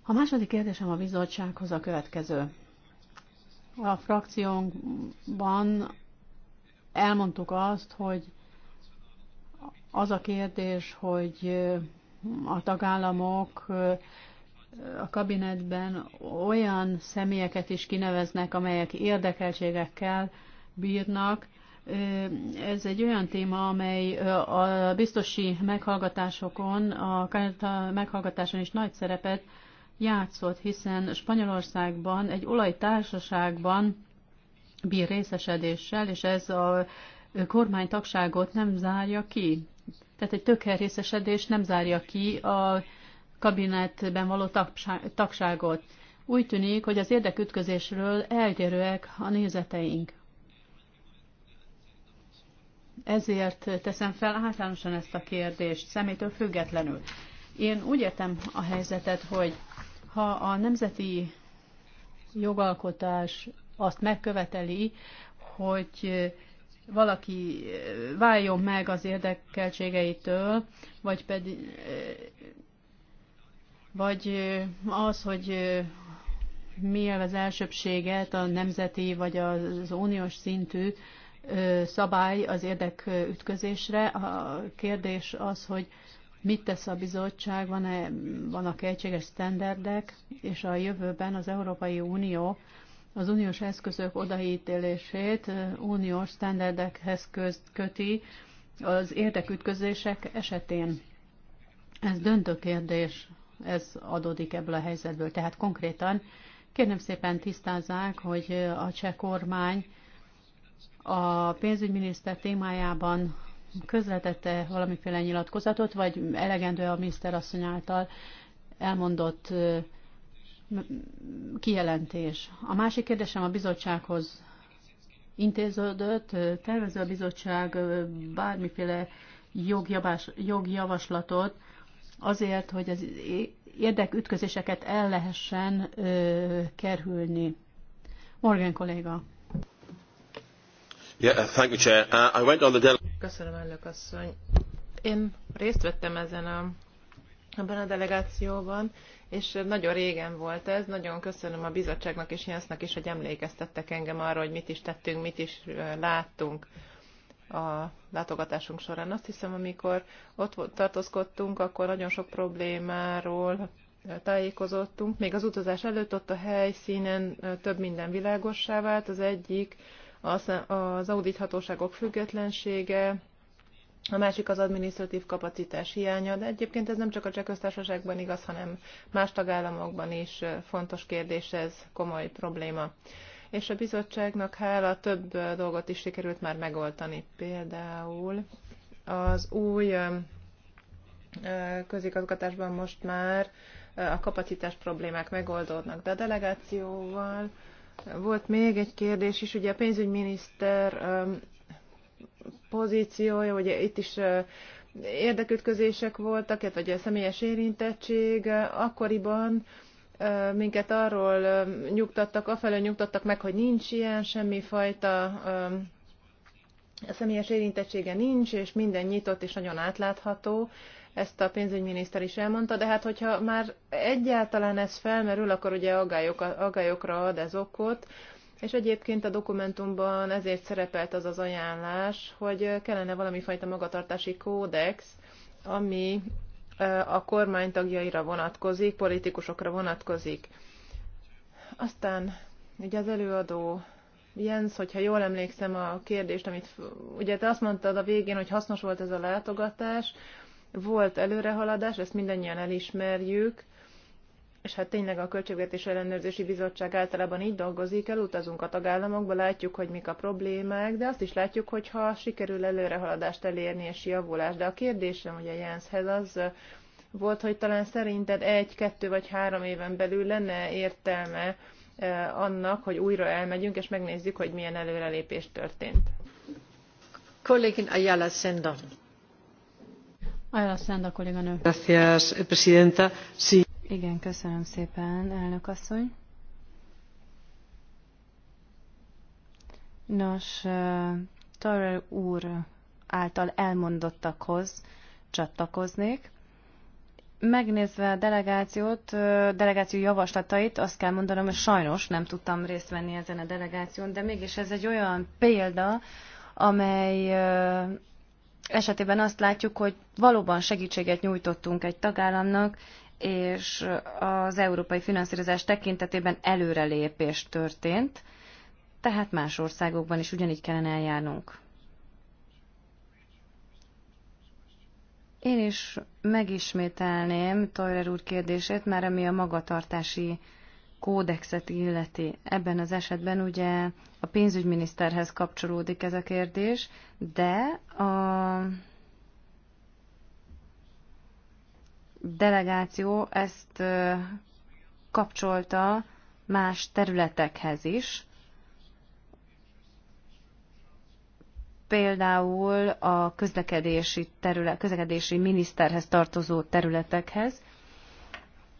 S1: A második kérdésem a bizottsághoz a következő. A frakciónkban elmondtuk azt, hogy az a kérdés, hogy a tagállamok a kabinetben olyan személyeket is kineveznek, amelyek érdekeltségekkel bírnak. Ez egy olyan téma, amely a biztosi meghallgatásokon, a meghallgatáson is nagy szerepet játszott, hiszen Spanyolországban egy olajtársaságban bír részesedéssel, és ez a kormánytagságot nem zárja ki. Tehát egy tökéletes részesedés nem zárja ki a kabinetben való tagságot. Úgy tűnik, hogy az érdekütközésről eltérőek a nézeteink. Ezért teszem fel általánosan ezt a kérdést, szemétől függetlenül. Én úgy értem a helyzetet, hogy ha a nemzeti jogalkotás azt megköveteli, hogy valaki váljon meg az érdekeltségeitől, vagy pedig vagy az, hogy mi az elsőbséget a nemzeti vagy az uniós szintű szabály az érdekütközésre. A kérdés az, hogy mit tesz a bizottság, van-e, vannak -e egységes standardek? és a jövőben az Európai Unió az uniós eszközök odaítélését uniós standardekhez közt köti az érdekütközések esetén. Ez döntő kérdés ez adódik ebből a helyzetből. Tehát konkrétan kérném szépen tisztázzák, hogy a cseh kormány a pénzügyminiszter témájában közvetette valamiféle nyilatkozatot, vagy elegendő a miniszterasszony által elmondott kijelentés. A másik kérdésem a bizottsághoz intéződött. Tervező a bizottság bármiféle jogjavaslatot azért, hogy az érdekütközéseket el lehessen ö, kerülni.
S3: Morgan kolléga.
S9: Yeah, uh, thank you, Chair. Uh, I went on the
S3: Köszönöm, elnök asszony. Én részt vettem ezen a, ebben a delegációban, és nagyon régen volt ez. Nagyon köszönöm a bizottságnak és Jensznek is, hogy emlékeztettek engem arra, hogy mit is tettünk, mit is láttunk a látogatásunk során. Azt hiszem, amikor ott tartózkodtunk, akkor nagyon sok problémáról tájékozottunk. Még az utazás előtt ott a helyszínen több minden világossá vált. Az egyik az audithatóságok függetlensége, a másik az adminisztratív kapacitás hiánya, de egyébként ez nem csak a cseh igaz, hanem más tagállamokban is fontos kérdés, ez komoly probléma és a bizottságnak hála több dolgot is sikerült már megoldani. Például az új közigazgatásban most már a kapacitás problémák megoldódnak, de a delegációval volt még egy kérdés is, ugye a pénzügyminiszter pozíciója, ugye itt is érdekütközések voltak, vagy a személyes érintettség, akkoriban minket arról nyugtattak, afelől nyugtattak meg, hogy nincs ilyen semmifajta személyes érintettsége nincs, és minden nyitott és nagyon átlátható. Ezt a pénzügyminiszter is elmondta, de hát hogyha már egyáltalán ez felmerül, akkor ugye agályok, agályokra ad ez okot, és egyébként a dokumentumban ezért szerepelt az az ajánlás, hogy kellene valami fajta magatartási kódex, ami a kormány tagjaira vonatkozik, politikusokra vonatkozik. Aztán ugye az előadó Jens, hogyha jól emlékszem a kérdést, amit ugye te azt mondtad a végén, hogy hasznos volt ez a látogatás, volt előrehaladás, ezt mindannyian elismerjük, és hát tényleg a Költségvetés Ellenőrzési Bizottság általában így dolgozik, elutazunk a tagállamokba, látjuk, hogy mik a problémák, de azt is látjuk, hogy ha sikerül előrehaladást elérni és javulást. De a kérdésem ugye Jenshez az volt, hogy talán szerinted egy, kettő vagy három éven belül lenne értelme eh, annak, hogy újra elmegyünk és megnézzük, hogy milyen előrelépés történt. Kollégin Ayala
S6: Senda.
S1: Ayala Senda kolléganő.
S6: Gracias, presidenta. Sí. Igen, köszönöm szépen, elnök asszony. Nos, Tarrer úr által elmondottakhoz csatlakoznék. Megnézve a delegációt, delegáció javaslatait, azt kell mondanom, hogy sajnos nem tudtam részt venni ezen a delegáción, de mégis ez egy olyan példa, amely esetében azt látjuk, hogy valóban segítséget nyújtottunk egy tagállamnak, és az európai finanszírozás tekintetében előrelépés történt, tehát más országokban is ugyanígy kellene eljárnunk. Én is megismételném Toyer úr kérdését, mert ami a magatartási kódexet illeti. Ebben az esetben ugye a pénzügyminiszterhez kapcsolódik ez a kérdés, de a delegáció ezt kapcsolta más területekhez is. Például a közlekedési, terület, közlekedési miniszterhez tartozó területekhez.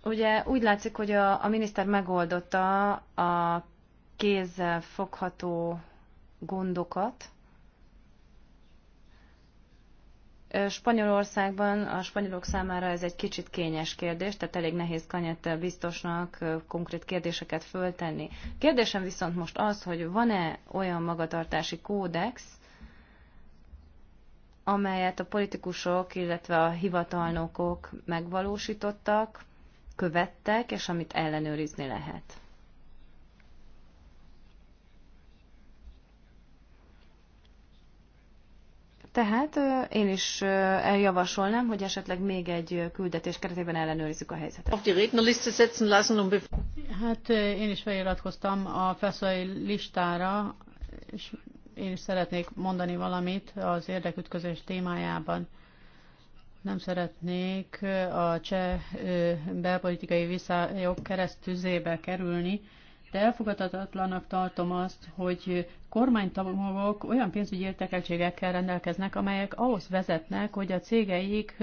S6: Ugye úgy látszik, hogy a, a miniszter megoldotta a kézzel fogható gondokat, Spanyolországban a spanyolok számára ez egy kicsit kényes kérdés, tehát elég nehéz kanyett biztosnak konkrét kérdéseket föltenni. Kérdésem viszont most az, hogy van-e olyan magatartási kódex, amelyet a politikusok, illetve a hivatalnokok megvalósítottak, követtek, és amit ellenőrizni lehet. Tehát én is javasolnám, hogy esetleg még egy küldetés keretében ellenőrizzük a helyzetet.
S1: Hát én is feliratkoztam a feszai listára, és én is szeretnék mondani valamit az érdekütközés témájában. Nem szeretnék a cseh belpolitikai viszályok keresztüzébe kerülni, de elfogadhatatlanak tartom azt, hogy kormánytagok olyan pénzügyi értekeltségekkel rendelkeznek, amelyek ahhoz vezetnek, hogy a cégeik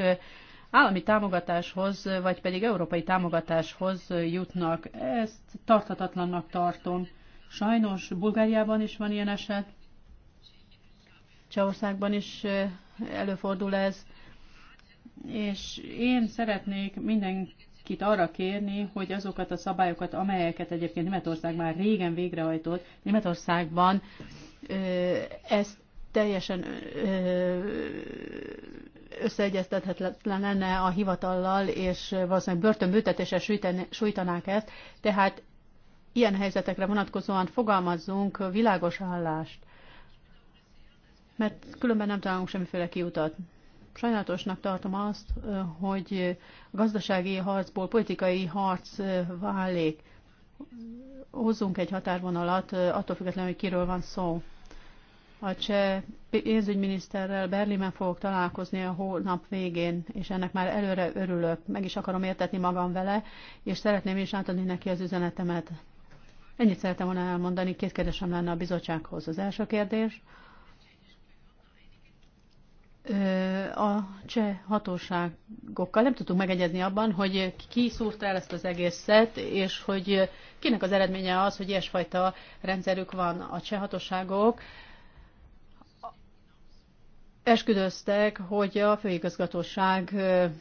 S1: állami támogatáshoz, vagy pedig európai támogatáshoz jutnak. Ezt tarthatatlannak tartom. Sajnos Bulgáriában is van ilyen eset, Csehországban is előfordul ez, és én szeretnék minden mindenkit arra kérni, hogy azokat a szabályokat, amelyeket egyébként Németország már régen végrehajtott, Németországban ezt teljesen összeegyeztethetetlen lenne a hivatallal, és valószínűleg börtönbüntetéssel sújtanák ezt, tehát ilyen helyzetekre vonatkozóan fogalmazzunk világos állást, mert különben nem találunk semmiféle kiutat. Sajnálatosnak tartom azt, hogy a gazdasági harcból politikai harc válik. Hozzunk egy határvonalat, attól függetlenül, hogy kiről van szó. A cseh pénzügyminiszterrel Berlinben fogok találkozni a hónap végén, és ennek már előre örülök. Meg is akarom értetni magam vele, és szeretném is átadni neki az üzenetemet. Ennyit szeretem volna elmondani, két kérdésem lenne a bizottsághoz. Az első kérdés, a cseh hatóságokkal nem tudtuk megegyezni abban, hogy ki szúrta el ezt az egészet, és hogy kinek az eredménye az, hogy ilyesfajta rendszerük van a cseh hatóságok. Esküdöztek, hogy a főigazgatóság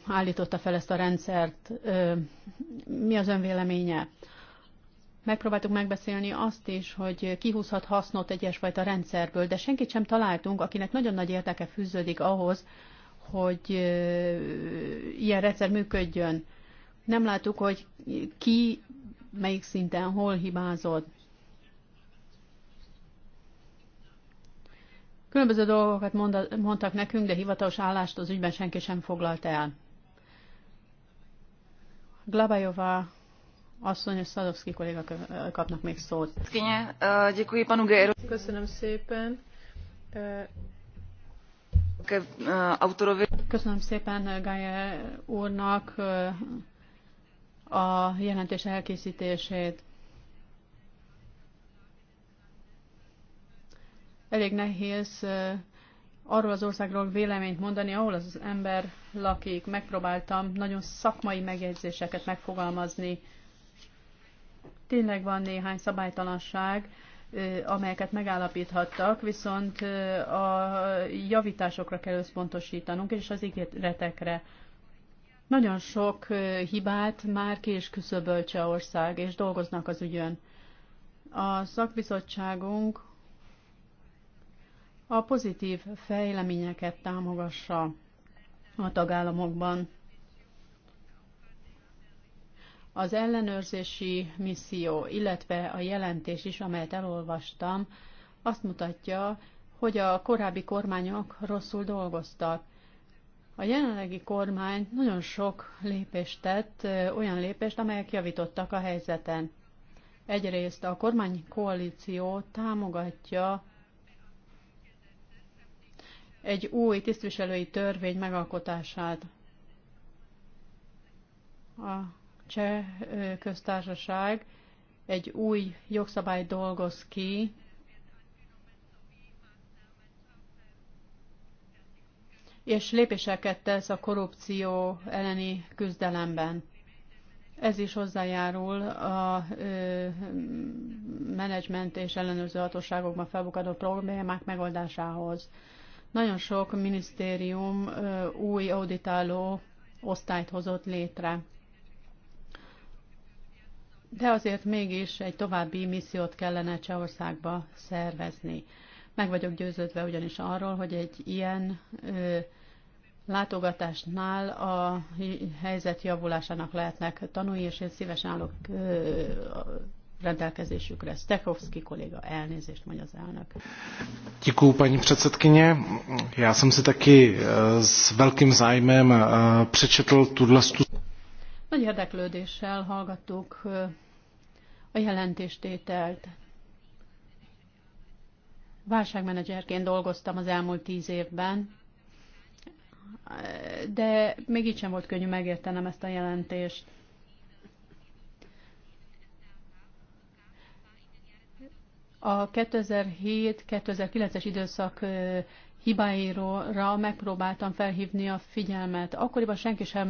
S1: állította fel ezt a rendszert. Mi az önvéleménye? Megpróbáltuk megbeszélni azt is, hogy kihúzhat hasznot egyesfajta rendszerből, de senkit sem találtunk, akinek nagyon nagy érdeke fűződik ahhoz, hogy ilyen rendszer működjön. Nem láttuk, hogy ki melyik szinten hol hibázott. Különböző dolgokat mondtak nekünk, de hivatalos állást az ügyben senki sem foglalt el. Glabajová asszony és Szadovszki kolléga kapnak még szót.
S3: Köszönöm szépen.
S1: Köszönöm szépen Gájer úrnak a jelentés elkészítését. Elég nehéz arról az országról véleményt mondani, ahol az ember lakik. Megpróbáltam nagyon szakmai megjegyzéseket megfogalmazni Tényleg van néhány szabálytalanság, amelyeket megállapíthattak, viszont a javításokra kell összpontosítanunk, és az ígéretekre. Nagyon sok hibát már ki is küszöböl Csehország, és dolgoznak az ügyön. A szakbizottságunk a pozitív fejleményeket támogassa a tagállamokban. Az ellenőrzési misszió, illetve a jelentés is, amelyet elolvastam, azt mutatja, hogy a korábbi kormányok rosszul dolgoztak. A jelenlegi kormány nagyon sok lépést tett, olyan lépést, amelyek javítottak a helyzeten. Egyrészt a kormánykoalíció támogatja egy új tisztviselői törvény megalkotását. A Cseh köztársaság egy új jogszabály dolgoz ki, és lépéseket tesz a korrupció elleni küzdelemben. Ez is hozzájárul a ö, menedzsment és ellenőrző hatóságokban felbukadó problémák megoldásához. Nagyon sok minisztérium ö, új auditáló osztályt hozott létre de azért mégis egy további missziót kellene Csehországba szervezni. Meg vagyok győződve ugyanis arról, hogy egy ilyen ö, látogatásnál a helyzet javulásának lehetnek tanulni, és én szívesen állok ö, rendelkezésükre. Stekovski kolléga, elnézést mondja az elnök.
S2: Děkuji, paní předsedkyně. Já jsem si taky e, s velkým zájmem e, přečetl tuhle
S1: nagy érdeklődéssel hallgattuk a jelentéstételt. Válságmenedzserként dolgoztam az elmúlt tíz évben, de még így sem volt könnyű megértenem ezt a jelentést. A 2007-2009-es időszak hibáiról megpróbáltam felhívni a figyelmet. Akkoriban senki sem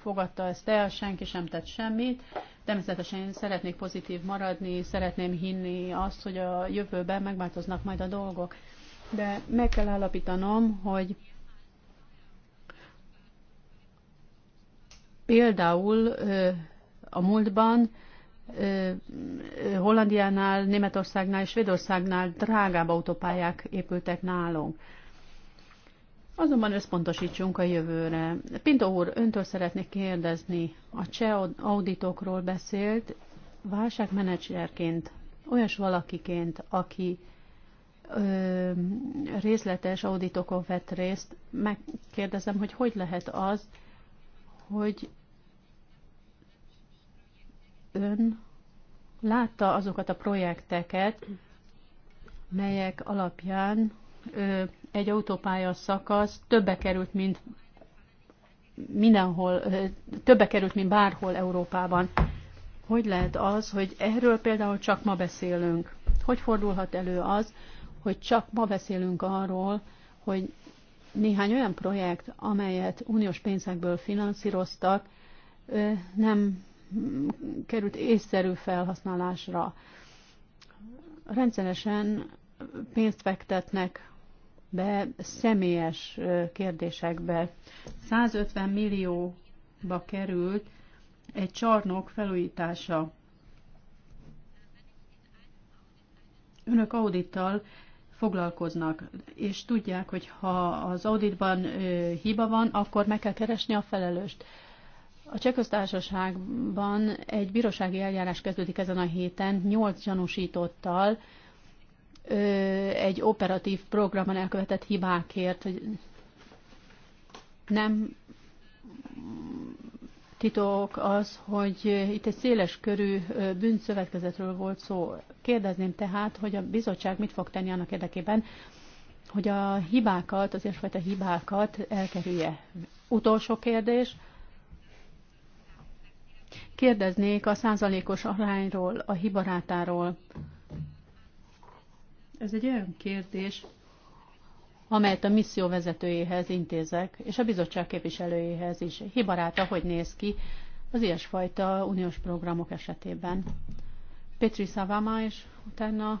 S1: fogadta ezt el, senki sem tett semmit. Természetesen szeretnék pozitív maradni, szeretném hinni azt, hogy a jövőben megváltoznak majd a dolgok. De meg kell állapítanom, hogy például a múltban Hollandiánál, Németországnál és Svédországnál drágább autópályák épültek nálunk. Azonban összpontosítsunk a jövőre. Pinto úr, öntől szeretnék kérdezni. A cseh auditokról beszélt, válságmenedzserként, olyas valakiként, aki ö, részletes auditokon vett részt, megkérdezem, hogy hogy lehet az, hogy ön látta azokat a projekteket, melyek alapján ö, egy autópálya szakasz többe került, mint mindenhol, többe került, mint bárhol Európában. Hogy lehet az, hogy erről például csak ma beszélünk? Hogy fordulhat elő az, hogy csak ma beszélünk arról, hogy néhány olyan projekt, amelyet uniós pénzekből finanszíroztak, nem került észszerű felhasználásra. Rendszeresen pénzt fektetnek be, személyes kérdésekbe. 150 millióba került egy csarnok felújítása. Önök audittal foglalkoznak, és tudják, hogy ha az auditban hiba van, akkor meg kell keresni a felelőst. A Csehköztársaságban egy bírósági eljárás kezdődik ezen a héten 8 gyanúsítottal, egy operatív programon elkövetett hibákért, hogy nem titok az, hogy itt egy széles körű bűnszövetkezetről volt szó. Kérdezném tehát, hogy a bizottság mit fog tenni annak érdekében, hogy a hibákat, az ilyesfajta hibákat elkerülje. Utolsó kérdés. Kérdeznék a százalékos arányról, a hibarátáról. Ez egy olyan kérdés, amelyet a misszió vezetőjéhez intézek, és a bizottság képviselőjéhez is. Hibaráta, hogy néz ki az ilyesfajta uniós programok esetében. Petri Szavama, és utána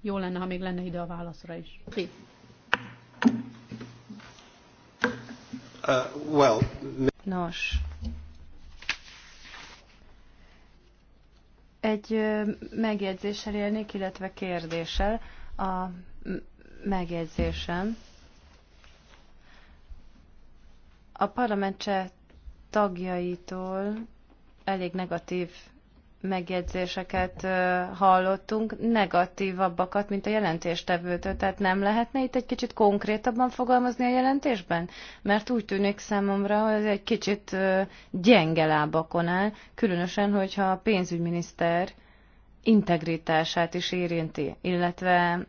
S1: jó lenne, ha még lenne ide a válaszra is.
S6: Uh, well, Nos, egy megjegyzéssel élnék, illetve kérdéssel a megjegyzésem. A parlament tagjaitól elég negatív megjegyzéseket hallottunk, negatívabbakat, mint a jelentéstevőtől. Tehát nem lehetne itt egy kicsit konkrétabban fogalmazni a jelentésben? Mert úgy tűnik számomra, hogy ez egy kicsit gyenge lábakon áll, különösen, hogyha a pénzügyminiszter integritását is érinti, illetve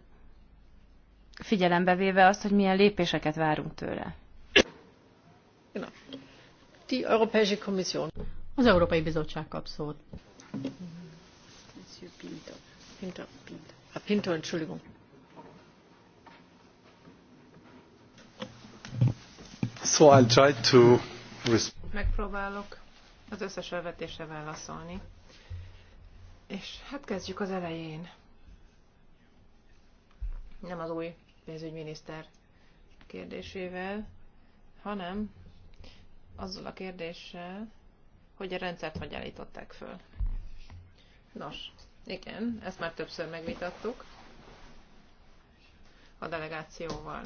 S6: figyelembe véve azt, hogy milyen lépéseket várunk tőle. Az Európai
S1: Bizottság kap szót.
S7: Pinto. A ah,
S3: Pinto, Entschuldigung.
S11: So I'll try to...
S3: Megpróbálok az összes elvetésre válaszolni. És hát kezdjük az elején. Nem az új pénzügyminiszter kérdésével, hanem azzal a kérdéssel, hogy a rendszert hogy állították föl. Nos, igen, ezt már többször megvitattuk a delegációval.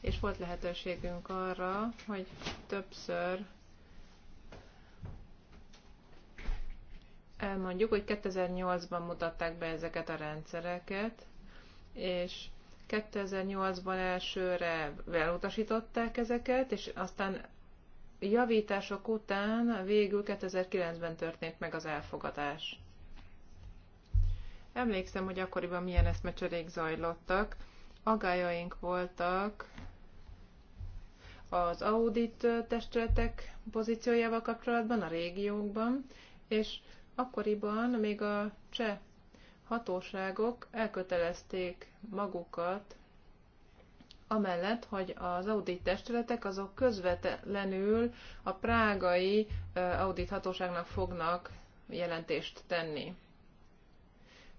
S3: És volt lehetőségünk arra, hogy többször elmondjuk, hogy 2008-ban mutatták be ezeket a rendszereket, és 2008-ban elsőre elutasították ezeket, és aztán javítások után végül 2009-ben történt meg az elfogadás. Emlékszem, hogy akkoriban milyen eszmecserék zajlottak. Agályaink voltak az audit testületek pozíciójával kapcsolatban, a régiókban, és akkoriban még a cseh hatóságok elkötelezték magukat amellett, hogy az audit testületek azok közvetlenül a prágai audit hatóságnak fognak jelentést tenni.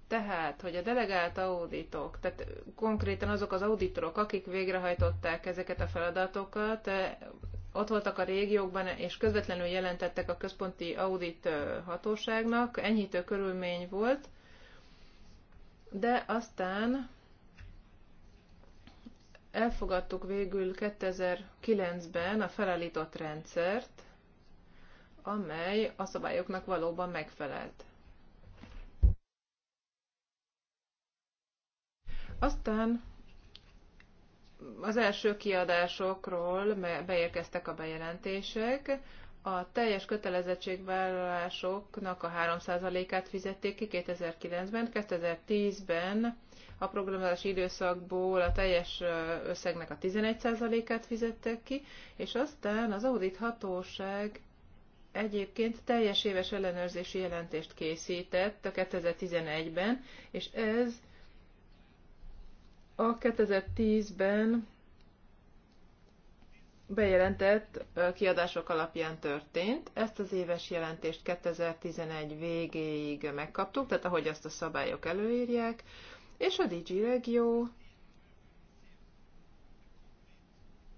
S3: Tehát, hogy a delegált auditok, tehát konkrétan azok az auditorok, akik végrehajtották ezeket a feladatokat, ott voltak a régiókban, és közvetlenül jelentettek a központi audit hatóságnak, enyhítő körülmény volt, de aztán elfogadtuk végül 2009-ben a felállított rendszert, amely a szabályoknak valóban megfelelt. Aztán az első kiadásokról beérkeztek a bejelentések, a teljes kötelezettségvállalásoknak a 3%-át fizették ki 2009-ben, 2010-ben a programozási időszakból a teljes összegnek a 11%-át fizettek ki, és aztán az audit hatóság egyébként teljes éves ellenőrzési jelentést készített a 2011-ben, és ez a 2010-ben bejelentett kiadások alapján történt. Ezt az éves jelentést 2011 végéig megkaptuk, tehát ahogy azt a szabályok előírják, és a Digi Regio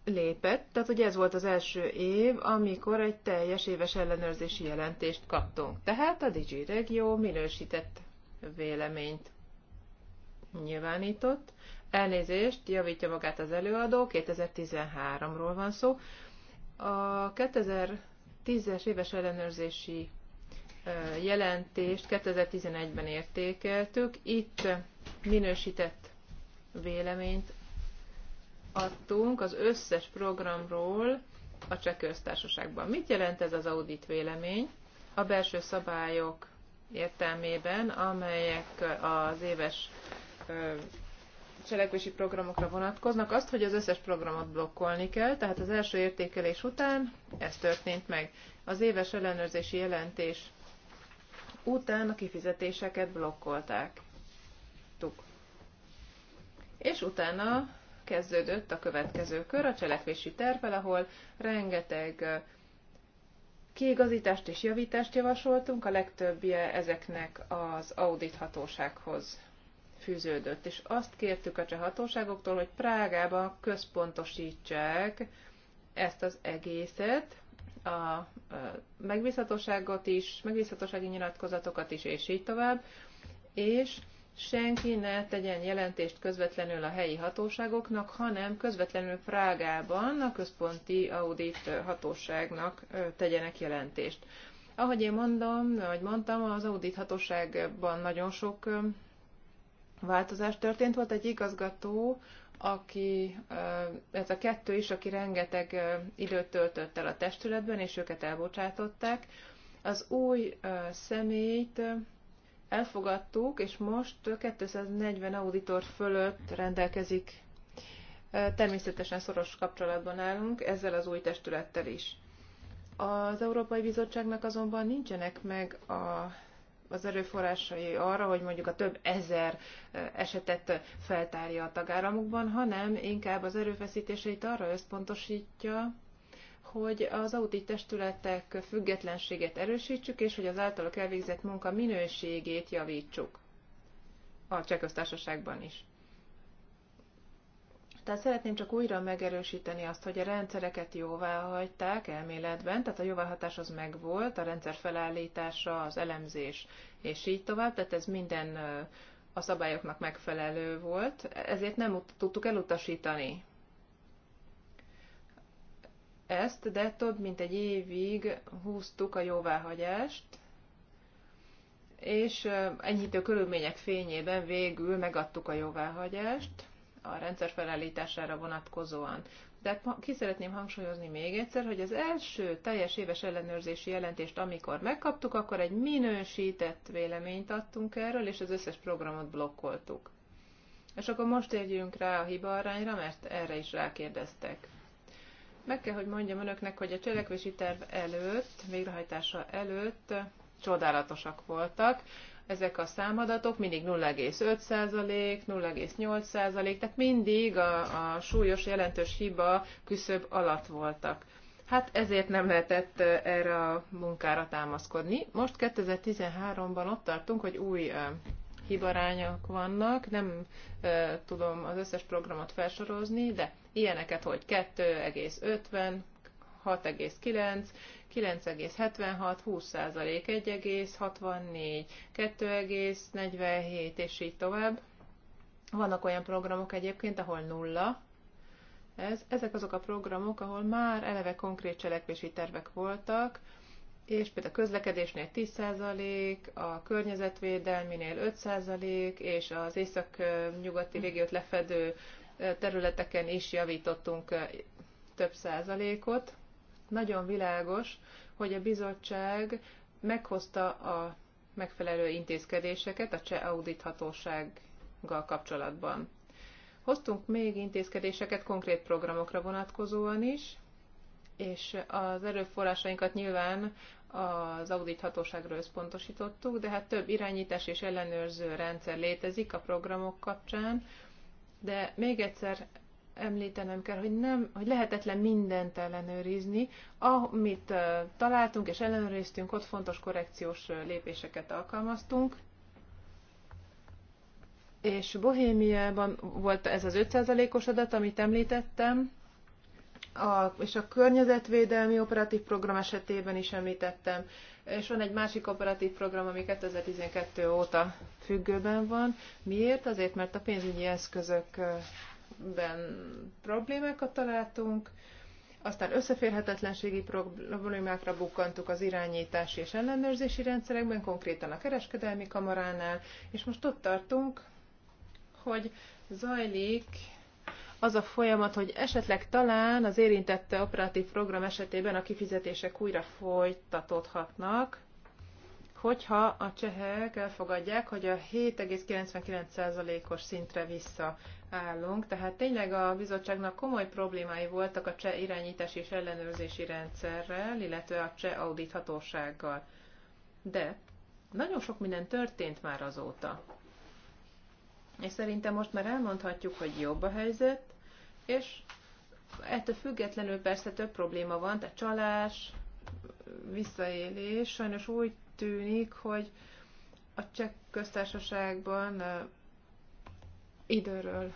S3: lépett, tehát ugye ez volt az első év, amikor egy teljes éves ellenőrzési jelentést kaptunk. Tehát a Digi Regio minősített véleményt nyilvánított, Elnézést, javítja magát az előadó, 2013-ról van szó. A 2010-es éves ellenőrzési jelentést 2011-ben értékeltük. Itt minősített véleményt adtunk az összes programról a cseh köztársaságban. Mit jelent ez az audit vélemény? A belső szabályok értelmében, amelyek az éves cselekvési programokra vonatkoznak, azt, hogy az összes programot blokkolni kell, tehát az első értékelés után ez történt meg. Az éves ellenőrzési jelentés után a kifizetéseket blokkolták. Tuk. És utána kezdődött a következő kör a cselekvési tervel, ahol rengeteg kiigazítást és javítást javasoltunk, a legtöbbje ezeknek az audithatósághoz fűződött, és azt kértük a cseh hatóságoktól, hogy Prágában központosítsák ezt az egészet, a megbízhatóságot is, megbízhatósági nyilatkozatokat is, és így tovább, és senki ne tegyen jelentést közvetlenül a helyi hatóságoknak, hanem közvetlenül Prágában a központi audit hatóságnak tegyenek jelentést. Ahogy én mondom, ahogy mondtam, az audit hatóságban nagyon sok változás történt. Volt egy igazgató, aki, ez a kettő is, aki rengeteg időt töltött el a testületben, és őket elbocsátották. Az új személyt elfogadtuk, és most 240 auditor fölött rendelkezik. Természetesen szoros kapcsolatban állunk ezzel az új testülettel is. Az Európai Bizottságnak azonban nincsenek meg a az erőforrásai arra, hogy mondjuk a több ezer esetet feltárja a tagállamokban, hanem inkább az erőfeszítéseit arra összpontosítja, hogy az audit testületek függetlenséget erősítsük, és hogy az általuk elvégzett munka minőségét javítsuk a cseh is. Tehát szeretném csak újra megerősíteni azt, hogy a rendszereket jóvá hagyták elméletben, tehát a jóváhatás az megvolt, a rendszer felállítása, az elemzés, és így tovább, tehát ez minden a szabályoknak megfelelő volt, ezért nem tudtuk elutasítani ezt, de több mint egy évig húztuk a jóváhagyást, és enyhítő körülmények fényében végül megadtuk a jóváhagyást, a rendszer felállítására vonatkozóan. De ki szeretném hangsúlyozni még egyszer, hogy az első teljes éves ellenőrzési jelentést, amikor megkaptuk, akkor egy minősített véleményt adtunk erről, és az összes programot blokkoltuk. És akkor most érjünk rá a hiba arányra, mert erre is rákérdeztek. Meg kell, hogy mondjam önöknek, hogy a cselekvési terv előtt, végrehajtása előtt csodálatosak voltak ezek a számadatok mindig 0,5%, 0,8%, tehát mindig a, a súlyos jelentős hiba küszöb alatt voltak. Hát ezért nem lehetett erre a munkára támaszkodni. Most 2013-ban ott tartunk, hogy új hibarányok vannak, nem e, tudom az összes programot felsorozni, de ilyeneket, hogy 2,50, 6,9, 9,76, 20%, 1,64, 2,47 és így tovább. Vannak olyan programok egyébként, ahol nulla. Ez, ezek azok a programok, ahol már eleve konkrét cselekvési tervek voltak, és például a közlekedésnél 10%, a környezetvédelminél 5%, és az észak-nyugati régiót lefedő területeken is javítottunk több százalékot nagyon világos, hogy a bizottság meghozta a megfelelő intézkedéseket a cseh audíthatósággal kapcsolatban. Hoztunk még intézkedéseket konkrét programokra vonatkozóan is, és az erőforrásainkat nyilván az audíthatóságra összpontosítottuk, de hát több irányítás és ellenőrző rendszer létezik a programok kapcsán, de még egyszer említenem kell, hogy, nem, hogy lehetetlen mindent ellenőrizni. Amit találtunk és ellenőriztünk, ott fontos korrekciós lépéseket alkalmaztunk. És Bohémiában volt ez az 5%-os adat, amit említettem, a, és a környezetvédelmi operatív program esetében is említettem, és van egy másik operatív program, ami 2012 óta függőben van. Miért? Azért, mert a pénzügyi eszközök ben problémákat találtunk, aztán összeférhetetlenségi problémákra bukkantuk az irányítási és ellenőrzési rendszerekben, konkrétan a kereskedelmi kamaránál, és most ott tartunk, hogy zajlik az a folyamat, hogy esetleg talán az érintette operatív program esetében a kifizetések újra folytatódhatnak, hogyha a csehek elfogadják, hogy a 7,99%-os szintre vissza állunk, tehát tényleg a bizottságnak komoly problémái voltak a cseh irányítási és ellenőrzési rendszerrel, illetve a cseh audíthatósággal. De nagyon sok minden történt már azóta. És szerintem most már elmondhatjuk, hogy jobb a helyzet, és ettől függetlenül persze több probléma van, tehát csalás, visszaélés. Sajnos úgy tűnik, hogy a cseh köztársaságban időről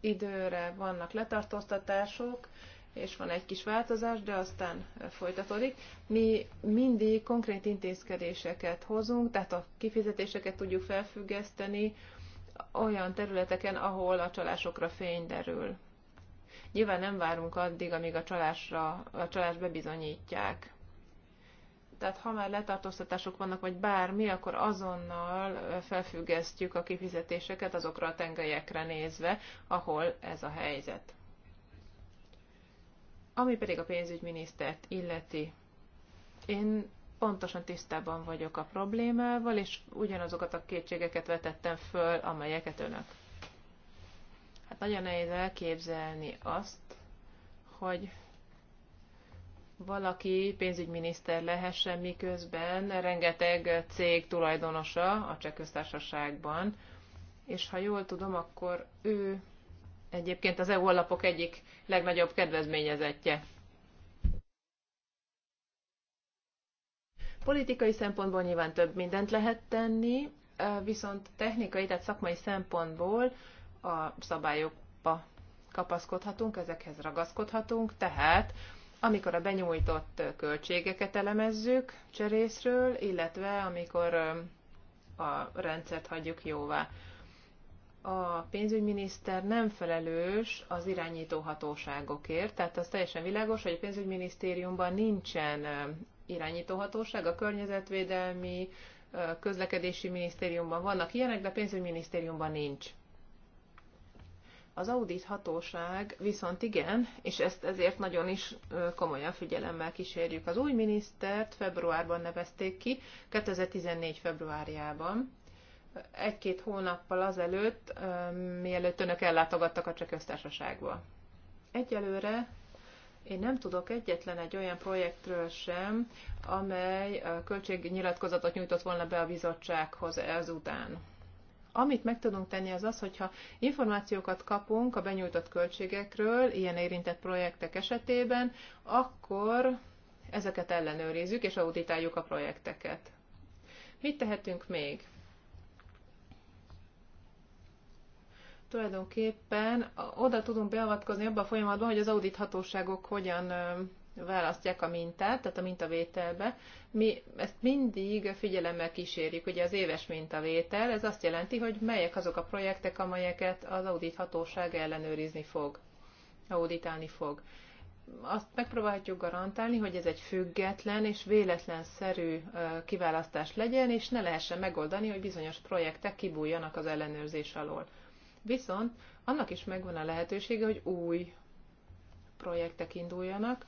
S3: időre vannak letartóztatások, és van egy kis változás, de aztán folytatódik. Mi mindig konkrét intézkedéseket hozunk, tehát a kifizetéseket tudjuk felfüggeszteni olyan területeken, ahol a csalásokra fény derül. Nyilván nem várunk addig, amíg a, csalásra, a csalás bebizonyítják. Tehát ha már letartóztatások vannak, vagy bármi, akkor azonnal felfüggesztjük a kifizetéseket azokra a tengelyekre nézve, ahol ez a helyzet. Ami pedig a pénzügyminisztert illeti, én pontosan tisztában vagyok a problémával, és ugyanazokat a kétségeket vetettem föl, amelyeket önök. Hát nagyon nehéz elképzelni azt, hogy valaki pénzügyminiszter lehessen, miközben rengeteg cég tulajdonosa a cseh köztársaságban, és ha jól tudom, akkor ő egyébként az EU alapok egyik legnagyobb kedvezményezettje. Politikai szempontból nyilván több mindent lehet tenni, viszont technikai, tehát szakmai szempontból a szabályokba kapaszkodhatunk, ezekhez ragaszkodhatunk, tehát amikor a benyújtott költségeket elemezzük cserészről, illetve amikor a rendszert hagyjuk jóvá. A pénzügyminiszter nem felelős az irányító hatóságokért, tehát az teljesen világos, hogy a pénzügyminisztériumban nincsen irányító hatóság, a környezetvédelmi, közlekedési minisztériumban vannak ilyenek, de a pénzügyminisztériumban nincs. Az audit hatóság viszont igen, és ezt ezért nagyon is komolyan figyelemmel kísérjük. Az új minisztert februárban nevezték ki, 2014. februárjában. Egy-két hónappal azelőtt, mielőtt önök ellátogattak a cseh köztársaságba. Egyelőre én nem tudok egyetlen egy olyan projektről sem, amely költségnyilatkozatot nyújtott volna be a bizottsághoz ezután. Amit meg tudunk tenni az az, hogyha információkat kapunk a benyújtott költségekről, ilyen érintett projektek esetében, akkor ezeket ellenőrizzük és auditáljuk a projekteket. Mit tehetünk még? Tulajdonképpen oda tudunk beavatkozni abba a folyamatban, hogy az audithatóságok hogyan választják a mintát, tehát a mintavételbe. Mi ezt mindig figyelemmel kísérjük, ugye az éves mintavétel, ez azt jelenti, hogy melyek azok a projektek, amelyeket az audíthatóság ellenőrizni fog, auditálni fog. Azt megpróbáljuk garantálni, hogy ez egy független és véletlenszerű kiválasztás legyen, és ne lehessen megoldani, hogy bizonyos projektek kibújjanak az ellenőrzés alól. Viszont annak is megvan a lehetősége, hogy új projektek induljanak,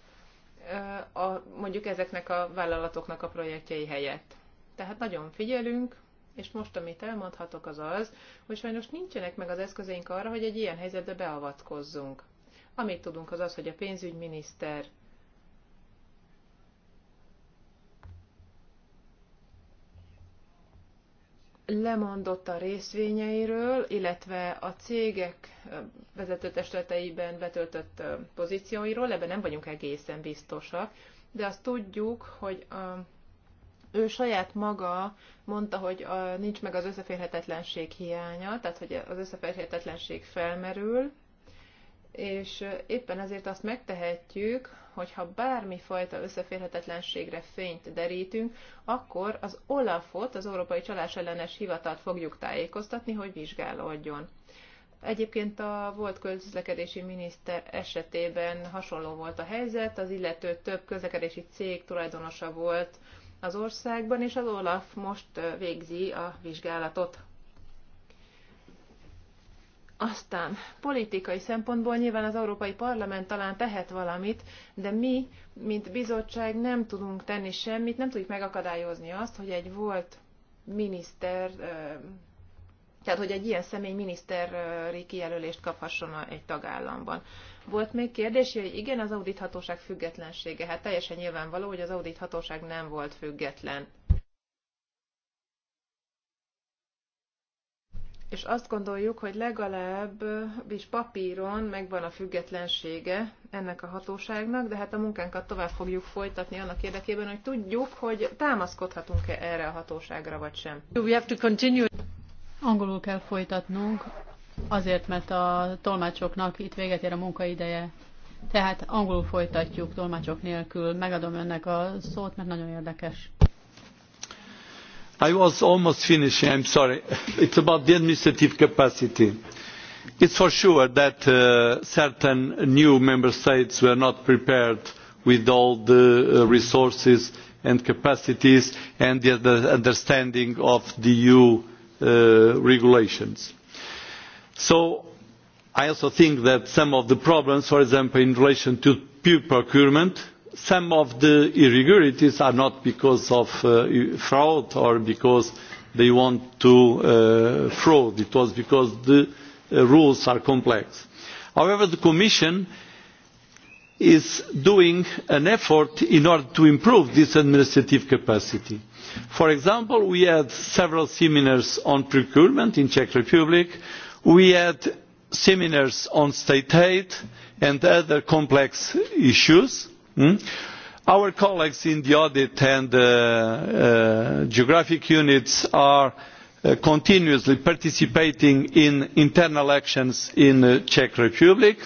S3: a, mondjuk ezeknek a vállalatoknak a projektjei helyett. Tehát nagyon figyelünk, és most, amit elmondhatok, az az, hogy sajnos nincsenek meg az eszközeink arra, hogy egy ilyen helyzetbe beavatkozzunk. Amit tudunk, az az, hogy a pénzügyminiszter lemondott a részvényeiről, illetve a cégek vezetőtestületeiben betöltött pozícióiról, ebben nem vagyunk egészen biztosak, de azt tudjuk, hogy a, ő saját maga mondta, hogy a, nincs meg az összeférhetetlenség hiánya, tehát hogy az összeférhetetlenség felmerül, és éppen ezért azt megtehetjük, hogyha bármifajta összeférhetetlenségre fényt derítünk, akkor az OLAF-ot, az Európai Csalás Ellenes Hivatalt fogjuk tájékoztatni, hogy vizsgálódjon. Egyébként a volt közlekedési miniszter esetében hasonló volt a helyzet, az illető több közlekedési cég tulajdonosa volt az országban, és az OLAF most végzi a vizsgálatot aztán politikai szempontból nyilván az Európai Parlament talán tehet valamit, de mi, mint bizottság nem tudunk tenni semmit, nem tudjuk megakadályozni azt, hogy egy volt miniszter, tehát hogy egy ilyen személy miniszteri kijelölést kaphasson egy tagállamban. Volt még kérdés, hogy igen, az audithatóság függetlensége. Hát teljesen nyilvánvaló, hogy az audithatóság nem volt független. és azt gondoljuk, hogy legalább is papíron megvan a függetlensége ennek a hatóságnak, de hát a munkánkat tovább fogjuk folytatni annak érdekében, hogy tudjuk, hogy támaszkodhatunk-e erre a hatóságra, vagy sem.
S1: We have to continue. Angolul kell folytatnunk, azért, mert a tolmácsoknak itt véget ér a munkaideje. Tehát angolul folytatjuk tolmácsok nélkül. Megadom önnek a szót, mert nagyon érdekes.
S11: I was almost finishing, I'm sorry. It's about the administrative capacity. It's for sure that uh, certain new member states were not prepared with all the uh, resources and capacities and the understanding of the EU uh, regulations. So I also think that some of the problems, for example, in relation to procurement, some of the irregularities are not because of uh, fraud or because they want to uh, fraud it was because the uh, rules are complex. however the commission is making an effort in order to improve this administrative capacity. for example we had several seminars on procurement in the czech republic we had seminars on state aid and other complex issues Hmm? Our colleagues in the audit and uh, uh, geographic units are uh, continuously participating in internal actions in the Czech Republic.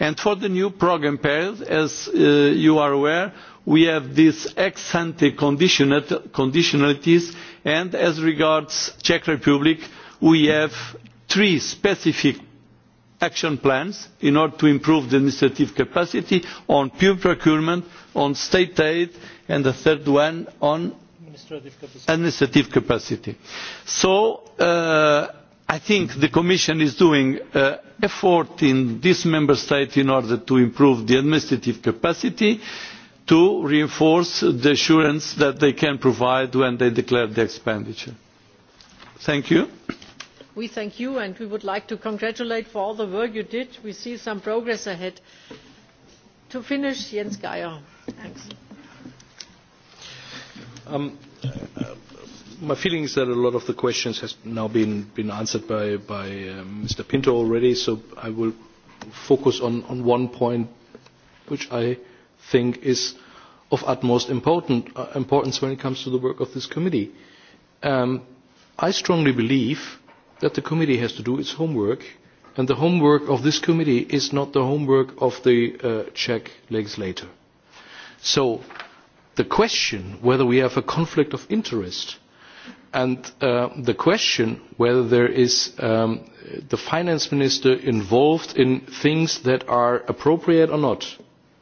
S11: And for the new programme period, as you are aware, we have these ex ante conditionalities and as regards the Czech Republic, we have three specific action plans in order to improve the administrative capacity on pure procurement on state aid and the third one on administrative capacity. so uh, i think the commission is making an uh, effort in this member state in order to improve the administrative capacity to reinforce the assurance that they can provide when they declare the expenditure. thank you
S7: we thank you and we would like to congratulate you for all the work you did. we see some progress ahead. to finish jens geier.
S8: Um, uh, my feeling is that a lot of the questions has now been, been answered by, by uh, um, Mr. Pinto already, so I will focus on, on one point which I think is of utmost important, uh, importance when it comes to the work of this committee. Um, I strongly believe that the committee has to do its homework, and the homework of this committee is not the homework of the uh, Czech legislator. So the question whether we have a conflict of interest and uh, the question whether there is um, the finance minister involved in things that are appropriate or not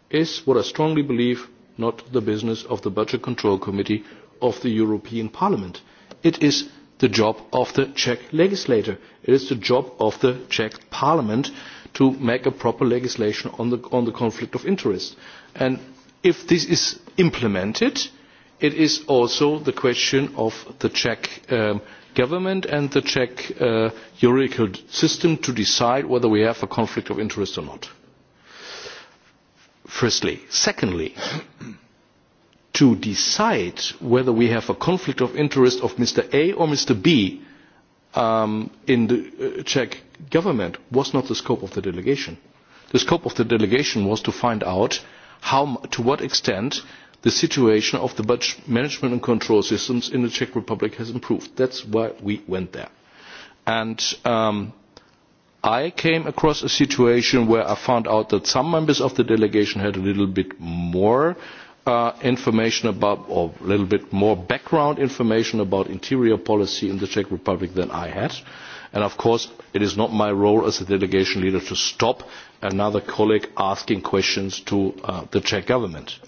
S8: is what I strongly believe not the business of the budget control committee of the European Parliament. It is the job of the Czech legislator. It is the job of the Czech parliament to make a proper legislation on the, on the conflict of interest. And if this is implemented, it is also the question of the Czech um, government and the Czech uh, juridical system to decide whether we have a conflict of interest or not. Firstly. Secondly, to decide whether we have a conflict of interest of Mr. A or Mr. B um, in the uh, Czech government was not the scope of the delegation. The scope of the delegation was to find out how, to what extent the situation of the budget management and control systems in the Czech Republic has improved. That's why we went there. And um, I came across a situation where I found out that some members of the delegation had a little bit more uh, Uh, information about, or a little bit more background information about interior policy in the Czech Republic than I had. And of course, it is not my role as a delegation leader to stop another colleague asking questions to uh, the Czech government.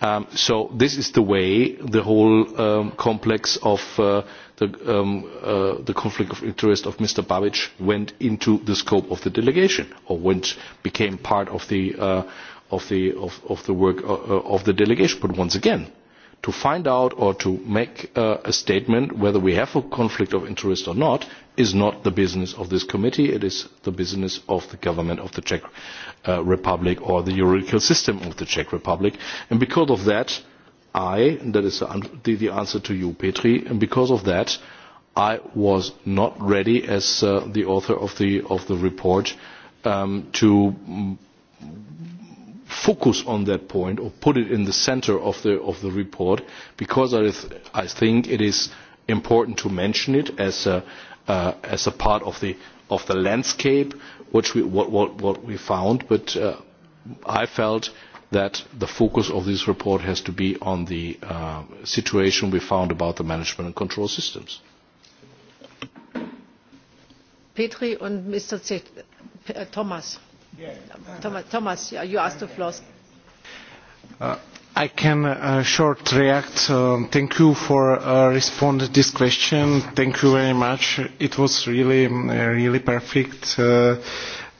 S8: Um, so this is the way the whole um, complex of uh, um, the, conflict of interest of Mr. babi went into the scope of the delegation or became part of the of the, of, of the work uh, uh, of the delegation. But once again, to find out or to make uh, a statement whether we have a conflict of interest or not is not the business of this committee. It is the business of the government of the Czech uh, Republic or the juridical system of the Czech Republic. And because of that, I, and that is the, the answer to you, Petri, and because of that, I was not ready as uh, the author of the, of the report um, to focus on that point or put it in the centre of the, of the report because I, th I think it is important to mention it as a, uh, as a part of the, of the landscape which we, what, what, what we found. But uh, I felt that the focus of this report has to be on the uh, situation we found about the management and control systems.
S7: Petri und Mr. Thomas. Thomas, you asked the floor.
S2: Uh, I can uh, short react. Uh, thank you for uh, responding to this question. Thank you very much. It was really, um, really perfect. Uh,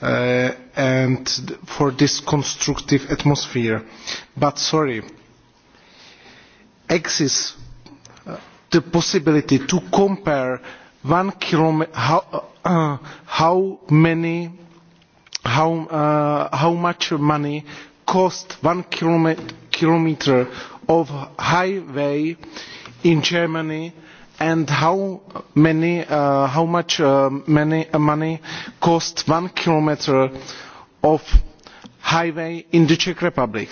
S2: uh, and for this constructive atmosphere. But sorry, exists uh, the possibility to compare one kilometer, how, uh, uh, how many how, uh, how much money costs one kilometre of highway in Germany and how, many, uh, how much uh, many, uh, money costs one kilometre of highway in the Czech Republic.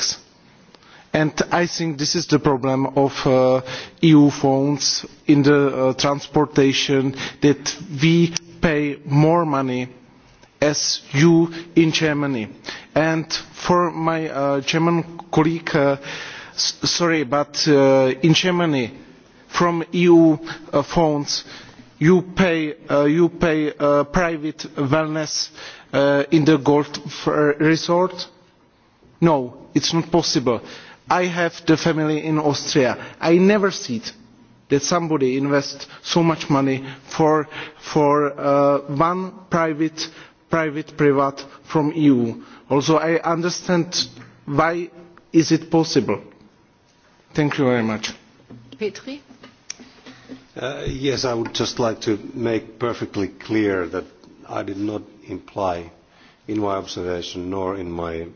S2: And I think this is the problem of uh, EU funds in the uh, transportation that we pay more money as you in Germany. And for my uh, German colleague, uh, sorry, but uh, in Germany, from EU uh, funds, you pay, uh, you pay uh, private wellness uh, in the golf resort? No, it's not possible. I have the family in Austria. I never see it that somebody invests so much money for, for uh, one private private privat from eu. also i understand why is it possible. thank you very much. Petri? Uh, yes, I would just like to
S4: make perfectly clear that I did not imply in my observation nor in my uh,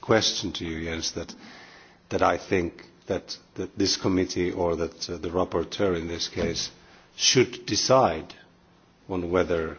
S4: question to you, Jens, that, that I think that, that this committee or that uh, the rapporteur in this case should decide on whether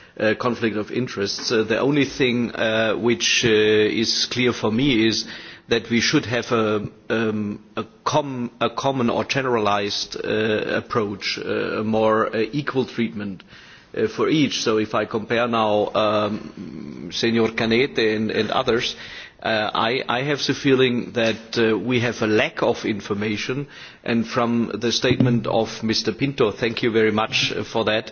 S10: Uh, conflict of interests. Uh, the only thing uh, which uh, is clear for me is that we should have a, um, a, com a common or generalised uh, approach, a more equal treatment for each. So if I compare now um, Senor Canete and, and others, Uh, I, I, have the feeling that uh, we have a lack of information, and from the statement of Mr. Pinto, thank you very much for that,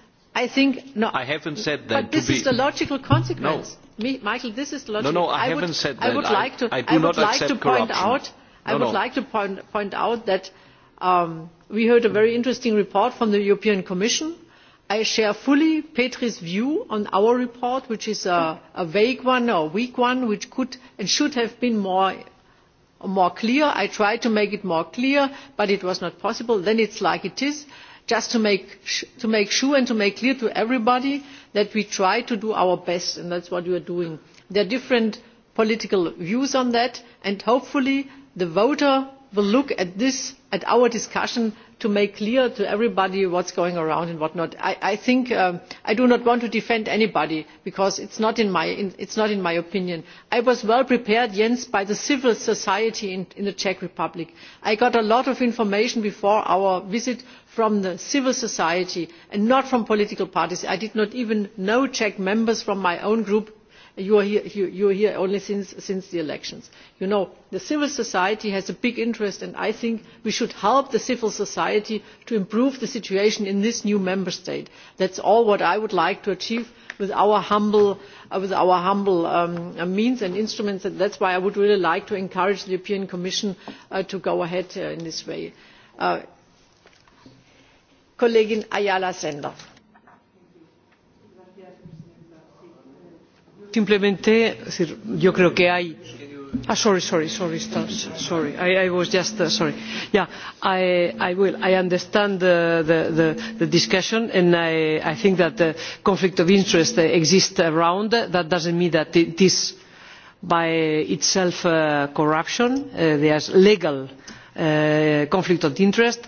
S10: I think no. I haven't said that. But this be... is the logical consequence.
S7: No. Michael, this is logical. No, no, I, haven't said that. I would like to. I, would like to point out. I would like to point, out that um, we heard a very interesting report from the European Commission. I share fully Petri's view on our report, which is a, vague one or a weak one, which could and should have been more more clear. I tried to make it more clear, but it was not possible. Then it's like it is just to make, sure and to make clear to everybody that we try to do our best and that is what we are doing. there are different political views on that and hopefully the voter will look at this at our discussion to make clear to everybody what is going on and what not. Um, I, do not want to defend anybody because it is not, in my opinion. I was well prepared, by the civil society in, the Czech Republic. I got a lot of information before our visit from civil society and not from political parties. I did not even know Czech members from my own group you are here, only since, the elections. you know the civil society has a big interest and i think we should help the civil society to improve the situation in this new member state. that is all that i would like to achieve with our humble, uh, um, uh, means and instruments and that is why i would really like to encourage the european commission uh, to go ahead in this way. kollegin ayala sender
S5: simplemente decir, yo creo que hay ah, sorry, sorry, sorry, I, was just uh, sorry. I, understand the, discussion, and I, think that the conflict of interest exists around. That doesn't mean that it is by itself uh, corruption. Uh, there's legal uh, conflict of interest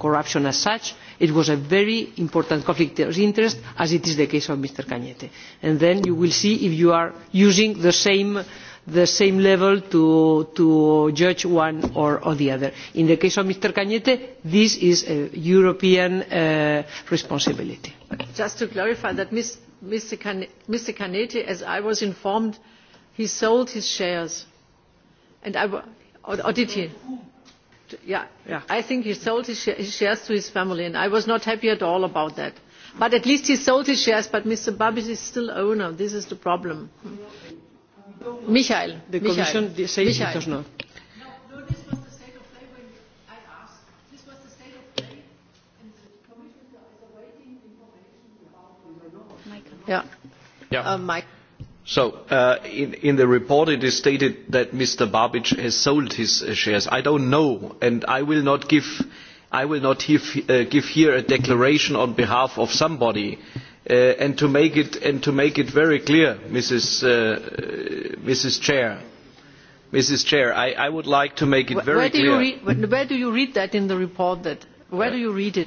S5: corruption as such it was a very important conflict of interest as is the case of mr caete and then you will see if you are using the same, level to, judge one or, the other. in the case of mr caete this is a european uh, responsibility.
S7: just to clarify that Ms, mr caete as i was informed sold his shares or did he? I think he sold his, shares to his family, and I was not happy at all about that. But at least he sold his shares, but Mr. babi is still owner. This is the problem.
S5: Michael. The Commission says it does not.
S7: Yeah.
S10: Yeah. Uh, Mike. So uh, in, in the report it is stated that Mr. Babic has sold his uh, shares. I don't know, and I will not give, I will not give, uh, give here a declaration on behalf of somebody. Uh, and to make it and to make it very clear, Mrs. Uh, uh Mrs. Chair, Mrs. Chair, I, I would like to make it very clear.
S7: where do you read that in the report? That where do you read it?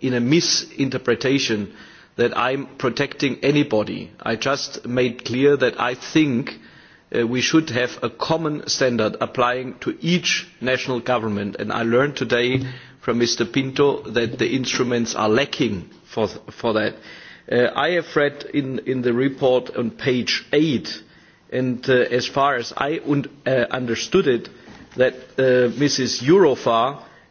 S10: in a misinterpretation that I'm protecting anybody. I just made clear that I think uh, we should have a common standard applying to each national government. And I learned today from Mr. Pinto that the instruments are lacking for, for that. Uh, I have read in, in, the report on page 8, and uh, as far as I un uh, understood it, that uh, Mrs. Eurofar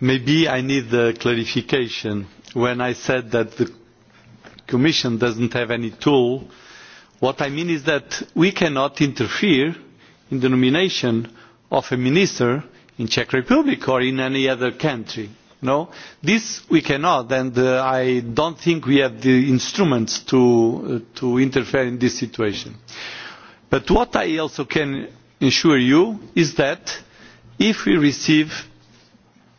S11: maybe I need the clarification. When I said that the Commission doesn't have any tool, what I mean is that we cannot interfere in the nomination of a minister in Czech Republic or in any other country. No, this we cannot, and uh, I don't think we have the instruments to, uh, to interfere in this situation. But what I also can assure you is that if we receive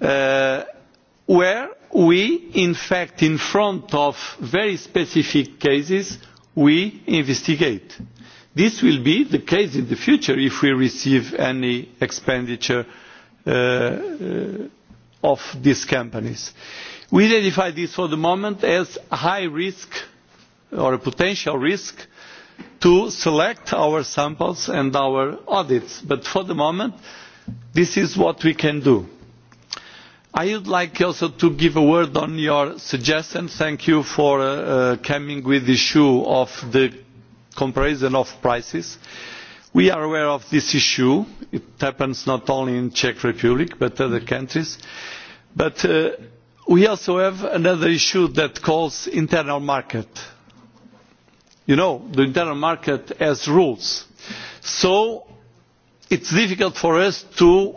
S11: uh, where we in fact in front of very specific cases we investigate. this will be the case in the future if we receive any expenditure uh, uh of these companies. we identify this for the moment as a high risk or a potential risk to select our samples and our audits but for the moment this is what we can do I would like also to give a word on your suggestion. Thank you for uh, uh, coming with the issue of the comparison of prices. We are aware of this issue. It happens not only in Czech Republic but other countries. But uh, we also have another issue that calls internal market. You know, the internal market has rules. So it's difficult for us to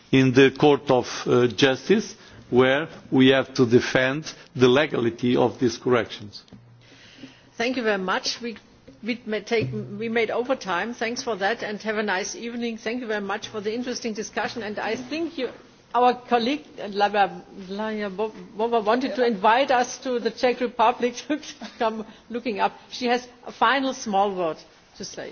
S11: in the court of uh, justice where we have to defend the legality of these corrections.
S7: thank you very much. we, we, take, we made overtime. thanks for that and have a nice evening. thank you very much for the interesting discussion and i think our colleague uh, Lababova wanted to invite us to the czech republic to come looking up. she has a final small word to say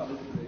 S7: Köszönöm.